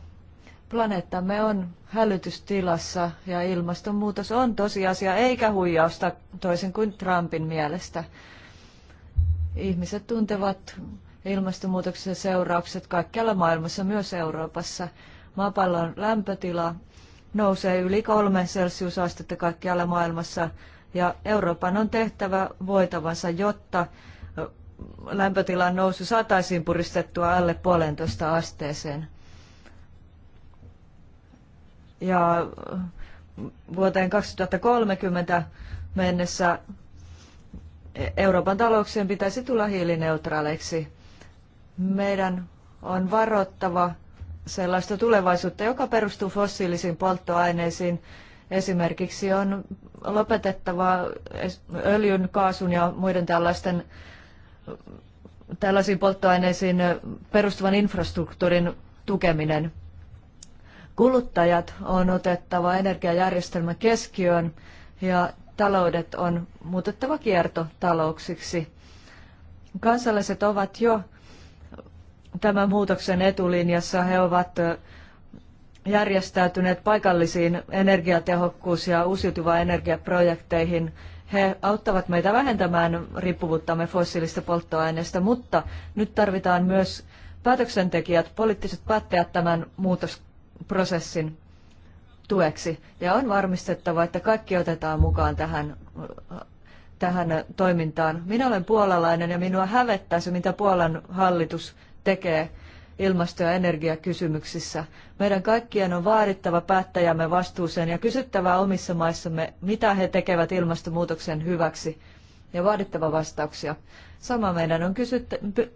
Planeettamme on hälytystilassa ja ilmastonmuutos on tosiasia eikä huijausta toisin kuin Trumpin mielestä. Ihmiset tuntevat ilmastonmuutoksen seuraukset kaikkialla maailmassa, myös Euroopassa. Maapallon lämpötila nousee yli kolme celsiusastetta kaikkialla maailmassa ja Euroopan on tehtävä voitavansa, jotta lämpötilan nousu saataisiin puristettua alle puolentoista asteeseen. Ja vuoteen 2030 mennessä e, Euroopan talouksien pitäisi tulla hiilineutraaleiksi. Meidän on varottava sellaista tulevaisuutta, joka perustuu fossiilisiin polttoaineisiin. Esimerkiksi on lopetettava öljyn, kaasun ja muiden tällaisten tällaisiin polttoaineisiin perustuvan infrastruktuurin tukeminen. Kuluttajat on otettava energiajärjestelmän keskiöön ja taloudet on muutettava kiertotalouksiksi. Kansalaiset ovat jo tämän muutoksen etulinjassa. He ovat järjestäytyneet paikallisiin energiatehokkuus- ja uusiutuva energiaprojekteihin. He auttavat meitä vähentämään riippuvuuttamme fossiilista polttoaineista, mutta nyt tarvitaan myös päätöksentekijät, poliittiset päättäjät tämän muutosprosessin tueksi. Ja on varmistettava, että kaikki otetaan mukaan tähän, tähän toimintaan. Minä olen puolalainen ja minua hävettää se, mitä Puolan hallitus tekee ilmasto- ja energiakysymyksissä. Meidän kaikkien on vaadittava päättäjämme vastuuseen ja kysyttävä omissa maissamme, mitä he tekevät ilmastonmuutoksen hyväksi ja vaadittava vastauksia. Sama meidän on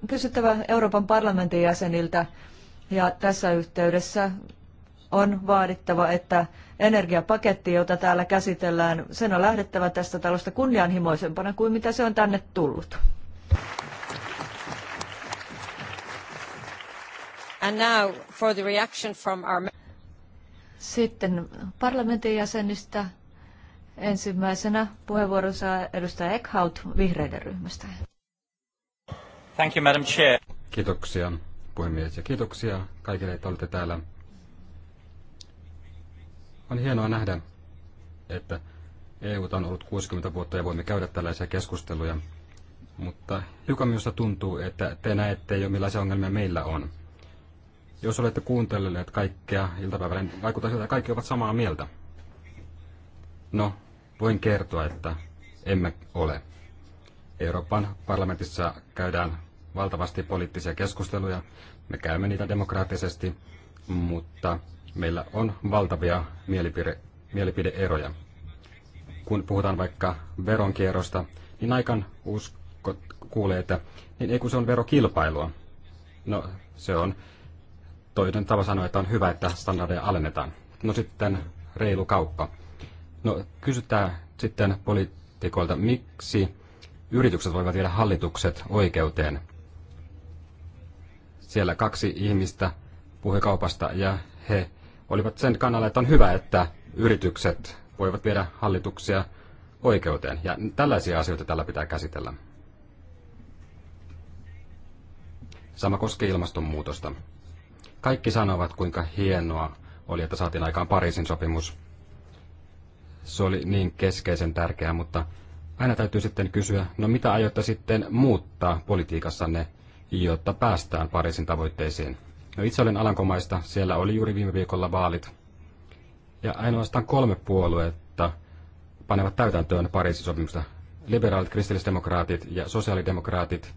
kysyttävä Euroopan parlamentin jäseniltä ja tässä yhteydessä on vaadittava, että energiapaketti, jota täällä käsitellään, sen on lähdettävä tästä talosta kunnianhimoisempana kuin mitä se on tänne tullut. And now for the reaction from our... Sitten parlamentin jäsenistä ensimmäisenä puheenvuoron saa edustaja Eckhout vihreiden ryhmästä. Thank you, Madam Chair. Kiitoksia puhemies ja kiitoksia kaikille, että olette täällä. On hienoa nähdä, että EU on ollut 60 vuotta ja voimme käydä tällaisia keskusteluja, mutta hiukan minusta tuntuu, että te näette jo millaisia ongelmia meillä on. Jos olette kuuntelleet kaikkea iltapäivällä, niin vaikuttaa siltä, että kaikki ovat samaa mieltä. No, voin kertoa, että emme ole. Euroopan parlamentissa käydään valtavasti poliittisia keskusteluja. Me käymme niitä demokraattisesti, mutta meillä on valtavia mielipide, mielipideeroja. Kun puhutaan vaikka veronkierrosta, niin aikan usko, kuulee, että niin ei kun se on verokilpailua. No, se on toinen tapa sanoa, että on hyvä, että standardeja alennetaan. No sitten reilu kauppa. No kysytään sitten poliitikoilta, miksi yritykset voivat viedä hallitukset oikeuteen. Siellä kaksi ihmistä puhui kaupasta ja he olivat sen kannalla, että on hyvä, että yritykset voivat viedä hallituksia oikeuteen. Ja tällaisia asioita tällä pitää käsitellä. Sama koskee ilmastonmuutosta. Kaikki sanovat, kuinka hienoa oli, että saatiin aikaan Pariisin sopimus. Se oli niin keskeisen tärkeää, mutta aina täytyy sitten kysyä, no mitä aiotte sitten muuttaa politiikassanne, jotta päästään Pariisin tavoitteisiin? No itse olen Alankomaista, siellä oli juuri viime viikolla vaalit. Ja ainoastaan kolme puoluetta panevat täytäntöön Pariisin sopimusta. Liberaalit, kristillisdemokraatit ja sosiaalidemokraatit.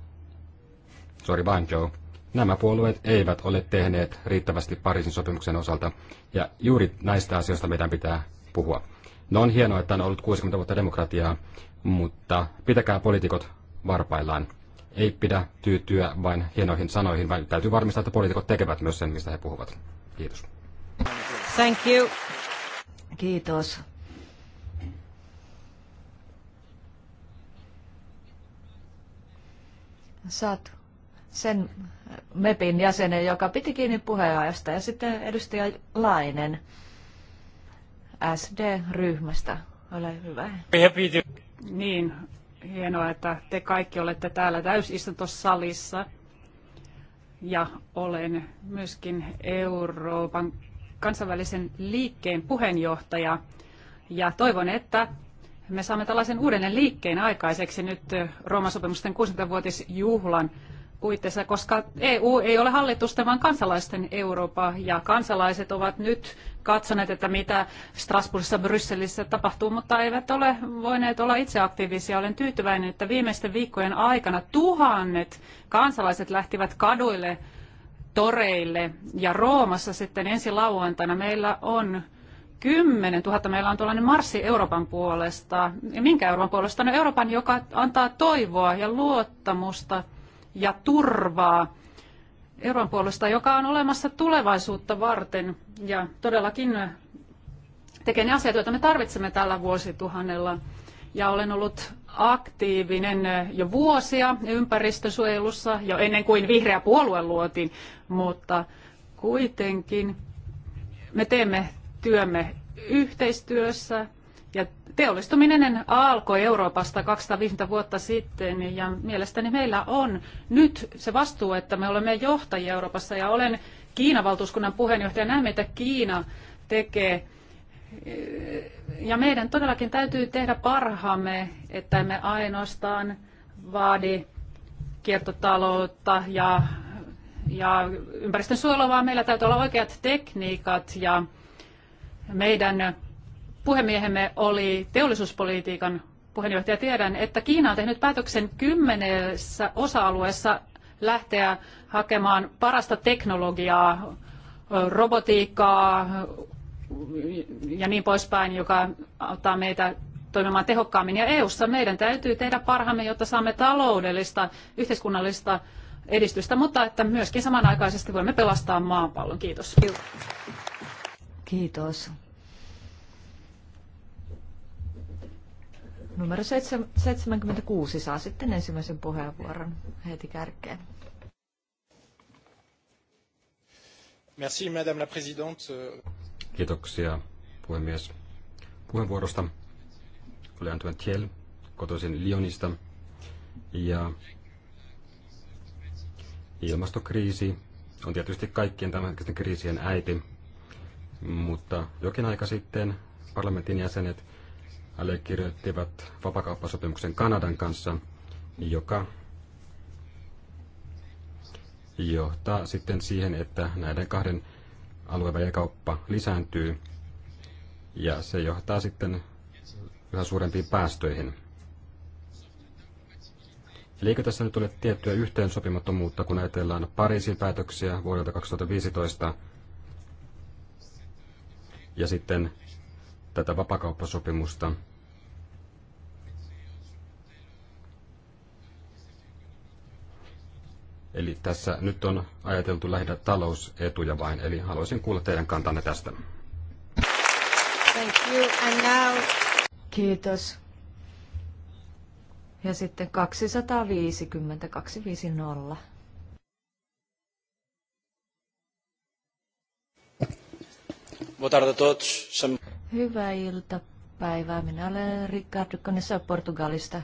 Sorry vain, Joe Nämä puolueet eivät ole tehneet riittävästi Pariisin sopimuksen osalta, ja juuri näistä asioista meidän pitää puhua. No on hienoa, että on ollut 60 vuotta demokratiaa, mutta pitäkää poliitikot varpaillaan. Ei pidä tyytyä vain hienoihin sanoihin, vaan täytyy varmistaa, että poliitikot tekevät myös sen, mistä he puhuvat. Kiitos. Thank you. Kiitos. Saat sen MEPin jäsenen, joka piti kiinni puheenajasta, ja sitten edustaja Lainen SD-ryhmästä. Ole hyvä. Niin, hienoa, että te kaikki olette täällä täysistuntosalissa. Ja olen myöskin Euroopan kansainvälisen liikkeen puheenjohtaja. Ja toivon, että me saamme tällaisen uudelleen liikkeen aikaiseksi nyt Rooman sopimusten 60-vuotisjuhlan puitteissa, koska EU ei ole hallitusten, vaan kansalaisten Eurooppa. Ja kansalaiset ovat nyt katsoneet, että mitä Strasbourgissa, Brysselissä tapahtuu, mutta eivät ole voineet olla itse aktiivisia. Olen tyytyväinen, että viimeisten viikkojen aikana tuhannet kansalaiset lähtivät kaduille, toreille. Ja Roomassa sitten ensi lauantaina meillä on 10 000 meillä on tuollainen marssi Euroopan puolesta. Ja minkä Euroopan puolesta? No Euroopan, joka antaa toivoa ja luottamusta ja turvaa Euroopan puolesta, joka on olemassa tulevaisuutta varten. Ja todellakin tekee ne asiat, joita me tarvitsemme tällä vuosituhannella. Ja olen ollut aktiivinen jo vuosia ympäristösuojelussa, jo ennen kuin vihreä puolue luotiin, mutta kuitenkin me teemme työmme yhteistyössä ja teollistuminen alkoi Euroopasta 250 vuotta sitten ja mielestäni meillä on nyt se vastuu, että me olemme johtajia Euroopassa ja olen Kiinan valtuuskunnan puheenjohtaja. Näemme, että Kiina tekee ja meidän todellakin täytyy tehdä parhaamme, että emme ainoastaan vaadi kiertotaloutta ja, ja ympäristön suojelua, vaan meillä täytyy olla oikeat tekniikat ja meidän puhemiehemme oli teollisuuspolitiikan puheenjohtaja. Tiedän, että Kiina on tehnyt päätöksen kymmenessä osa-alueessa lähteä hakemaan parasta teknologiaa, robotiikkaa ja niin poispäin, joka auttaa meitä toimimaan tehokkaammin. Ja EU:ssa meidän täytyy tehdä parhaamme, jotta saamme taloudellista, yhteiskunnallista edistystä, mutta että myöskin samanaikaisesti voimme pelastaa maapallon. Kiitos. Kiitos. Numero 76 saa sitten ensimmäisen puheenvuoron heti kärkeen. Merci, Madame la Présidente. Kiitoksia, puhemies, puheenvuorosta. oli Antoine Thiel, kotoisin Lyonista. Ja ilmastokriisi on tietysti kaikkien tämänhetkisten kriisien äiti, mutta jokin aika sitten parlamentin jäsenet allekirjoittivat vapakauppasopimuksen Kanadan kanssa, joka johtaa sitten siihen, että näiden kahden alueen kauppa lisääntyy ja se johtaa sitten yhä suurempiin päästöihin. Eli eikö tässä nyt ole tiettyä yhteensopimattomuutta, kun ajatellaan Pariisin päätöksiä vuodelta 2015 ja sitten tätä vapakauppasopimusta. Eli tässä nyt on ajateltu lähinnä talousetuja vain, eli haluaisin kuulla teidän kantanne tästä. Thank you. And now... Kiitos. Ja sitten 250, 250. Boa tarde a todos. Hyvää iltapäivää. Minä olen Ricardo Conessa Portugalista.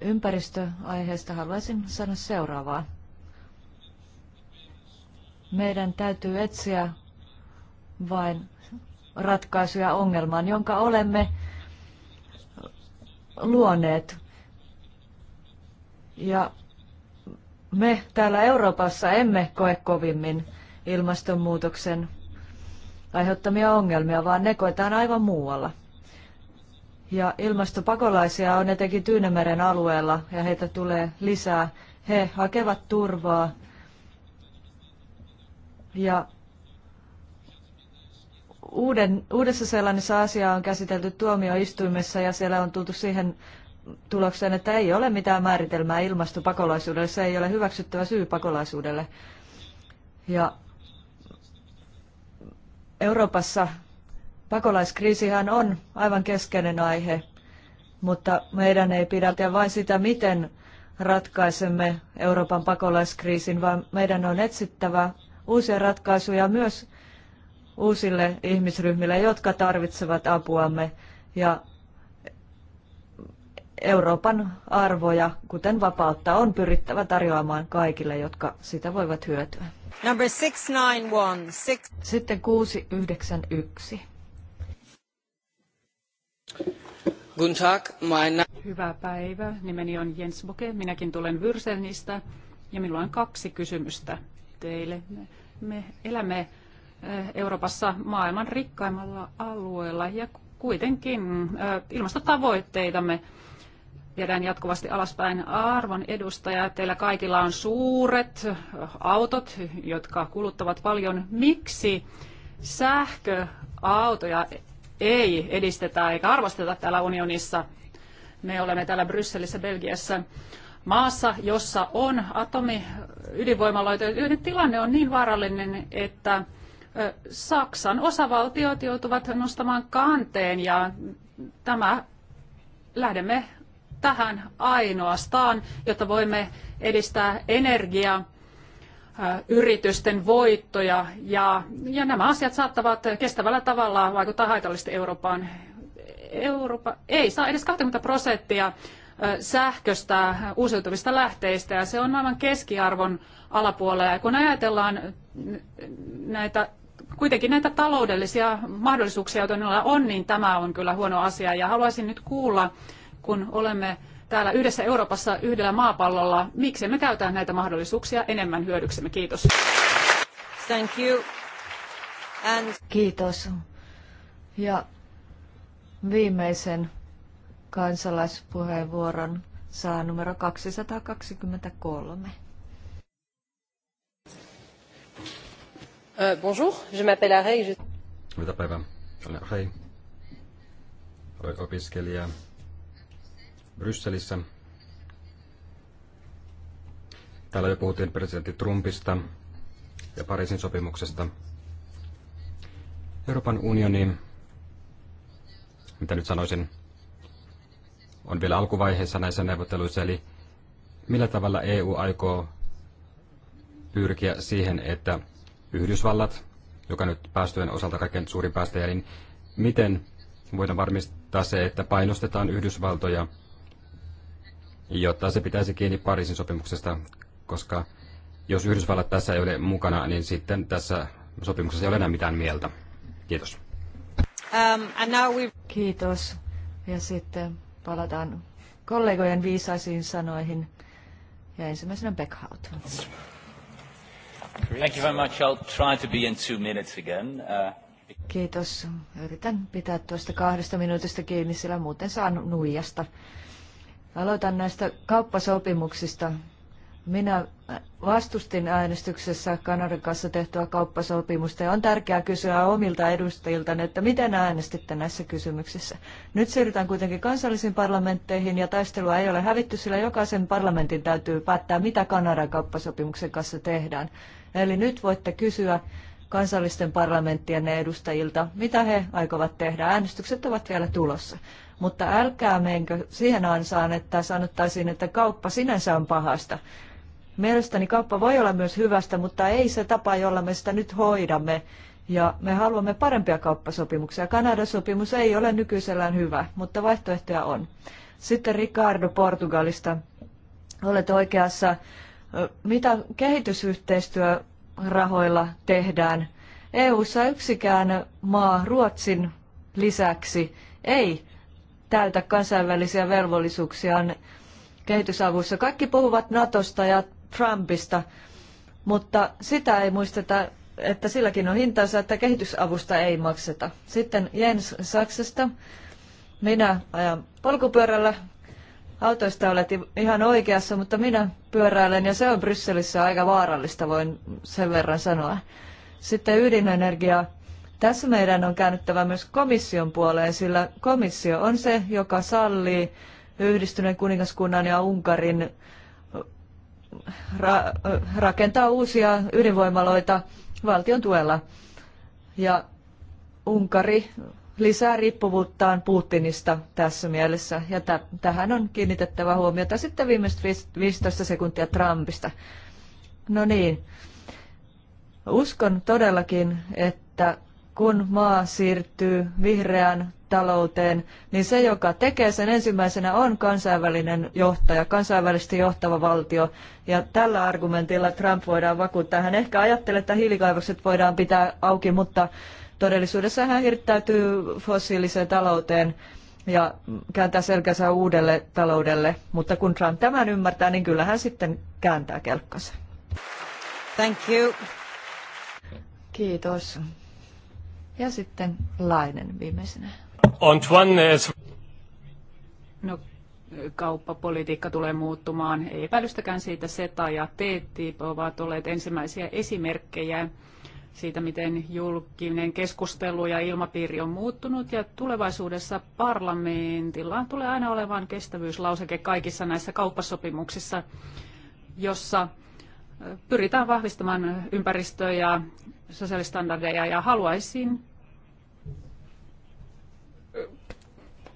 Ympäristöaiheesta haluaisin sanoa seuraavaa. Meidän täytyy etsiä vain ratkaisuja ongelmaan, jonka olemme luoneet. Ja me täällä Euroopassa emme koe kovimmin ilmastonmuutoksen aiheuttamia ongelmia, vaan ne koetaan aivan muualla. Ja ilmastopakolaisia on etenkin Tyynemeren alueella ja heitä tulee lisää. He hakevat turvaa ja Uuden, Uudessa sellainen asia on käsitelty tuomioistuimessa ja siellä on tultu siihen tulokseen, että ei ole mitään määritelmää ilmastopakolaisuudelle, se ei ole hyväksyttävä syy pakolaisuudelle. Ja Euroopassa pakolaiskriisihän on aivan keskeinen aihe, mutta meidän ei pidätä vain sitä, miten ratkaisemme Euroopan pakolaiskriisin, vaan meidän on etsittävä uusia ratkaisuja myös uusille ihmisryhmille, jotka tarvitsevat apuamme ja Euroopan arvoja, kuten vapautta, on pyrittävä tarjoamaan kaikille, jotka sitä voivat hyötyä. Number 691. Six. Sitten 691. Guten Tag, mein Hyvää päivää. Nimeni on Jens Boke. Minäkin tulen Vyrselnistä ja minulla on kaksi kysymystä teille. Me elämme eh, Euroopassa maailman rikkaimmalla alueella ja kuitenkin eh, ilmastotavoitteitamme viedään jatkuvasti alaspäin. Arvon edustaja, teillä kaikilla on suuret autot, jotka kuluttavat paljon. Miksi sähköautoja ei edistetä eikä arvosteta täällä unionissa? Me olemme täällä Brysselissä, Belgiassa maassa, jossa on ydinvoimaloita, joiden tilanne on niin vaarallinen, että Saksan osavaltiot joutuvat nostamaan kanteen ja tämä lähdemme tähän ainoastaan, jotta voimme edistää energiaa yritysten voittoja ja, ja nämä asiat saattavat kestävällä tavalla vaikuttaa haitallisesti Eurooppaan. Eurooppa ei saa edes 20 prosenttia sähköstä uusiutuvista lähteistä ja se on maailman keskiarvon alapuolella. kun ajatellaan näitä, kuitenkin näitä taloudellisia mahdollisuuksia, joita niillä on, niin tämä on kyllä huono asia ja haluaisin nyt kuulla kun olemme täällä yhdessä Euroopassa yhdellä maapallolla. Miksi me käytä näitä mahdollisuuksia enemmän hyödyksemme? Kiitos. Thank you. And... Kiitos. Ja viimeisen kansalaispuheenvuoron saa numero 223. Uh, bonjour, je m'appelle Arey. Je... Hyvää päivää. Olen Arey. Olen opiskelija Brysselissä. Täällä jo puhuttiin presidentti Trumpista ja Pariisin sopimuksesta. Euroopan unioni, mitä nyt sanoisin, on vielä alkuvaiheessa näissä neuvotteluissa, eli millä tavalla EU aikoo pyrkiä siihen, että Yhdysvallat, joka nyt päästöjen osalta kaiken suurin päästäjä, niin miten voidaan varmistaa se, että painostetaan Yhdysvaltoja jotta se pitäisi kiinni Pariisin sopimuksesta, koska jos Yhdysvallat tässä ei ole mukana, niin sitten tässä sopimuksessa ei ole enää mitään mieltä. Kiitos. Um, and now we... Kiitos. Ja sitten palataan kollegojen viisaisiin sanoihin. Ja ensimmäisenä Beckhout. Thank you very much. I'll try to be in two minutes again. Uh... Kiitos. Yritän pitää tuosta kahdesta minuutista kiinni, sillä muuten saan nuijasta. Aloitan näistä kauppasopimuksista. Minä vastustin äänestyksessä Kanadan kanssa tehtyä kauppasopimusta ja on tärkeää kysyä omilta edustajilta, että miten äänestitte näissä kysymyksissä. Nyt siirrytään kuitenkin kansallisiin parlamentteihin ja taistelua ei ole hävitty, sillä jokaisen parlamentin täytyy päättää, mitä Kanadan kauppasopimuksen kanssa tehdään. Eli nyt voitte kysyä kansallisten parlamenttien edustajilta, mitä he aikovat tehdä. Äänestykset ovat vielä tulossa mutta älkää menkö siihen ansaan, että sanottaisiin, että kauppa sinänsä on pahasta. Mielestäni kauppa voi olla myös hyvästä, mutta ei se tapa, jolla me sitä nyt hoidamme. Ja me haluamme parempia kauppasopimuksia. Kanadan sopimus ei ole nykyisellään hyvä, mutta vaihtoehtoja on. Sitten Ricardo Portugalista. Olet oikeassa. Mitä kehitysyhteistyörahoilla tehdään? EU-ssa yksikään maa Ruotsin lisäksi ei täytä kansainvälisiä velvollisuuksiaan kehitysavussa. Kaikki puhuvat Natosta ja Trumpista, mutta sitä ei muisteta, että silläkin on hintansa, että kehitysavusta ei makseta. Sitten Jens Saksasta. Minä ajan polkupyörällä. Autoista olet ihan oikeassa, mutta minä pyöräilen ja se on Brysselissä aika vaarallista, voin sen verran sanoa. Sitten ydinenergia tässä meidän on käännyttävä myös komission puoleen, sillä komissio on se, joka sallii yhdistyneen kuningaskunnan ja Unkarin ra rakentaa uusia ydinvoimaloita valtion tuella. Ja Unkari lisää riippuvuuttaan Putinista tässä mielessä. Ja tähän on kiinnitettävä huomiota sitten viimeiset 15 sekuntia Trumpista. No niin, uskon todellakin, että kun maa siirtyy vihreään talouteen, niin se, joka tekee sen ensimmäisenä, on kansainvälinen johtaja, kansainvälisesti johtava valtio. Ja tällä argumentilla Trump voidaan vakuuttaa. Hän ehkä ajattelee, että hiilikaivokset voidaan pitää auki, mutta todellisuudessa hän hirttäytyy fossiiliseen talouteen ja kääntää selkänsä uudelle taloudelle. Mutta kun Trump tämän ymmärtää, niin kyllä hän sitten kääntää kelkkansa. Thank you. Kiitos. Ja sitten Lainen viimeisenä. Antoine is... No, kauppapolitiikka tulee muuttumaan. Ei epäilystäkään siitä SETA ja TTIP ovat olleet ensimmäisiä esimerkkejä siitä, miten julkinen keskustelu ja ilmapiiri on muuttunut. Ja tulevaisuudessa parlamentilla tulee aina olemaan kestävyyslauseke kaikissa näissä kauppasopimuksissa, jossa pyritään vahvistamaan ympäristöä ja sosiaalistandardeja. Ja haluaisin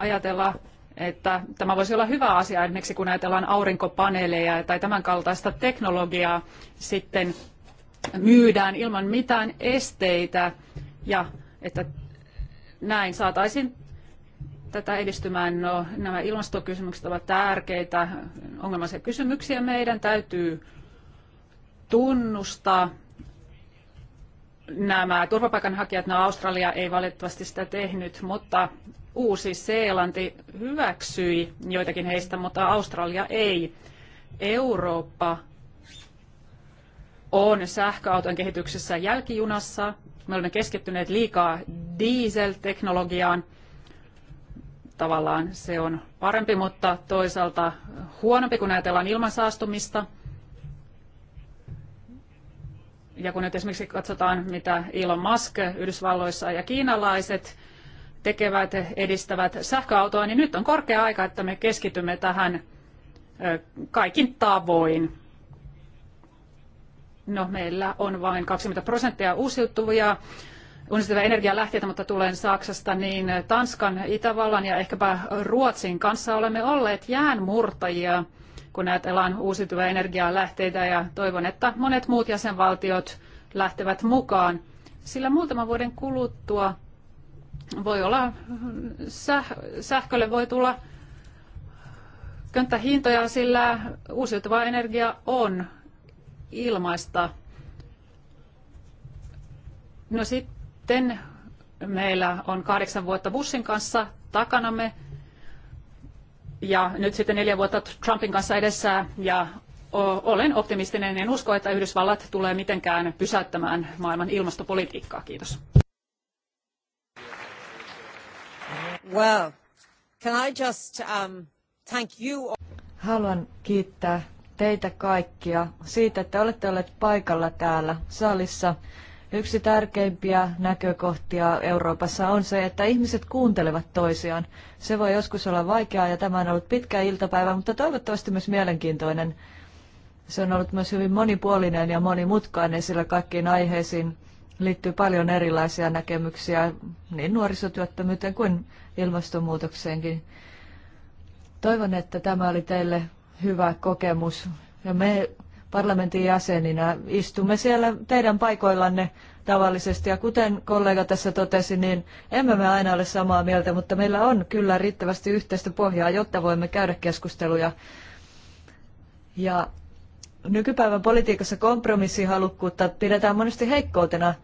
ajatella, että tämä voisi olla hyvä asia esimerkiksi kun ajatellaan aurinkopaneeleja tai tämän kaltaista teknologiaa sitten myydään ilman mitään esteitä ja että näin saataisiin tätä edistymään. No, nämä ilmastokysymykset ovat tärkeitä, ongelmallisia kysymyksiä. Meidän täytyy tunnustaa nämä turvapaikanhakijat, no Australia ei valitettavasti sitä tehnyt, mutta Uusi-Seelanti hyväksyi joitakin heistä, mutta Australia ei. Eurooppa on sähköauton kehityksessä jälkijunassa. Me olemme keskittyneet liikaa dieselteknologiaan. Tavallaan se on parempi, mutta toisaalta huonompi, kun ajatellaan ilmansaastumista – ja kun nyt esimerkiksi katsotaan, mitä Elon Musk Yhdysvalloissa ja kiinalaiset tekevät, edistävät sähköautoa, niin nyt on korkea aika, että me keskitymme tähän kaikin tavoin. No, meillä on vain 20 prosenttia uusiutuvia uusiutuvia energialähteitä, mutta tulen Saksasta, niin Tanskan, Itävallan ja ehkäpä Ruotsin kanssa olemme olleet jäänmurtajia kun ajatellaan uusiutuvia energialähteitä ja toivon, että monet muut jäsenvaltiot lähtevät mukaan, sillä muutaman vuoden kuluttua voi olla, sähkölle voi tulla könttähintoja, sillä uusiutuva energia on ilmaista. No sitten meillä on kahdeksan vuotta bussin kanssa takanamme ja nyt sitten neljä vuotta Trumpin kanssa edessä ja olen optimistinen. En usko, että Yhdysvallat tulee mitenkään pysäyttämään maailman ilmastopolitiikkaa. Kiitos. Well, can I just, um, thank you. Haluan kiittää teitä kaikkia siitä, että olette olleet paikalla täällä salissa Yksi tärkeimpiä näkökohtia Euroopassa on se, että ihmiset kuuntelevat toisiaan. Se voi joskus olla vaikeaa ja tämä on ollut pitkä iltapäivä, mutta toivottavasti myös mielenkiintoinen. Se on ollut myös hyvin monipuolinen ja monimutkainen, sillä kaikkiin aiheisiin liittyy paljon erilaisia näkemyksiä niin nuorisotyöttömyyteen kuin ilmastonmuutokseenkin. Toivon, että tämä oli teille hyvä kokemus ja me parlamentin jäseninä. Istumme siellä teidän paikoillanne tavallisesti ja kuten kollega tässä totesi, niin emme me aina ole samaa mieltä, mutta meillä on kyllä riittävästi yhteistä pohjaa, jotta voimme käydä keskusteluja. Ja nykypäivän politiikassa kompromissihalukkuutta pidetään monesti heikkoutena,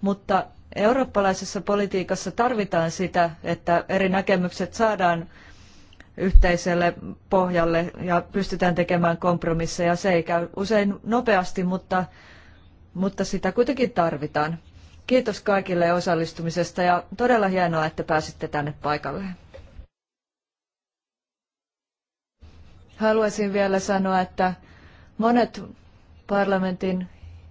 mutta eurooppalaisessa politiikassa tarvitaan sitä, että eri näkemykset saadaan yhteiselle pohjalle ja pystytään tekemään kompromisseja. Se ei käy usein nopeasti, mutta, mutta sitä kuitenkin tarvitaan. Kiitos kaikille osallistumisesta ja todella hienoa, että pääsitte tänne paikalle. Haluaisin vielä sanoa, että monet parlamentin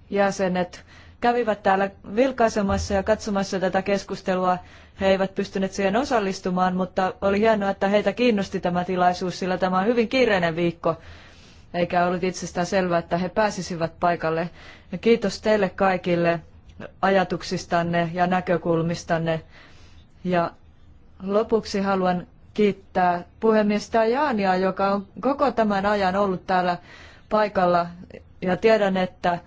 jäsenet kävivät täällä vilkaisemassa ja katsomassa tätä keskustelua he eivät pystyneet siihen osallistumaan, mutta oli hienoa, että heitä kiinnosti tämä tilaisuus, sillä tämä on hyvin kiireinen viikko, eikä ollut itsestään selvää, että he pääsisivät paikalle. Ja kiitos teille kaikille ajatuksistanne ja näkökulmistanne. Ja lopuksi haluan kiittää puhemies Tajania, joka on koko tämän ajan ollut täällä paikalla. Ja tiedän, että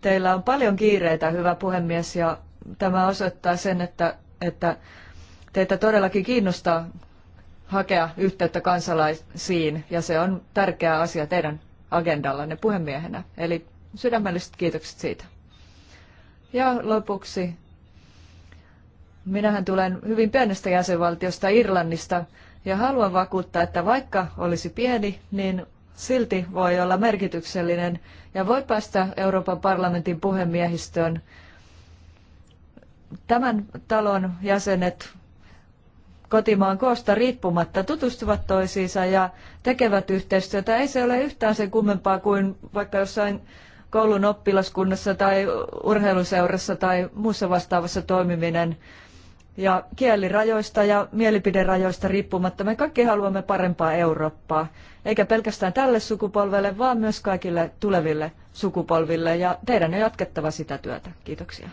teillä on paljon kiireitä, hyvä puhemies, ja tämä osoittaa sen, että että teitä todellakin kiinnostaa hakea yhteyttä kansalaisiin ja se on tärkeä asia teidän agendallanne puhemiehenä. Eli sydämelliset kiitokset siitä. Ja lopuksi, minähän tulen hyvin pienestä jäsenvaltiosta Irlannista ja haluan vakuuttaa, että vaikka olisi pieni, niin silti voi olla merkityksellinen ja voi päästä Euroopan parlamentin puhemiehistöön tämän talon jäsenet kotimaan koosta riippumatta tutustuvat toisiinsa ja tekevät yhteistyötä. Ei se ole yhtään sen kummempaa kuin vaikka jossain koulun oppilaskunnassa tai urheiluseurassa tai muussa vastaavassa toimiminen. Ja kielirajoista ja mielipiderajoista riippumatta me kaikki haluamme parempaa Eurooppaa. Eikä pelkästään tälle sukupolvelle, vaan myös kaikille tuleville sukupolville. Ja teidän on jatkettava sitä työtä. Kiitoksia.